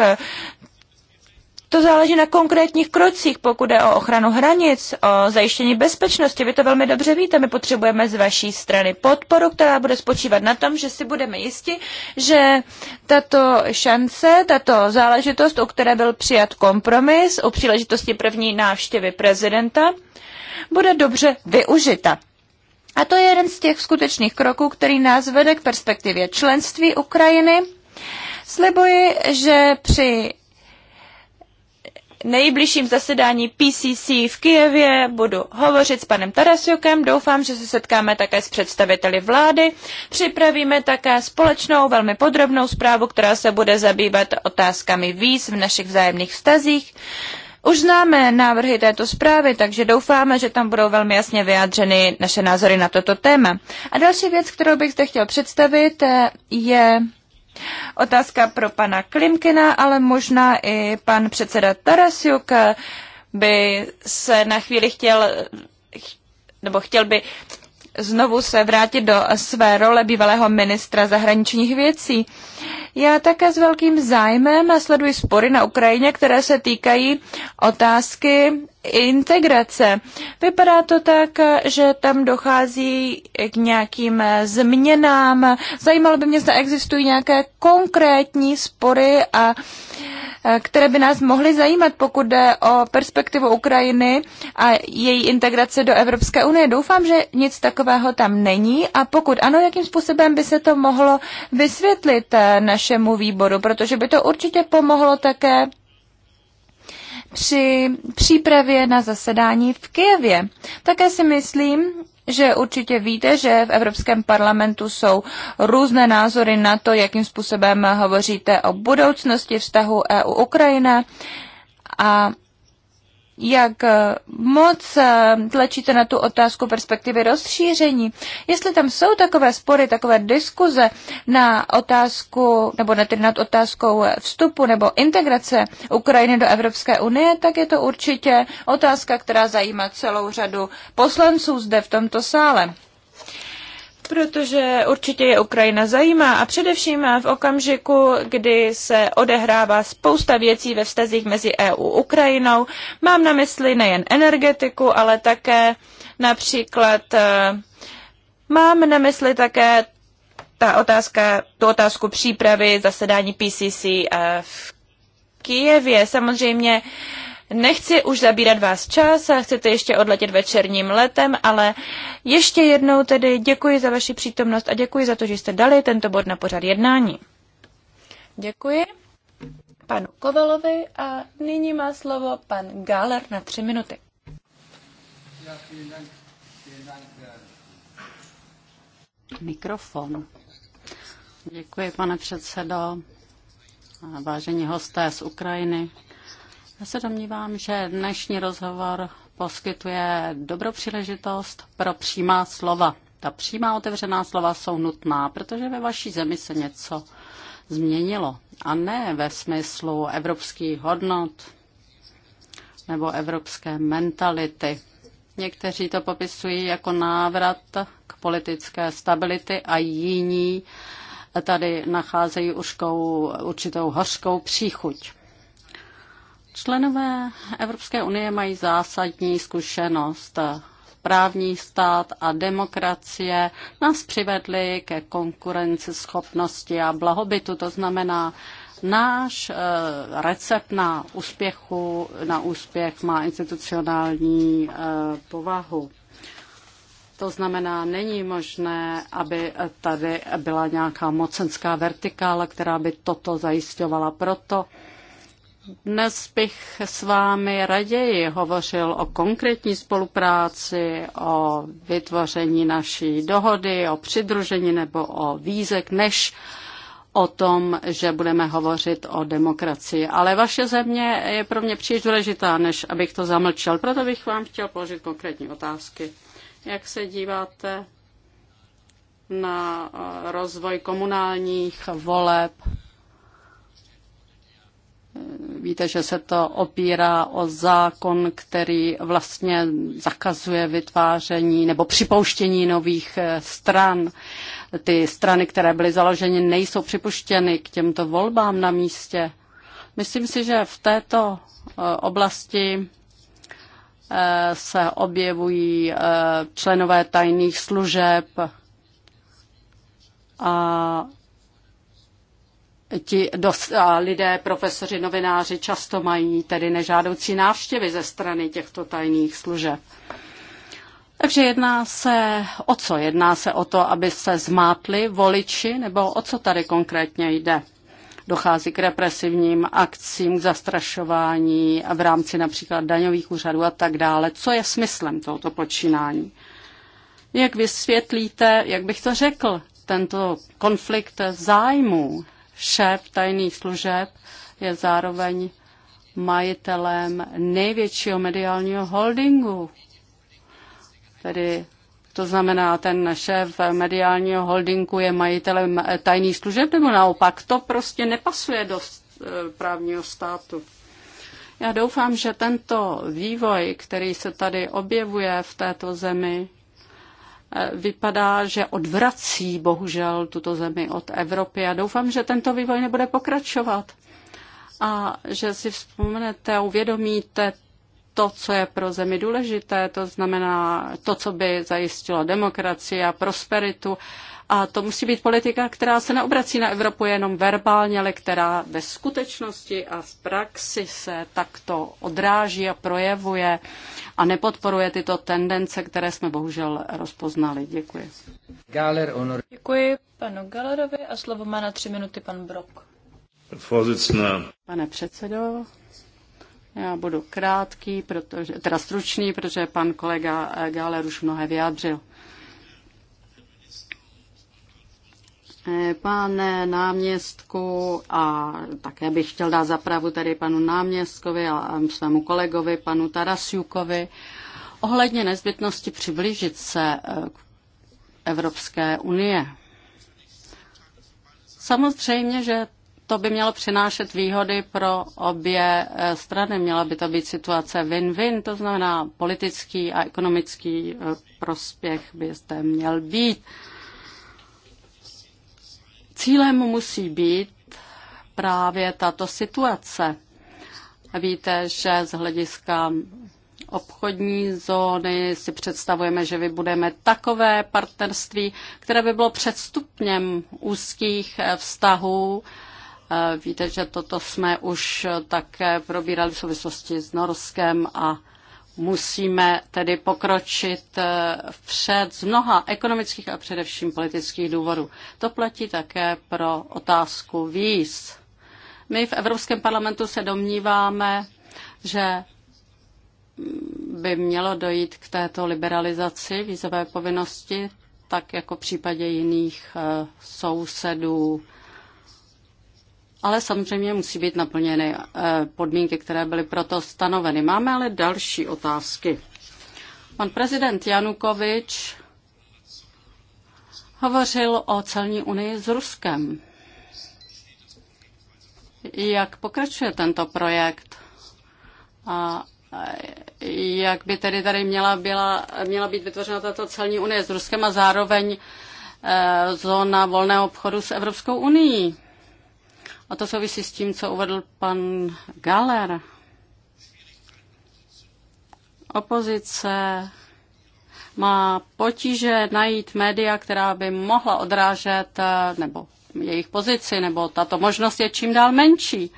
To záleží na konkrétních krocích, pokud je o ochranu hranic, o zajištění bezpečnosti. Vy to velmi dobře víte. My potřebujeme z vaší strany podporu, která bude spočívat na tom, že si budeme jisti, že tato šance, tato záležitost, u které byl přijat kompromis, u příležitosti první návštěvy prezidenta, bude dobře využita. A to je jeden z těch skutečných kroků, který nás vede k perspektivě členství Ukrajiny. Slibuji, že při nejbližším zasedání PCC v Kijevě budu hovořit s panem Tarasjukem. Doufám, že se setkáme také s představiteli vlády. Připravíme také společnou, velmi podrobnou zprávu, která se bude zabývat otázkami víz v našich vzájemných vztazích. Už známe návrhy této zprávy, takže doufáme, že tam budou velmi jasně vyjádřeny naše názory na toto téma. A další věc, kterou bych zde chtěl představit, eh, je Otázka pro pana Klimkina, ale možná i pan předseda Tarasiuk by se na chvíli chtěl, nebo chtěl by znovu se vrátit do své role bývalého ministra zahraničních věcí. Já také s velkým zájmem sleduji spory na Ukrajině, které se týkají otázky integrace. Vypadá to tak, že tam dochází k nějakým změnám. Zajímalo by mě, zda existují nějaké konkrétní spory, a, které by nás mohly zajímat, pokud jde o perspektivu Ukrajiny a její integrace do Evropské unie. Doufám, že nic takového tam není a pokud ano, jakým způsobem by se to mohlo vysvětlit eh, našemu výboru, protože by to určitě pomohlo také při přípravě na zasedání v Kijevě. Také si myslím, že určitě víte, že v Evropském parlamentu jsou různé názory na to, jakým způsobem hovoříte o budoucnosti vztahu EU-Ukrajina. A jak eh, moc eh, tlačíte na tu otázku perspektivy rozšíření. Jestli tam jsou takové spory, takové diskuze na otázku, nebo na nad otázkou eh, vstupu nebo integrace Ukrajiny do Evropské unie, tak je to určitě otázka, která zajímá celou řadu poslanců zde v tomto sále protože určitě je Ukrajina zajímá a především v okamžiku, kdy se odehrává spousta věcí ve vztazích mezi EU a Ukrajinou. Mám na mysli nejen energetiku, ale také například eh, mám na mysli také ta otázka, tu otázku přípravy zasedání PCC eh, v Kijevě. Samozřejmě Nechci už zabírat vás čas a chcete ještě odletět večerním letem, ale ještě jednou tedy děkuji za vaši přítomnost a děkuji za to, že jste dali tento bod na pořad jednání. Děkuji panu Kovalovi a nyní má slovo pan Galer na tři minuty. Mikrofon. Děkuji, pane předsedo. Vážení hosté z Ukrajiny, já se domnívám, že dnešní rozhovor poskytuje dobrou příležitost pro přímá slova. Ta přímá otevřená slova jsou nutná, protože ve vaší zemi se něco změnilo. A ne ve smyslu evropských hodnot nebo evropské mentality. Někteří to popisují jako návrat k politické stability a jiní tady nacházejí určkou, určitou hořkou příchuť. Členové Evropské unie mají zásadní zkušenost. Právní stát a demokracie nás přivedly ke konkurenceschopnosti a blahobytu. To znamená, náš eh, recept na, úspěchu, na úspěch má institucionální eh, povahu. To znamená, není možné, aby tady byla nějaká mocenská vertikála, která by toto zajišťovala. Proto dnes bych s vámi raději hovořil o konkrétní spolupráci, o vytvoření naší dohody, o přidružení nebo o výzek, než o tom, že budeme hovořit o demokracii. Ale vaše země je pro mě příliš důležitá, než abych to zamlčel. Proto bych vám chtěl položit konkrétní otázky. Jak se díváte na eh, rozvoj komunálních voleb Víte, že se to opírá o zákon, který vlastně zakazuje vytváření nebo připouštění nových eh, stran. Ty strany, které byly založeny, nejsou připuštěny k těmto volbám na místě. Myslím si, že v této eh, oblasti eh, se objevují členové tajných služeb a ti dost, a lidé, profesoři, novináři často mají tedy nežádoucí návštěvy ze strany těchto tajných služeb. Takže jedná se o co? Jedná se o to, aby se zmátli voliči, nebo o co tady konkrétně jde? Dochází k represivním akcím, k zastrašování v rámci například daňových úřadů a tak dále. Co je smyslem tohoto počínání? Jak vysvětlíte, jak bych to řekl, tento konflikt zájmů šéf tajných služeb je zároveň majitelem největšího mediálního holdingu. Tedy to znamená, ten šéf mediálního holdingu je majitelem eh, tajných služeb, nebo naopak to prostě nepasuje do eh, právního státu. Já doufám, že tento vývoj, který se tady objevuje v této zemi, vypadá, že odvrací bohužel tuto zemi od Evropy a doufám, že tento vývoj nebude pokračovat a že si vzpomenete a uvědomíte to, co je pro zemi důležité, to znamená to, co by zajistilo demokracii a prosperitu a to musí být politika, která se neobrací na Evropu jenom verbálně, ale která ve skutečnosti a v praxi se takto odráží a projevuje a nepodporuje tyto tendence, které jsme bohužel rozpoznali. Děkuji. Galer, honor... Děkuji panu Galerovi a slovo má na tři minuty pan Brok. Vozicna. Eh, Pane předsedo, já budu krátký, protože, teda stručný, protože pan kolega eh, Galer už mnohé vyjádřil. Pane náměstku, a také bych chtěl dát zapravu tady panu náměstkovi a svému kolegovi, panu Tarasiukovi, ohledně nezbytnosti přiblížit se eh, k Evropské unie. Samozřejmě, že to by mělo přinášet výhody pro obě eh, strany. Měla by to být situace win-win, to znamená politický a ekonomický eh, prospěch by zde měl být. Cílem musí být právě tato situace. Víte, že z hlediska obchodní zóny si představujeme, že vybudeme takové partnerství, které by bylo předstupněm úzkých vztahů. Víte, že toto jsme už také probírali v souvislosti s Norskem a Musíme tedy pokročit eh, vpřed z mnoha ekonomických a především politických důvodů. To platí také pro otázku víz. My v Evropském parlamentu se domníváme, že by mělo dojít k této liberalizaci vízové povinnosti, tak jako v případě jiných eh, sousedů ale samozřejmě musí být naplněny eh, podmínky, které byly proto stanoveny. Máme ale další otázky. Pan prezident Janukovič hovořil o celní unii s Ruskem. Jak pokračuje tento projekt? A eh, jak by tedy tady měla, byla, měla být vytvořena tato celní unie s Ruskem a zároveň eh, zóna volného obchodu s Evropskou unii? A to souvisí s tím, co uvedl pan Galer. Opozice má potíže najít média, která by mohla odrážet eh, nebo jejich pozici, nebo tato možnost je čím dál menší.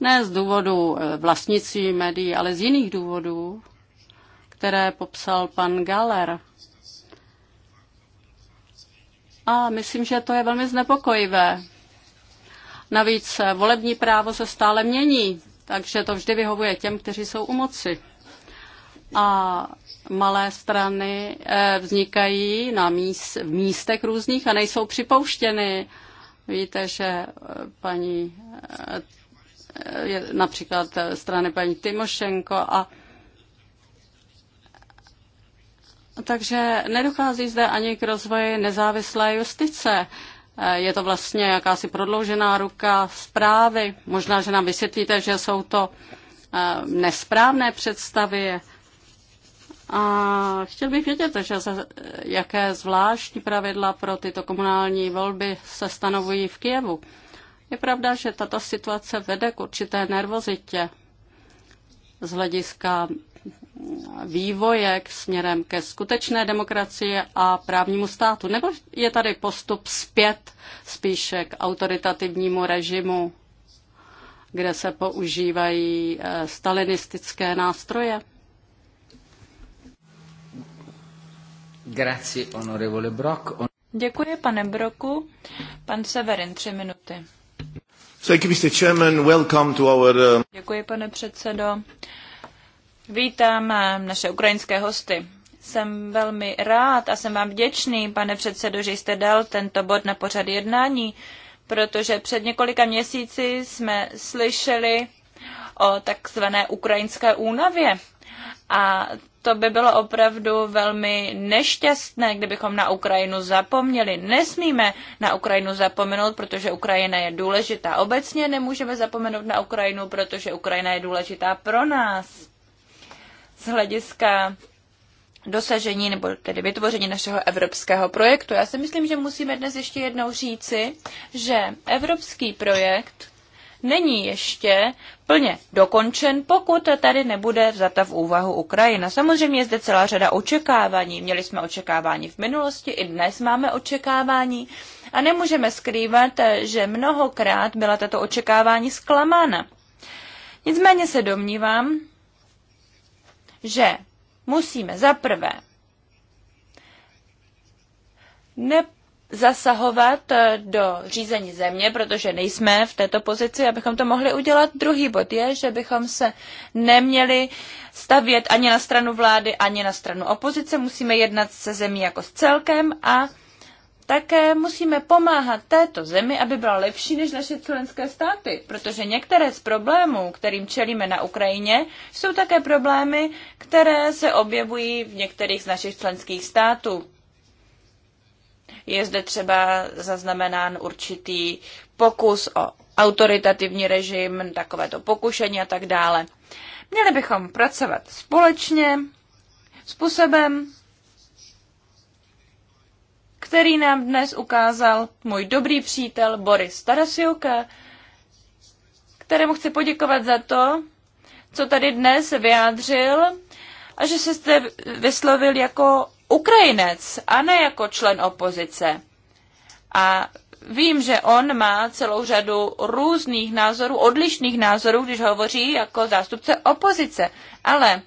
Ne z důvodu eh, vlastnictví médií, ale z jiných důvodů, které popsal pan Galer. A myslím, že to je velmi znepokojivé. Navíc volební právo se stále mění, takže to vždy vyhovuje těm, kteří jsou u moci. A malé strany eh, vznikají na míst, v místech různých a nejsou připouštěny. Víte, že eh, paní eh, například strany paní Timošenko a takže nedochází zde ani k rozvoji nezávislé justice. Eh, je to vlastně jakási prodloužená ruka zprávy. Možná, že nám vysvětlíte, že jsou to eh, nesprávné představy. A chtěl bych vědět, že se, eh, jaké zvláštní pravidla pro tyto komunální volby se stanovují v Kijevu. Je pravda, že tato situace vede k určité nervozitě z hlediska vývoje k směrem ke skutečné demokracii a právnímu státu? Nebo je tady postup zpět spíše k autoritativnímu režimu, kde se používají eh, stalinistické nástroje? Grazie, onorevole Brock. On... Děkuji, pane Broku. Pan Severin, tři minuty. Eh, Děkuji, pane předsedo. Vítám eh, naše ukrajinské hosty. Jsem velmi rád a jsem vám vděčný, pane předsedo, že jste dal tento bod na pořad jednání, protože před několika měsíci jsme slyšeli o takzvané ukrajinské únavě. A to by bylo opravdu velmi nešťastné, kdybychom na Ukrajinu zapomněli. Nesmíme na Ukrajinu zapomenout, protože Ukrajina je důležitá. Obecně nemůžeme zapomenout na Ukrajinu, protože Ukrajina je důležitá pro nás z hlediska dosažení nebo tedy vytvoření našeho evropského projektu. Já si myslím, že musíme dnes ještě jednou říci, že evropský projekt není ještě plně dokončen, pokud tady nebude vzata v úvahu Ukrajina. Samozřejmě je zde celá řada očekávání. Měli jsme očekávání v minulosti, i dnes máme očekávání a nemůžeme skrývat, že mnohokrát byla tato očekávání zklamána. Nicméně se domnívám, že musíme zaprvé nezasahovat eh, do řízení země, protože nejsme v této pozici, abychom to mohli udělat. Druhý bod je, že bychom se neměli stavět ani na stranu vlády, ani na stranu opozice. Musíme jednat se zemí jako s celkem a také musíme pomáhat této zemi, aby byla lepší než naše členské státy, protože některé z problémů, kterým čelíme na Ukrajině, jsou také problémy, které se objevují v některých z našich členských států. Je zde třeba zaznamenán určitý pokus o autoritativní režim, takovéto pokušení a tak dále. Měli bychom pracovat společně, způsobem, který nám dnes ukázal můj dobrý přítel Boris Tarasiuka, kterému chci poděkovat za to, co tady dnes vyjádřil a že se jste vyslovil jako Ukrajinec a ne jako člen opozice. A vím, že on má celou řadu různých názorů, odlišných názorů, když hovoří jako zástupce opozice, ale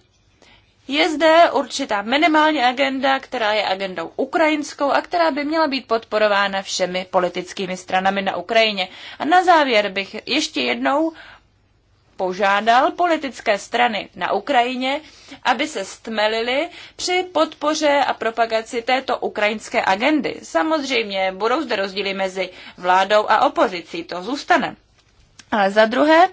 je zde určitá minimální agenda, která je agendou ukrajinskou a která by měla být podporována všemi politickými stranami na Ukrajině. A na závěr bych ještě jednou požádal politické strany na Ukrajině, aby se stmelili při podpoře a propagaci této ukrajinské agendy. Samozřejmě budou zde rozdíly mezi vládou a opozicí, to zůstane. Ale za druhé,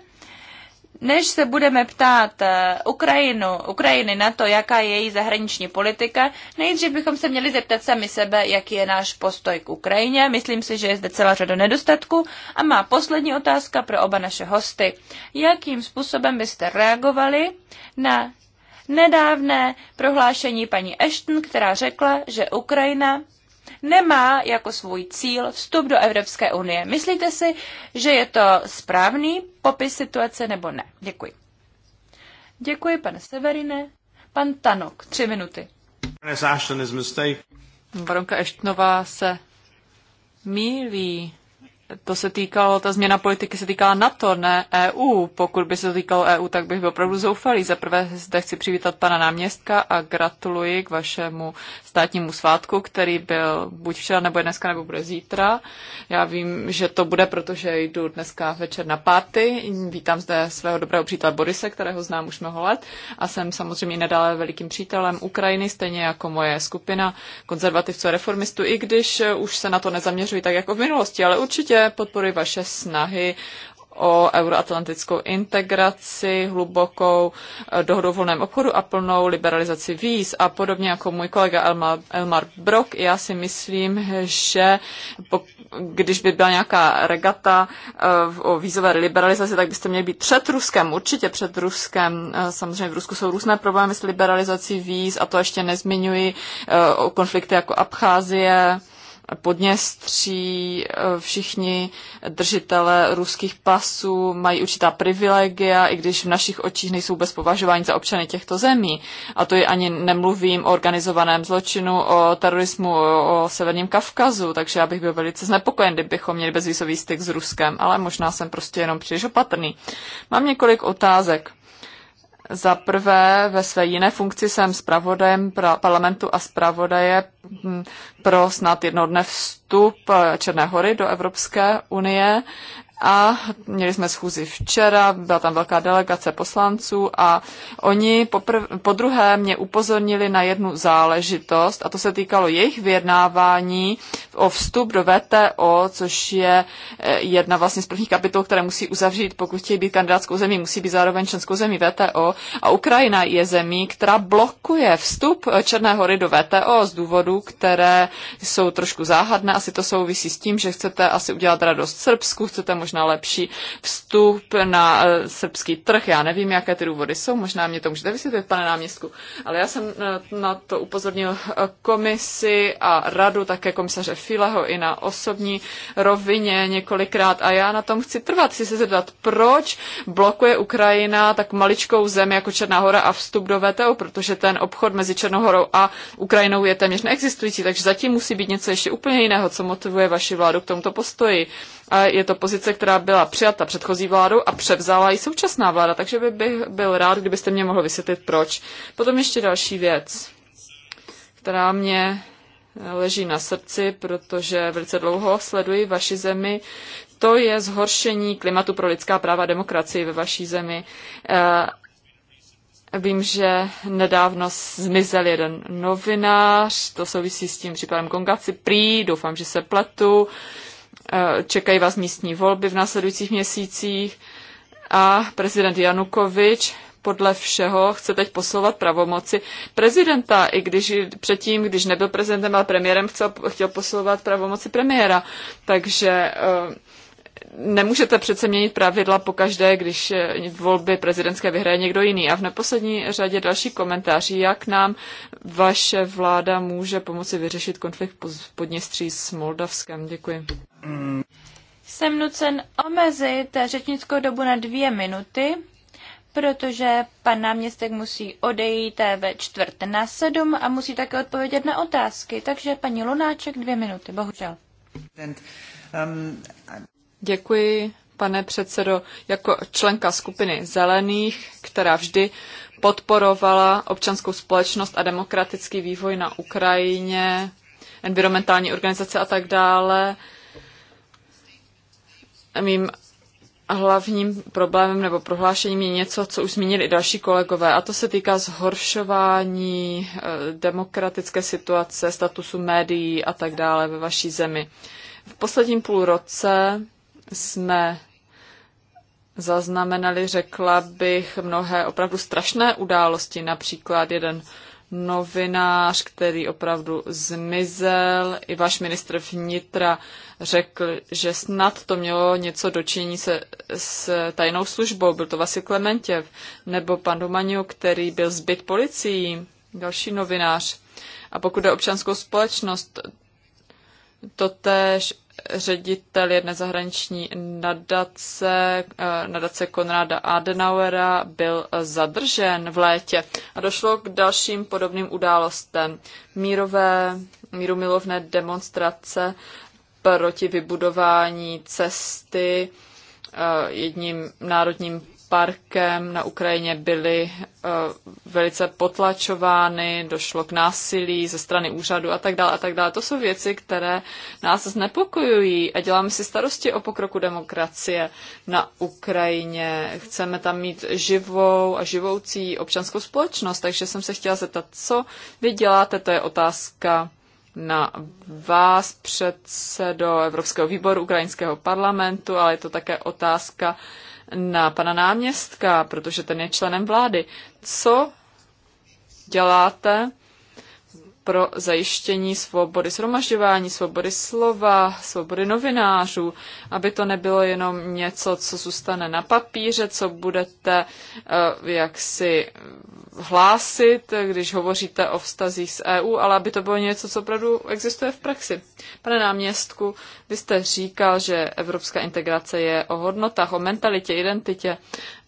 než se budeme ptát eh, Ukrajinu, Ukrajiny na to, jaká je její zahraniční politika, nejdřív bychom se měli zeptat sami sebe, jaký je náš postoj k Ukrajině. Myslím si, že je zde celá řada nedostatků. A má poslední otázka pro oba naše hosty. Jakým způsobem byste reagovali na nedávné prohlášení paní Ashton, která řekla, že Ukrajina nemá jako svůj cíl vstup do Evropské unie. Myslíte si, že je to správný popis situace nebo ne? Děkuji. Děkuji, pane Severine. Pan Tanok, tři minuty. Baronka Eštnová se mílí to se týkalo, ta změna politiky se týkala NATO, ne EU. Pokud by se to týkalo EU, tak bych byl opravdu zoufalý. Za prvé zde chci přivítat pana náměstka a gratuluji k vašemu státnímu svátku, který byl buď včera, nebo dneska, nebo bude zítra. Já vím, že to bude, protože jdu dneska večer na párty. Vítám zde svého dobrého přítele Borise, kterého znám už mnoho let a jsem samozřejmě i nadále velikým přítelem Ukrajiny, stejně jako moje skupina konzervativců a reformistů, i když už se na to nezaměřují tak jako v minulosti, ale určitě že podporuji vaše snahy o euroatlantickou integraci, hlubokou eh, dohodu o volném obchodu a plnou liberalizaci víz. A podobně jako můj kolega Elmar, Elmar Brock, já si myslím, že po, když by byla nějaká regata eh, o vízové liberalizaci, tak byste měli být před Ruskem, určitě před Ruskem. Eh, samozřejmě v Rusku jsou různé problémy s liberalizací víz a to ještě nezmiňuji o konflikty jako Abcházie Podněstří, eh, všichni držitele ruských pasů mají určitá privilegia, i když v našich očích nejsou vůbec považováni za občany těchto zemí. A to je ani nemluvím o organizovaném zločinu, o terorismu, o, o Severním Kavkazu, takže já bych byl velice znepokojen, kdybychom měli bezvýsový styk s Ruskem, ale možná jsem prostě jenom příliš opatrný. Mám několik otázek. Za prvé, ve své jiné funkci jsem zpravodajem parlamentu a zpravodaje hm, pro snad jednodne vstup eh, Černé hory do Evropské unie a měli jsme schůzi včera, byla tam velká delegace poslanců a oni poprv, po druhé mě upozornili na jednu záležitost a to se týkalo jejich vyjednávání o vstup do VTO, což je eh, jedna vlastně z prvních kapitol, které musí uzavřít, pokud chtějí být kandidátskou zemí, musí být zároveň členskou zemí VTO a Ukrajina je zemí, která blokuje vstup eh, Černé hory do VTO z důvodů, které jsou trošku záhadné, asi to souvisí s tím, že chcete asi udělat radost Srbsku, chcete možná možná lepší vstup na eh, srbský trh. Já nevím, jaké ty důvody jsou, možná mě to můžete vysvětlit, pane náměstku, ale já jsem eh, na to upozornil eh, komisi a radu, také komisaře Fileho i na osobní rovině několikrát a já na tom chci trvat. Chci se zeptat, proč blokuje Ukrajina tak maličkou zemi jako Černá hora a vstup do VTO, protože ten obchod mezi Černou horou a Ukrajinou je téměř neexistující, takže zatím musí být něco ještě úplně jiného, co motivuje vaši vládu k tomuto postoji. A je to pozice, která byla přijata předchozí vládou a převzala i současná vláda, takže by bych byl rád, kdybyste mě mohl vysvětlit, proč. Potom ještě další věc, která mě leží na srdci, protože velice dlouho sleduji vaši zemi. To je zhoršení klimatu pro lidská práva a demokracii ve vaší zemi. Eh, vím, že nedávno zmizel jeden novinář, to souvisí s tím případem Kongaci Prý, doufám, že se pletu. Uh, Eh, čekají vás místní volby v následujících měsících a prezident Janukovič podle všeho chce teď posouvat pravomoci prezidenta, i když předtím, když nebyl prezidentem, ale premiérem, chtěl, chtěl posouvat pravomoci premiéra. Takže eh, nemůžete přece měnit pravidla po každé, když volby prezidentské vyhraje někdo jiný. A v neposlední řadě další komentáři, jak nám vaše vláda může pomoci vyřešit konflikt podněstří s Moldavskem. Děkuji. Jsem nucen omezit řečnickou dobu na dvě minuty, protože pan náměstek musí odejít ve čtvrt na sedm a musí také odpovědět na otázky. Takže paní Lunáček dvě minuty, bohužel. Děkuji, pane předsedo. Jako členka skupiny zelených, která vždy podporovala občanskou společnost a demokratický vývoj na Ukrajině, environmentální organizace a tak dále, mým hlavním problémem nebo prohlášením je něco, co už zmínili i další kolegové, a to se týká zhoršování eh, demokratické situace, statusu médií a tak dále ve vaší zemi. V posledním půl roce jsme zaznamenali, řekla bych, mnohé opravdu strašné události. Například jeden novinář, který opravdu zmizel. I váš ministr vnitra řekl, že snad to mělo něco dočinění se s tajnou službou. Byl to Vasil Klementěv nebo pan Domaniu, který byl zbyt policií, další novinář. A pokud je občanskou společnost, totéž ředitel jedné zahraniční nadace, eh, nadace Konrada Adenauera, byl eh, zadržen v létě a došlo k dalším podobným událostem. Mírové, mírumilovné demonstrace proti vybudování cesty eh, jedním národním parkem na Ukrajině byly eh, velice potlačovány, došlo k násilí ze strany úřadu a tak dále a tak dále. To jsou věci, které nás znepokojují a děláme si starosti o pokroku demokracie na Ukrajině. Chceme tam mít živou a živoucí občanskou společnost, takže jsem se chtěla zeptat, co vy děláte, to je otázka na vás, předsedo Evropského výboru ukrajinského parlamentu, ale je to také otázka na pana náměstka, protože ten je členem vlády. Co děláte pro zajištění svobody shromažďování, svobody slova, svobody novinářů, aby to nebylo jenom něco, co zůstane na papíře, co budete eh, jak si hlásit, když hovoříte o vztazích s EU, ale aby to bylo něco, co opravdu existuje v praxi. Pane náměstku, vy jste říkal, že evropská integrace je o hodnotách, o mentalitě, identitě.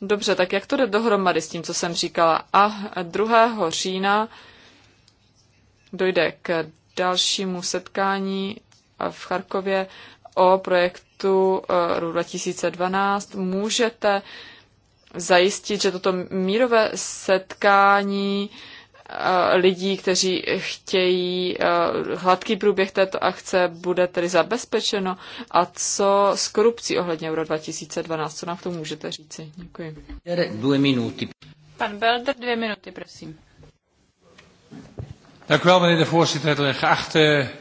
Dobře, tak jak to jde dohromady s tím, co jsem říkala? A 2. října dojde k dalšímu setkání eh, v Charkově o projektu eh, RU 2012. Můžete zajistit, že toto mírové setkání eh, lidí, kteří chtějí hladký průběh této akce, bude tedy zabezpečeno. A co s korupcí ohledně Euro 2012? Co nám k tomu můžete říci? Děkuji. Dvě minuty. Pan Belder, dvě minuty, prosím. Dank u wel, meneer de voorzitter. Geachte...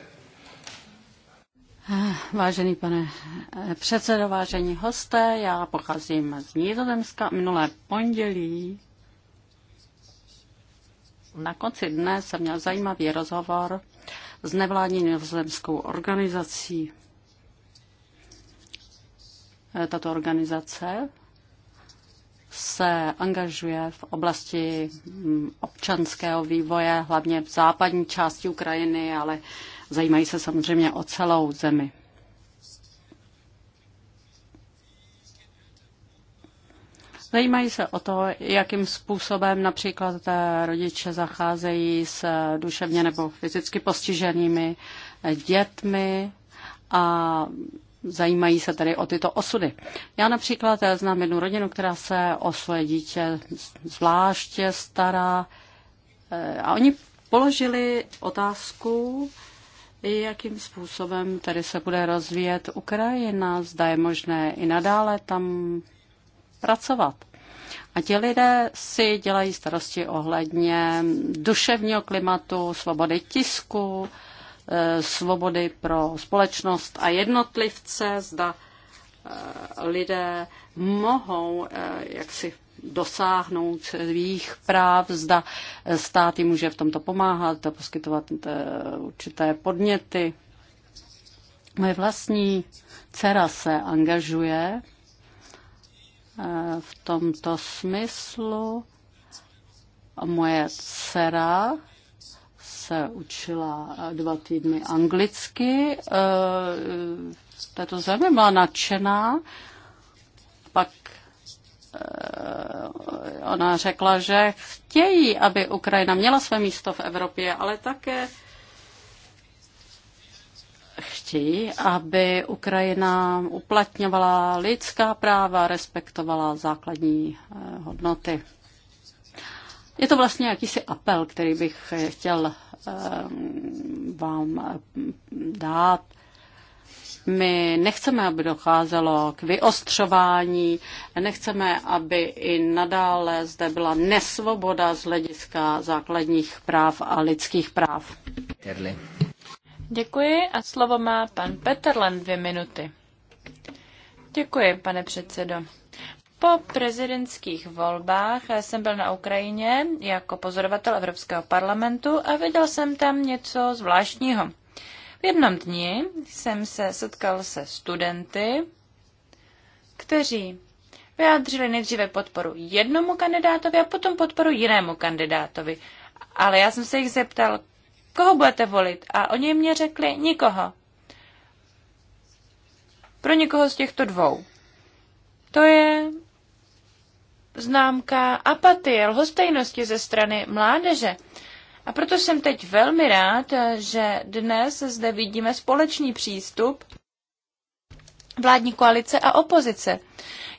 Eh, vážený pane eh, předsedo, vážení hosté, já pocházím z Nizozemska. Minulé pondělí na konci dne jsem měl zajímavý rozhovor s nevládní nizozemskou organizací. Eh, tato organizace se angažuje v oblasti mm, občanského vývoje, hlavně v západní části Ukrajiny, ale zajímají se samozřejmě o celou zemi. Zajímají se o to, jakým způsobem například rodiče zacházejí s duševně nebo fyzicky postiženými dětmi a zajímají se tedy o tyto osudy. Já například znám jednu rodinu, která se o své dítě zvláště stará eh, a oni položili otázku, jakým způsobem tady se bude rozvíjet Ukrajina, zda je možné i nadále tam pracovat. A ti lidé si dělají starosti ohledně duševního klimatu, svobody tisku, svobody pro společnost a jednotlivce, zda e, lidé mohou e, jaksi dosáhnout svých práv, zda e, stát jim může v tomto pomáhat a poskytovat určité podněty. Moje vlastní dcera se angažuje v tomto smyslu. Moje dcera se učila dva týdny anglicky eh, v této zemi, byla nadšená. Pak eh, ona řekla, že chtějí, aby Ukrajina měla své místo v Evropě, ale také chtějí, aby Ukrajina uplatňovala lidská práva, respektovala základní eh, hodnoty. Je to vlastně jakýsi apel, který bych chtěl Eh, vám eh, dát. My nechceme, aby docházelo k vyostřování, nechceme, aby i nadále zde byla nesvoboda z hlediska základních práv a lidských práv. Terli. Děkuji a slovo má pan Peterlen dvě minuty. Děkuji, pane předsedo. Po prezidentských volbách jsem byl na Ukrajině jako pozorovatel Evropského parlamentu a viděl jsem tam něco zvláštního. V jednom dni jsem se setkal se studenty, kteří vyjádřili nejdříve podporu jednomu kandidátovi a potom podporu jinému kandidátovi. Ale já jsem se jich zeptal, koho budete volit? A oni mě řekli, nikoho. Pro nikoho z těchto dvou. To je známka apatie, lhostejnosti ze strany mládeže. A proto jsem teď velmi rád, že dnes zde vidíme společný přístup vládní koalice a opozice.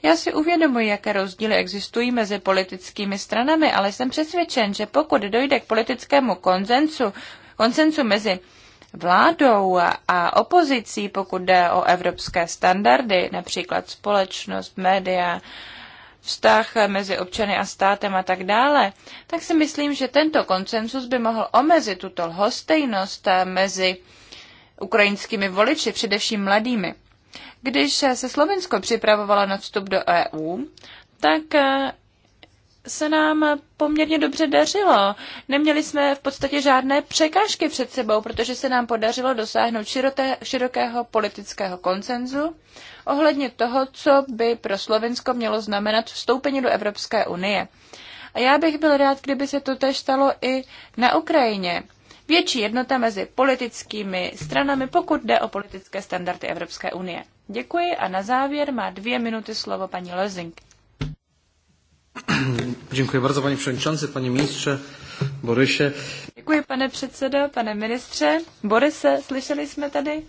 Já si uvědomuji, jaké rozdíly existují mezi politickými stranami, ale jsem přesvědčen, že pokud dojde k politickému konsenzu konsensu mezi vládou a opozicí, pokud jde o evropské standardy, například společnost, média, vztah mezi občany a státem a tak dále, tak si myslím, že tento koncensus by mohl omezit tuto lhostejnost mezi ukrajinskými voliči, především mladými. Když se Slovensko připravovalo na vstup do EU, tak se nám poměrně dobře dařilo. Neměli jsme v podstatě žádné překážky před sebou, protože se nám podařilo dosáhnout široté, širokého politického koncenzu ohledně toho, co by pro Slovensko mělo znamenat vstoupení do Evropské unie. A já bych byl rád, kdyby se to tež stalo i na Ukrajině. Větší jednota mezi politickými stranami, pokud jde o politické standardy Evropské unie. Děkuji a na závěr má dvě minuty slovo paní Lezink. <clears throat> Děkuji bardzo, paní předsedající, paní ministře, Borise. Děkuji, pane předsedo, pane ministře. Borise, slyšeli jsme tady,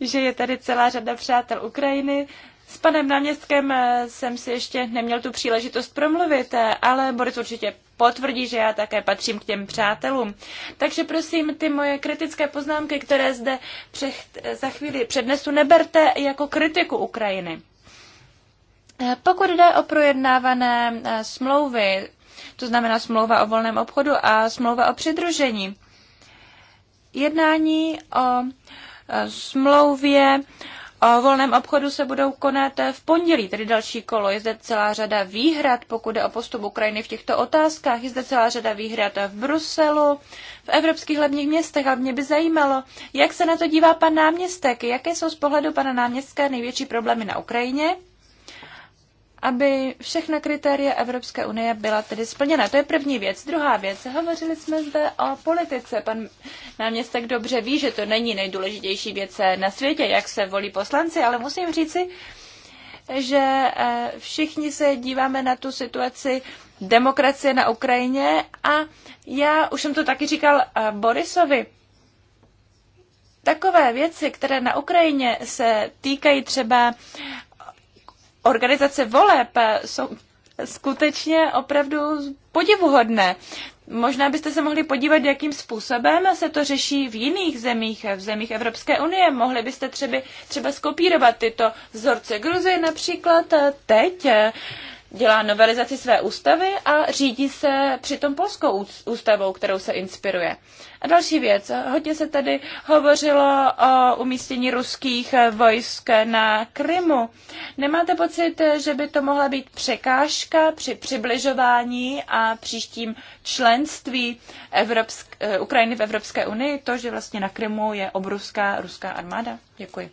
že je tady celá řada přátel Ukrajiny. S panem náměstkem eh, jsem si ještě neměl tu příležitost promluvit, eh, ale Boris určitě potvrdí, že já také patřím k těm přátelům. Takže prosím, ty moje kritické poznámky, které zde za chvíli přednesu, neberte jako kritiku Ukrajiny. Eh, pokud jde o projednávané eh, smlouvy, to znamená smlouva o volném obchodu a smlouva o přidružení, jednání o eh, smlouvě o volném obchodu se budou konat v pondělí, tedy další kolo. Je zde celá řada výhrad, pokud jde o postup Ukrajiny v těchto otázkách. Je zde celá řada výhrad v Bruselu, v evropských hlavních městech. A mě by zajímalo, jak se na to dívá pan náměstek. Jaké jsou z pohledu pana náměstka největší problémy na Ukrajině? aby všechna kritéria Evropské unie byla tedy splněna. To je první věc. Druhá věc, hovořili jsme zde o politice. Pan náměstek dobře ví, že to není nejdůležitější věc na světě, jak se volí poslanci, ale musím říci, že eh, všichni se díváme na tu situaci demokracie na Ukrajině a já už jsem to taky říkal eh, Borisovi, takové věci, které na Ukrajině se týkají třeba organizace voleb eh, jsou skutečně opravdu podivuhodné. Možná byste se mohli podívat, jakým způsobem se to řeší v jiných zemích, v zemích Evropské unie. Mohli byste třeba, třeba skopírovat tyto vzorce Gruzie například eh, teď eh, dělá novelizaci své ústavy a řídí se přitom polskou ústavou, kterou se inspiruje. A další věc. Hodně se tady hovořilo o umístění ruských vojsk na Krymu. Nemáte pocit, že by to mohla být překážka při přibližování a příštím členství Evropsk- eh, Ukrajiny v Evropské unii, to, že vlastně na Krymu je obrovská ruská armáda? Děkuji.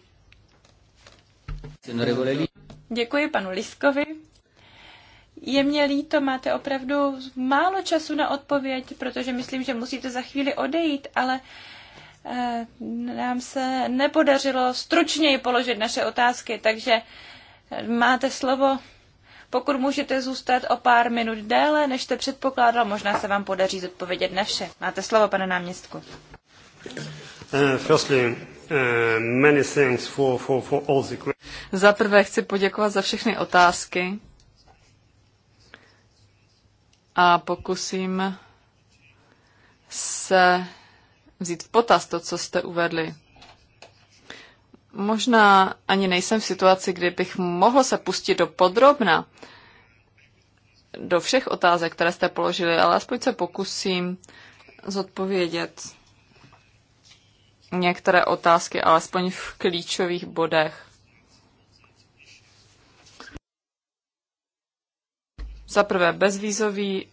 Děkuji panu Liskovi. Je mě líto, máte opravdu málo času na odpověď, protože myslím, že musíte za chvíli odejít, ale eh, nám se nepodařilo stručněji položit naše otázky, takže eh, máte slovo. Pokud můžete zůstat o pár minut déle, než jste předpokládal, možná se vám podaří zodpovědět na vše. Máte slovo, pane náměstku. Eh, firstly, Za prvé chci poděkovat za všechny otázky a pokusím se vzít v potaz to, co jste uvedli. Možná ani nejsem v situaci, kdy bych mohl se pustit do podrobna do všech otázek, které jste položili, ale aspoň se pokusím zodpovědět některé otázky, alespoň v klíčových bodech. Za prvé bezvízový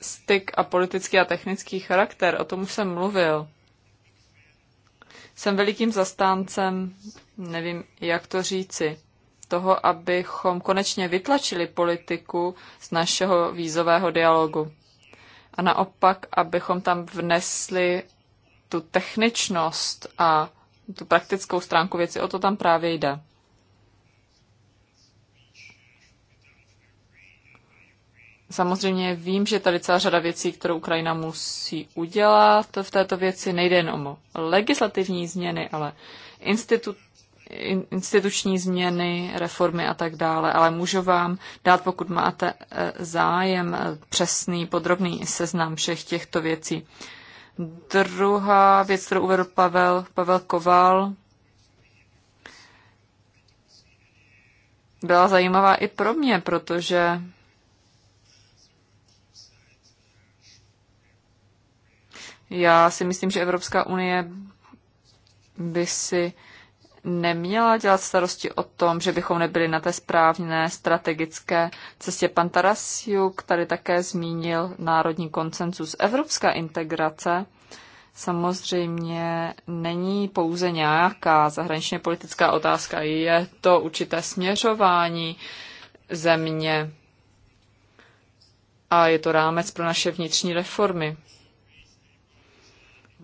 styk a politický a technický charakter, o tom už jsem mluvil. Jsem velikým zastáncem, nevím, jak to říci, toho, abychom konečně vytlačili politiku z našeho vízového dialogu. A naopak, abychom tam vnesli tu techničnost a tu praktickou stránku věci, o to tam právě jde. Samozřejmě vím, že tady celá řada věcí, kterou Ukrajina musí udělat v této věci, nejde jen o legislativní změny, ale institu- instituční změny, reformy a tak dále, ale můžu vám dát, pokud máte eh, zájem, eh, přesný, podrobný seznam všech těchto věcí. Druhá věc, kterou uvedl Pavel, Pavel Koval, byla zajímavá i pro mě, protože Já si myslím, že Evropská unie by si neměla dělat starosti o tom, že bychom nebyli na té správné strategické cestě. Pan Tarasiuk tady také zmínil národní koncensus. Evropská integrace samozřejmě není pouze nějaká zahraničně politická otázka, je to určité směřování země a je to rámec pro naše vnitřní reformy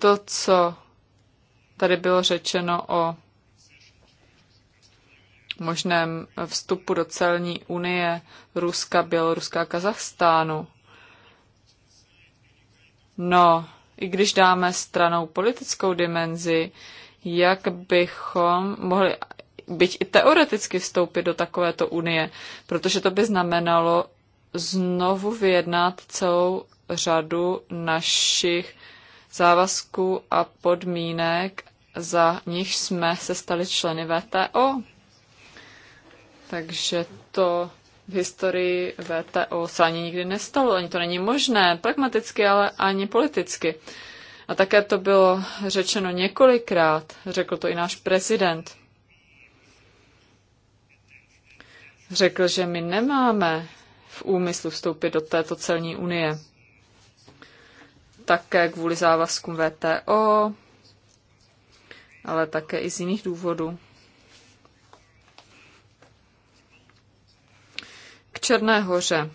to, co tady bylo řečeno o možném vstupu do celní unie Ruska, Běloruska a Kazachstánu. No, i když dáme stranou politickou dimenzi, jak bychom mohli byť i teoreticky vstoupit do takovéto unie, protože to by znamenalo znovu vyjednat celou řadu našich závazků a podmínek, za nich jsme se stali členy VTO. Takže to v historii VTO se ani nikdy nestalo, ani to není možné, pragmaticky, ale ani politicky. A také to bylo řečeno několikrát, řekl to i náš prezident. Řekl, že my nemáme v úmyslu vstoupit do této celní unie také kvůli závazkům VTO, ale také i z jiných důvodů. K Černé hoře.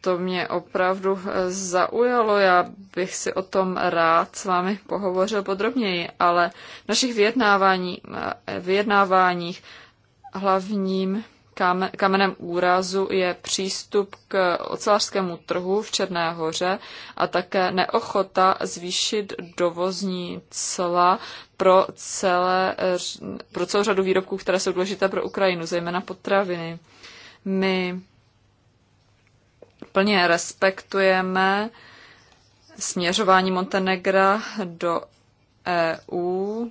To mě opravdu zaujalo. Já bych si o tom rád s vámi pohovořil podrobněji, ale v našich vyjednávání, vyjednáváních hlavním kamenem úrazu je přístup k ocelářskému trhu v Černé hoře a také neochota zvýšit dovozní cla pro, celé, pro celou řadu výrobků, které jsou důležité pro Ukrajinu, zejména potraviny. My plně respektujeme směřování Montenegra do EU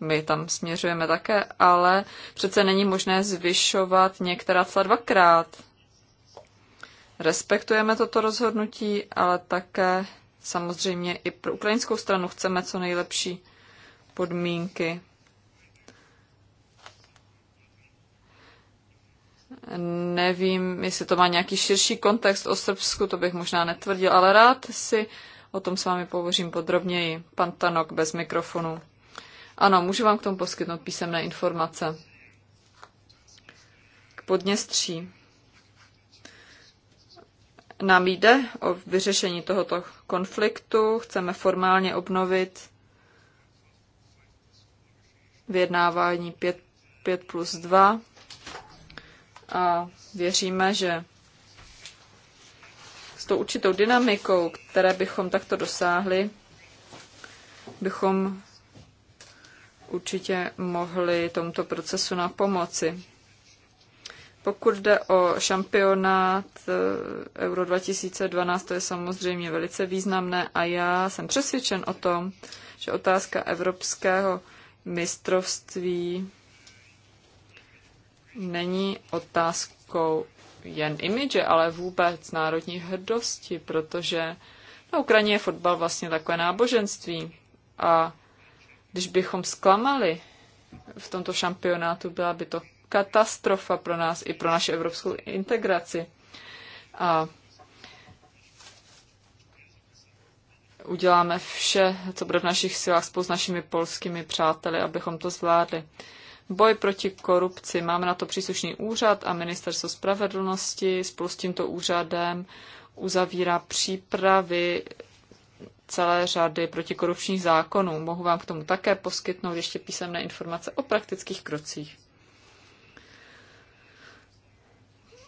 my tam směřujeme také, ale přece není možné zvyšovat některá cla dvakrát. Respektujeme toto rozhodnutí, ale také samozřejmě i pro ukrajinskou stranu chceme co nejlepší podmínky. Nevím, jestli to má nějaký širší kontext o Srbsku, to bych možná netvrdil, ale rád si o tom s vámi pohovořím podrobněji. Pan Tanok bez mikrofonu. Ano, můžu vám k tomu poskytnout písemné informace. K Podněstří. Nám jde o vyřešení tohoto konfliktu, chceme formálně obnovit vyjednávání 5, 5 plus 2 a věříme, že s tou určitou dynamikou, které bychom takto dosáhli, bychom určitě mohli tomuto procesu na pomoci. Pokud jde o šampionát eh, Euro 2012, to je samozřejmě velice významné a já jsem přesvědčen o tom, že otázka evropského mistrovství není otázkou jen imidže, ale vůbec národní hrdosti, protože na Ukrajině je fotbal vlastně takové náboženství a když bychom zklamali v tomto šampionátu, byla by to katastrofa pro nás i pro naši evropskou integraci. A uděláme vše, co bude v našich silách spolu s našimi polskými přáteli, abychom to zvládli. Boj proti korupci. Máme na to příslušný úřad a ministerstvo spravedlnosti spolu s tímto úřadem uzavírá přípravy celé řady protikorupčních zákonů. Mohu vám k tomu také poskytnout ještě písemné informace o praktických krocích.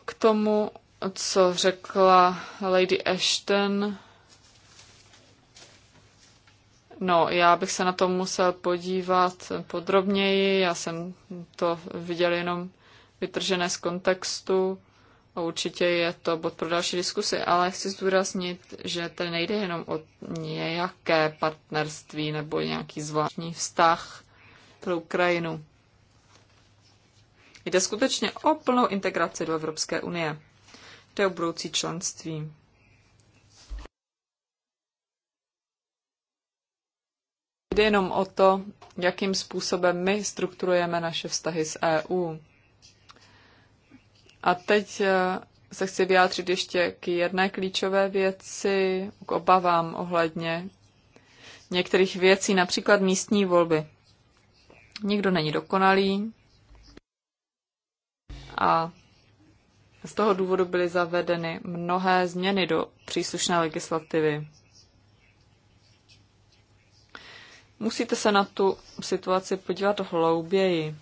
K tomu, co řekla Lady Ashton, No, já bych se na to musel podívat podrobněji, já jsem to viděl jenom vytržené z kontextu. Určitě je to bod pro další diskusy, ale chci zdůraznit, že tady nejde jenom o nějaké partnerství nebo nějaký zvláštní vztah pro Ukrajinu. Jde skutečně o plnou integraci do Evropské unie. Jde o budoucí členství. Jde jenom o to, jakým způsobem my strukturujeme naše vztahy s EU. A teď eh, se chci vyjádřit ještě k jedné klíčové věci, k obavám ohledně některých věcí, například místní volby. Nikdo není dokonalý a z toho důvodu byly zavedeny mnohé změny do příslušné legislativy. Musíte se na tu situaci podívat hlouběji.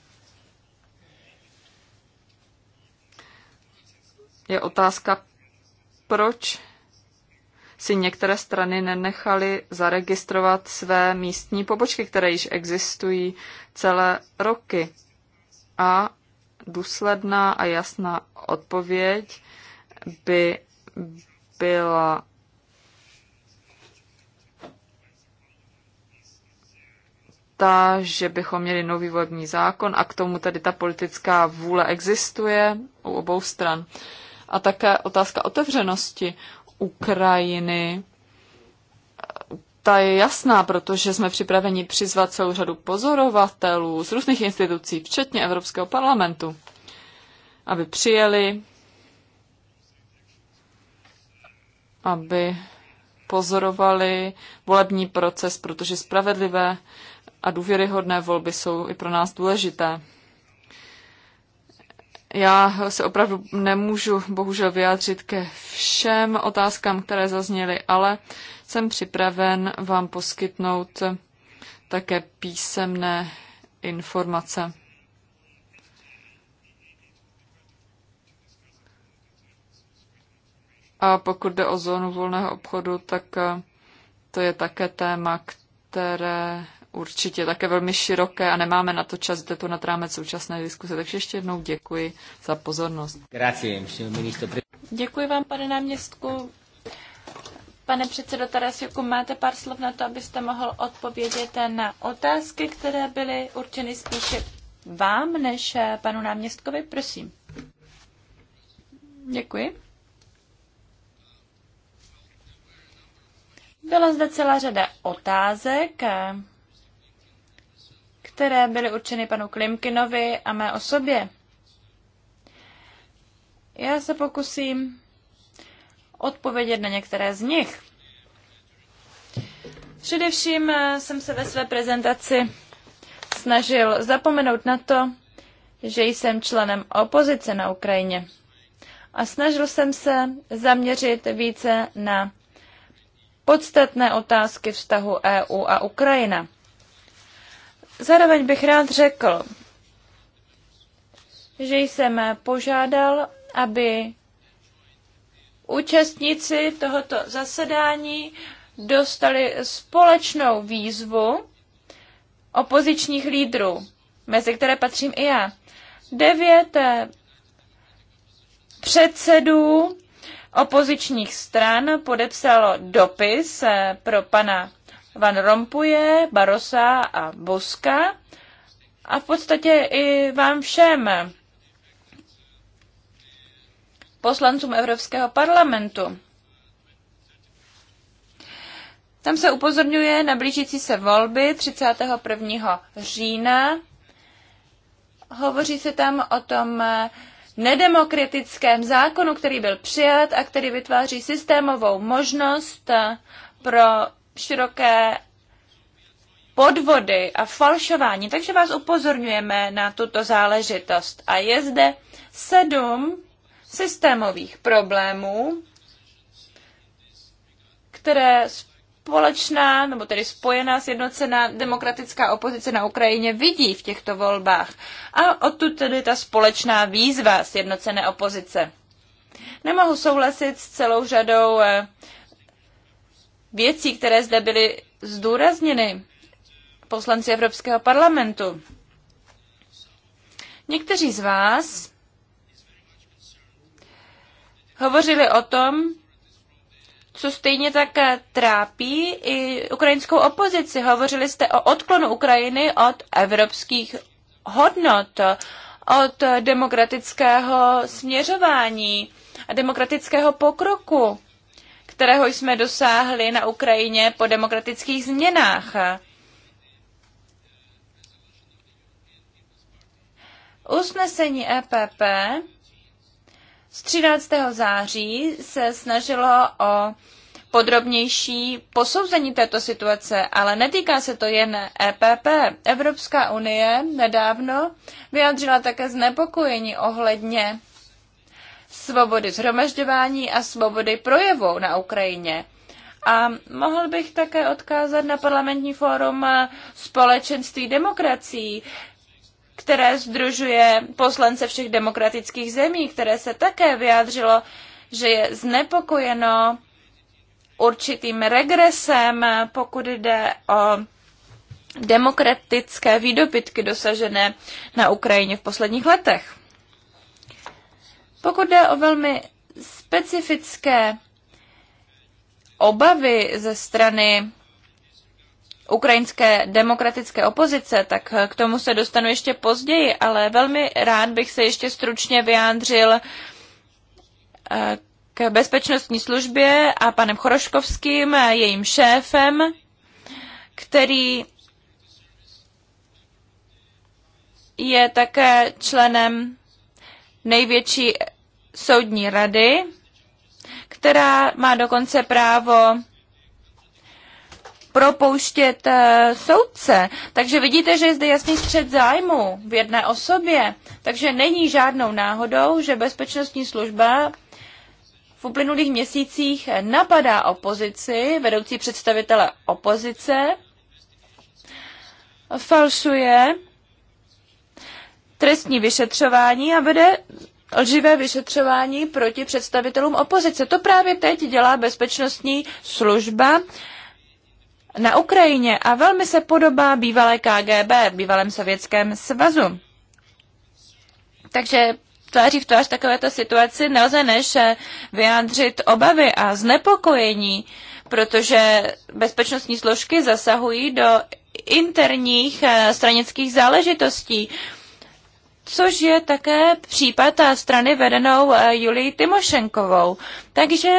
je otázka, proč si některé strany nenechaly zaregistrovat své místní pobočky, které již existují celé roky. A důsledná a jasná odpověď by byla ta, že bychom měli nový vodní zákon a k tomu tedy ta politická vůle existuje u obou stran. A také otázka otevřenosti Ukrajiny. Ta je jasná, protože jsme připraveni přizvat celou řadu pozorovatelů z různých institucí, včetně Evropského parlamentu, aby přijeli, aby pozorovali volební proces, protože spravedlivé a důvěryhodné volby jsou i pro nás důležité. Já se opravdu nemůžu bohužel vyjádřit ke všem otázkám, které zazněly, ale jsem připraven vám poskytnout také písemné informace. A pokud jde o zónu volného obchodu, tak to je také téma, které určitě také velmi široké a nemáme na to čas, jde to nad rámec současné diskuse. Takže ještě jednou děkuji za pozornost. Děkuji vám, pane náměstku. Pane předsedo Tarasiuku, máte pár slov na to, abyste mohl odpovědět na otázky, které byly určeny spíše vám než panu náměstkovi. Prosím. Děkuji. Byla zde celá řada otázek které byly určeny panu Klimkinovi a mé osobě. Já se pokusím odpovědět na některé z nich. Především eh, jsem se ve své prezentaci snažil zapomenout na to, že jsem členem opozice na Ukrajině. A snažil jsem se zaměřit více na podstatné otázky vztahu EU a Ukrajina. Zároveň bych rád řekl, že jsem požádal, aby účastníci tohoto zasedání dostali společnou výzvu opozičních lídrů, mezi které patřím i já. Devět eh, předsedů opozičních stran podepsalo dopis eh, pro pana Van Rompuje, Barosa a Boska a v podstatě i vám všem poslancům Evropského parlamentu. Tam se upozorňuje na blížící se volby 31. října. Hovoří se tam o tom nedemokratickém zákonu, který byl přijat a který vytváří systémovou možnost pro široké podvody a falšování, takže vás upozorňujeme na tuto záležitost. A je zde sedm systémových problémů, které společná, nebo tedy spojená, sjednocená demokratická opozice na Ukrajině vidí v těchto volbách. A odtud tedy ta společná výzva sjednocené opozice. Nemohu souhlasit s celou řadou eh, věcí, které zde byly zdůrazněny poslanci Evropského parlamentu. Někteří z vás hovořili o tom, co stejně tak trápí i ukrajinskou opozici. Hovořili jste o odklonu Ukrajiny od evropských hodnot, od demokratického směřování a demokratického pokroku kterého jsme dosáhli na Ukrajině po demokratických změnách. Usnesení EPP z 13. září se snažilo o podrobnější posouzení této situace, ale netýká se to jen EPP. Evropská unie nedávno vyjádřila také znepokojení ohledně svobody zhromažďování a svobody projevu na Ukrajině. A mohl bych také odkázat na parlamentní fórum eh, společenství demokracií, které združuje poslance všech demokratických zemí, které se také vyjádřilo, že je znepokojeno určitým regresem, pokud jde o demokratické výdobytky dosažené na Ukrajině v posledních letech. Pokud jde o velmi specifické obavy ze strany ukrajinské demokratické opozice, tak k tomu se dostanu ještě později, ale velmi rád bych se ještě stručně vyjádřil eh, k bezpečnostní službě a panem Choroškovským, eh, jejím šéfem, který je také členem největší soudní rady, která má dokonce právo propouštět eh, soudce. Takže vidíte, že je zde jasný střed zájmu v jedné osobě. Takže není žádnou náhodou, že bezpečnostní služba v uplynulých měsících napadá opozici, vedoucí představitele opozice, falšuje trestní vyšetřování a vede lživé vyšetřování proti představitelům opozice. To právě teď dělá bezpečnostní služba na Ukrajině a velmi se podobá bývalé KGB, bývalém sovětském svazu. Takže tváří v tvář takovéto situaci nelze než vyjádřit obavy a znepokojení, protože bezpečnostní složky zasahují do interních eh, stranických záležitostí což je také případ eh, strany vedenou eh, Julii Timošenkovou. Takže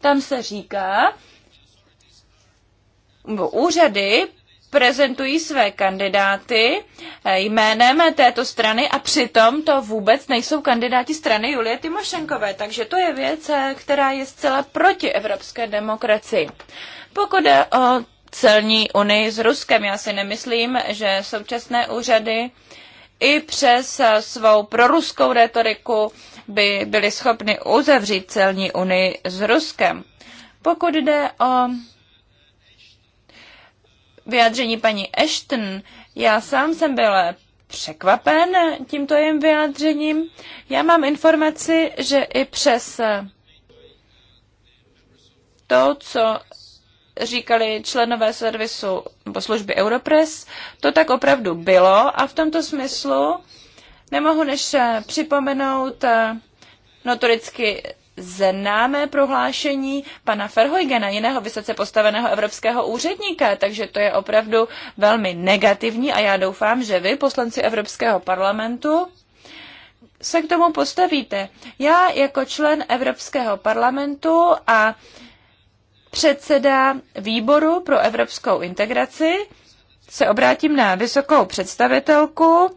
tam se říká, úřady prezentují své kandidáty eh, jménem této strany a přitom to vůbec nejsou kandidáti strany Julie Timošenkové. Takže to je věc, která je zcela proti evropské demokracii. Pokud je o celní unii s Ruskem. Já si nemyslím, že současné úřady i přes svou proruskou retoriku by byly schopny uzavřít celní unii s Ruskem. Pokud jde o vyjádření paní Ashton, já sám jsem byl překvapen tímto jejím vyjádřením. Já mám informaci, že i přes to, co říkali členové servisu nebo služby Europress, to tak opravdu bylo a v tomto smyslu nemohu než připomenout eh, notoricky známé prohlášení pana Ferhojgena, jiného vysoce postaveného evropského úředníka, takže to je opravdu velmi negativní a já doufám, že vy, poslanci Evropského parlamentu, se k tomu postavíte. Já jako člen Evropského parlamentu a předseda výboru pro evropskou integraci, se obrátím na vysokou představitelku,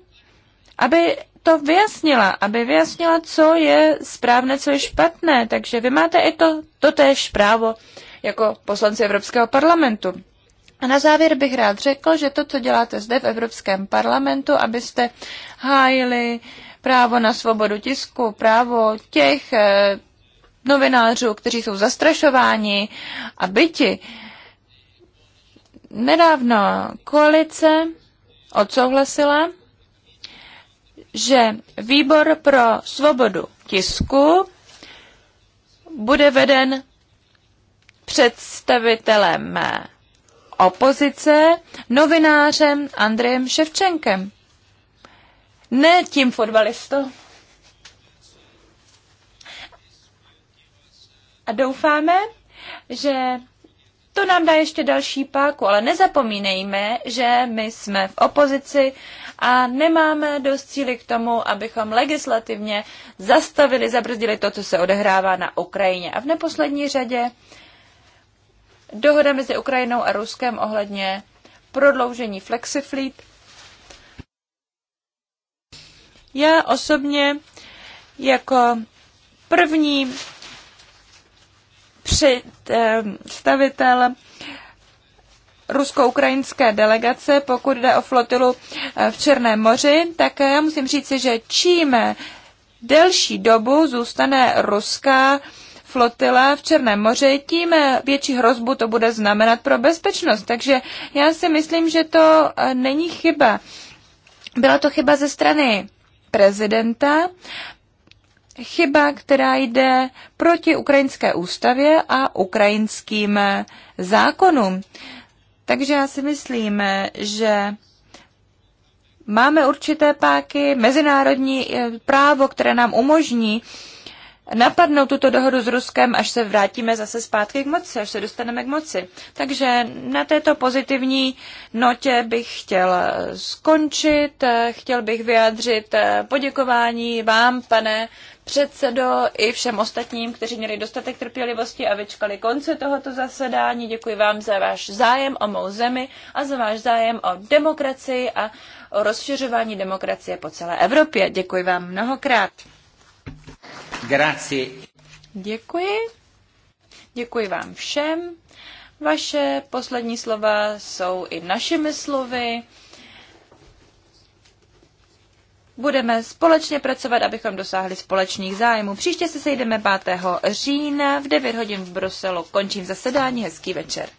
aby to vyjasnila, aby vyjasnila, co je správné, co je špatné. Takže vy máte i to, to též právo jako poslanci Evropského parlamentu. A na závěr bych rád řekl, že to, co děláte zde v Evropském parlamentu, abyste hájili právo na svobodu tisku, právo těch, eh, novinářů, kteří jsou zastrašováni a byti. Nedávno koalice odsouhlasila, že výbor pro svobodu tisku bude veden představitelem opozice, novinářem Andrejem Ševčenkem. Ne tím fotbalistou. A doufáme, že to nám dá ještě další páku, ale nezapomínejme, že my jsme v opozici a nemáme dost síly k tomu, abychom legislativně zastavili, zabrzdili to, co se odehrává na Ukrajině. A v neposlední řadě dohoda mezi Ukrajinou a Ruskem ohledně prodloužení Flexifleet. Já osobně jako první představitel rusko-ukrajinské delegace, pokud jde o flotilu eh, v Černém moři, tak já musím říci, že čím delší dobu zůstane ruská flotila v Černém moři, tím eh, větší hrozbu to bude znamenat pro bezpečnost. Takže já si myslím, že to eh, není chyba. Byla to chyba ze strany prezidenta chyba, která jde proti ukrajinské ústavě a ukrajinským zákonům. Takže já si myslím, že máme určité páky, mezinárodní eh, právo, které nám umožní napadnout tuto dohodu s Ruskem, až se vrátíme zase zpátky k moci, až se dostaneme k moci. Takže na této pozitivní notě bych chtěl eh, skončit, eh, chtěl bych vyjádřit poděkování vám, pane předsedo, i všem ostatním, kteří měli dostatek trpělivosti a vyčkali konce tohoto zasedání. Děkuji vám za váš zájem o mou zemi a za váš zájem o demokracii a o rozšiřování demokracie po celé Evropě. Děkuji vám mnohokrát. Grazie. Děkuji. Děkuji vám všem. Vaše poslední slova jsou i našimi slovy budeme společně pracovat, abychom dosáhli společných zájmů. Příště se sejdeme 5. října v 9 hodin v Bruselu. Končím zasedání, hezký večer.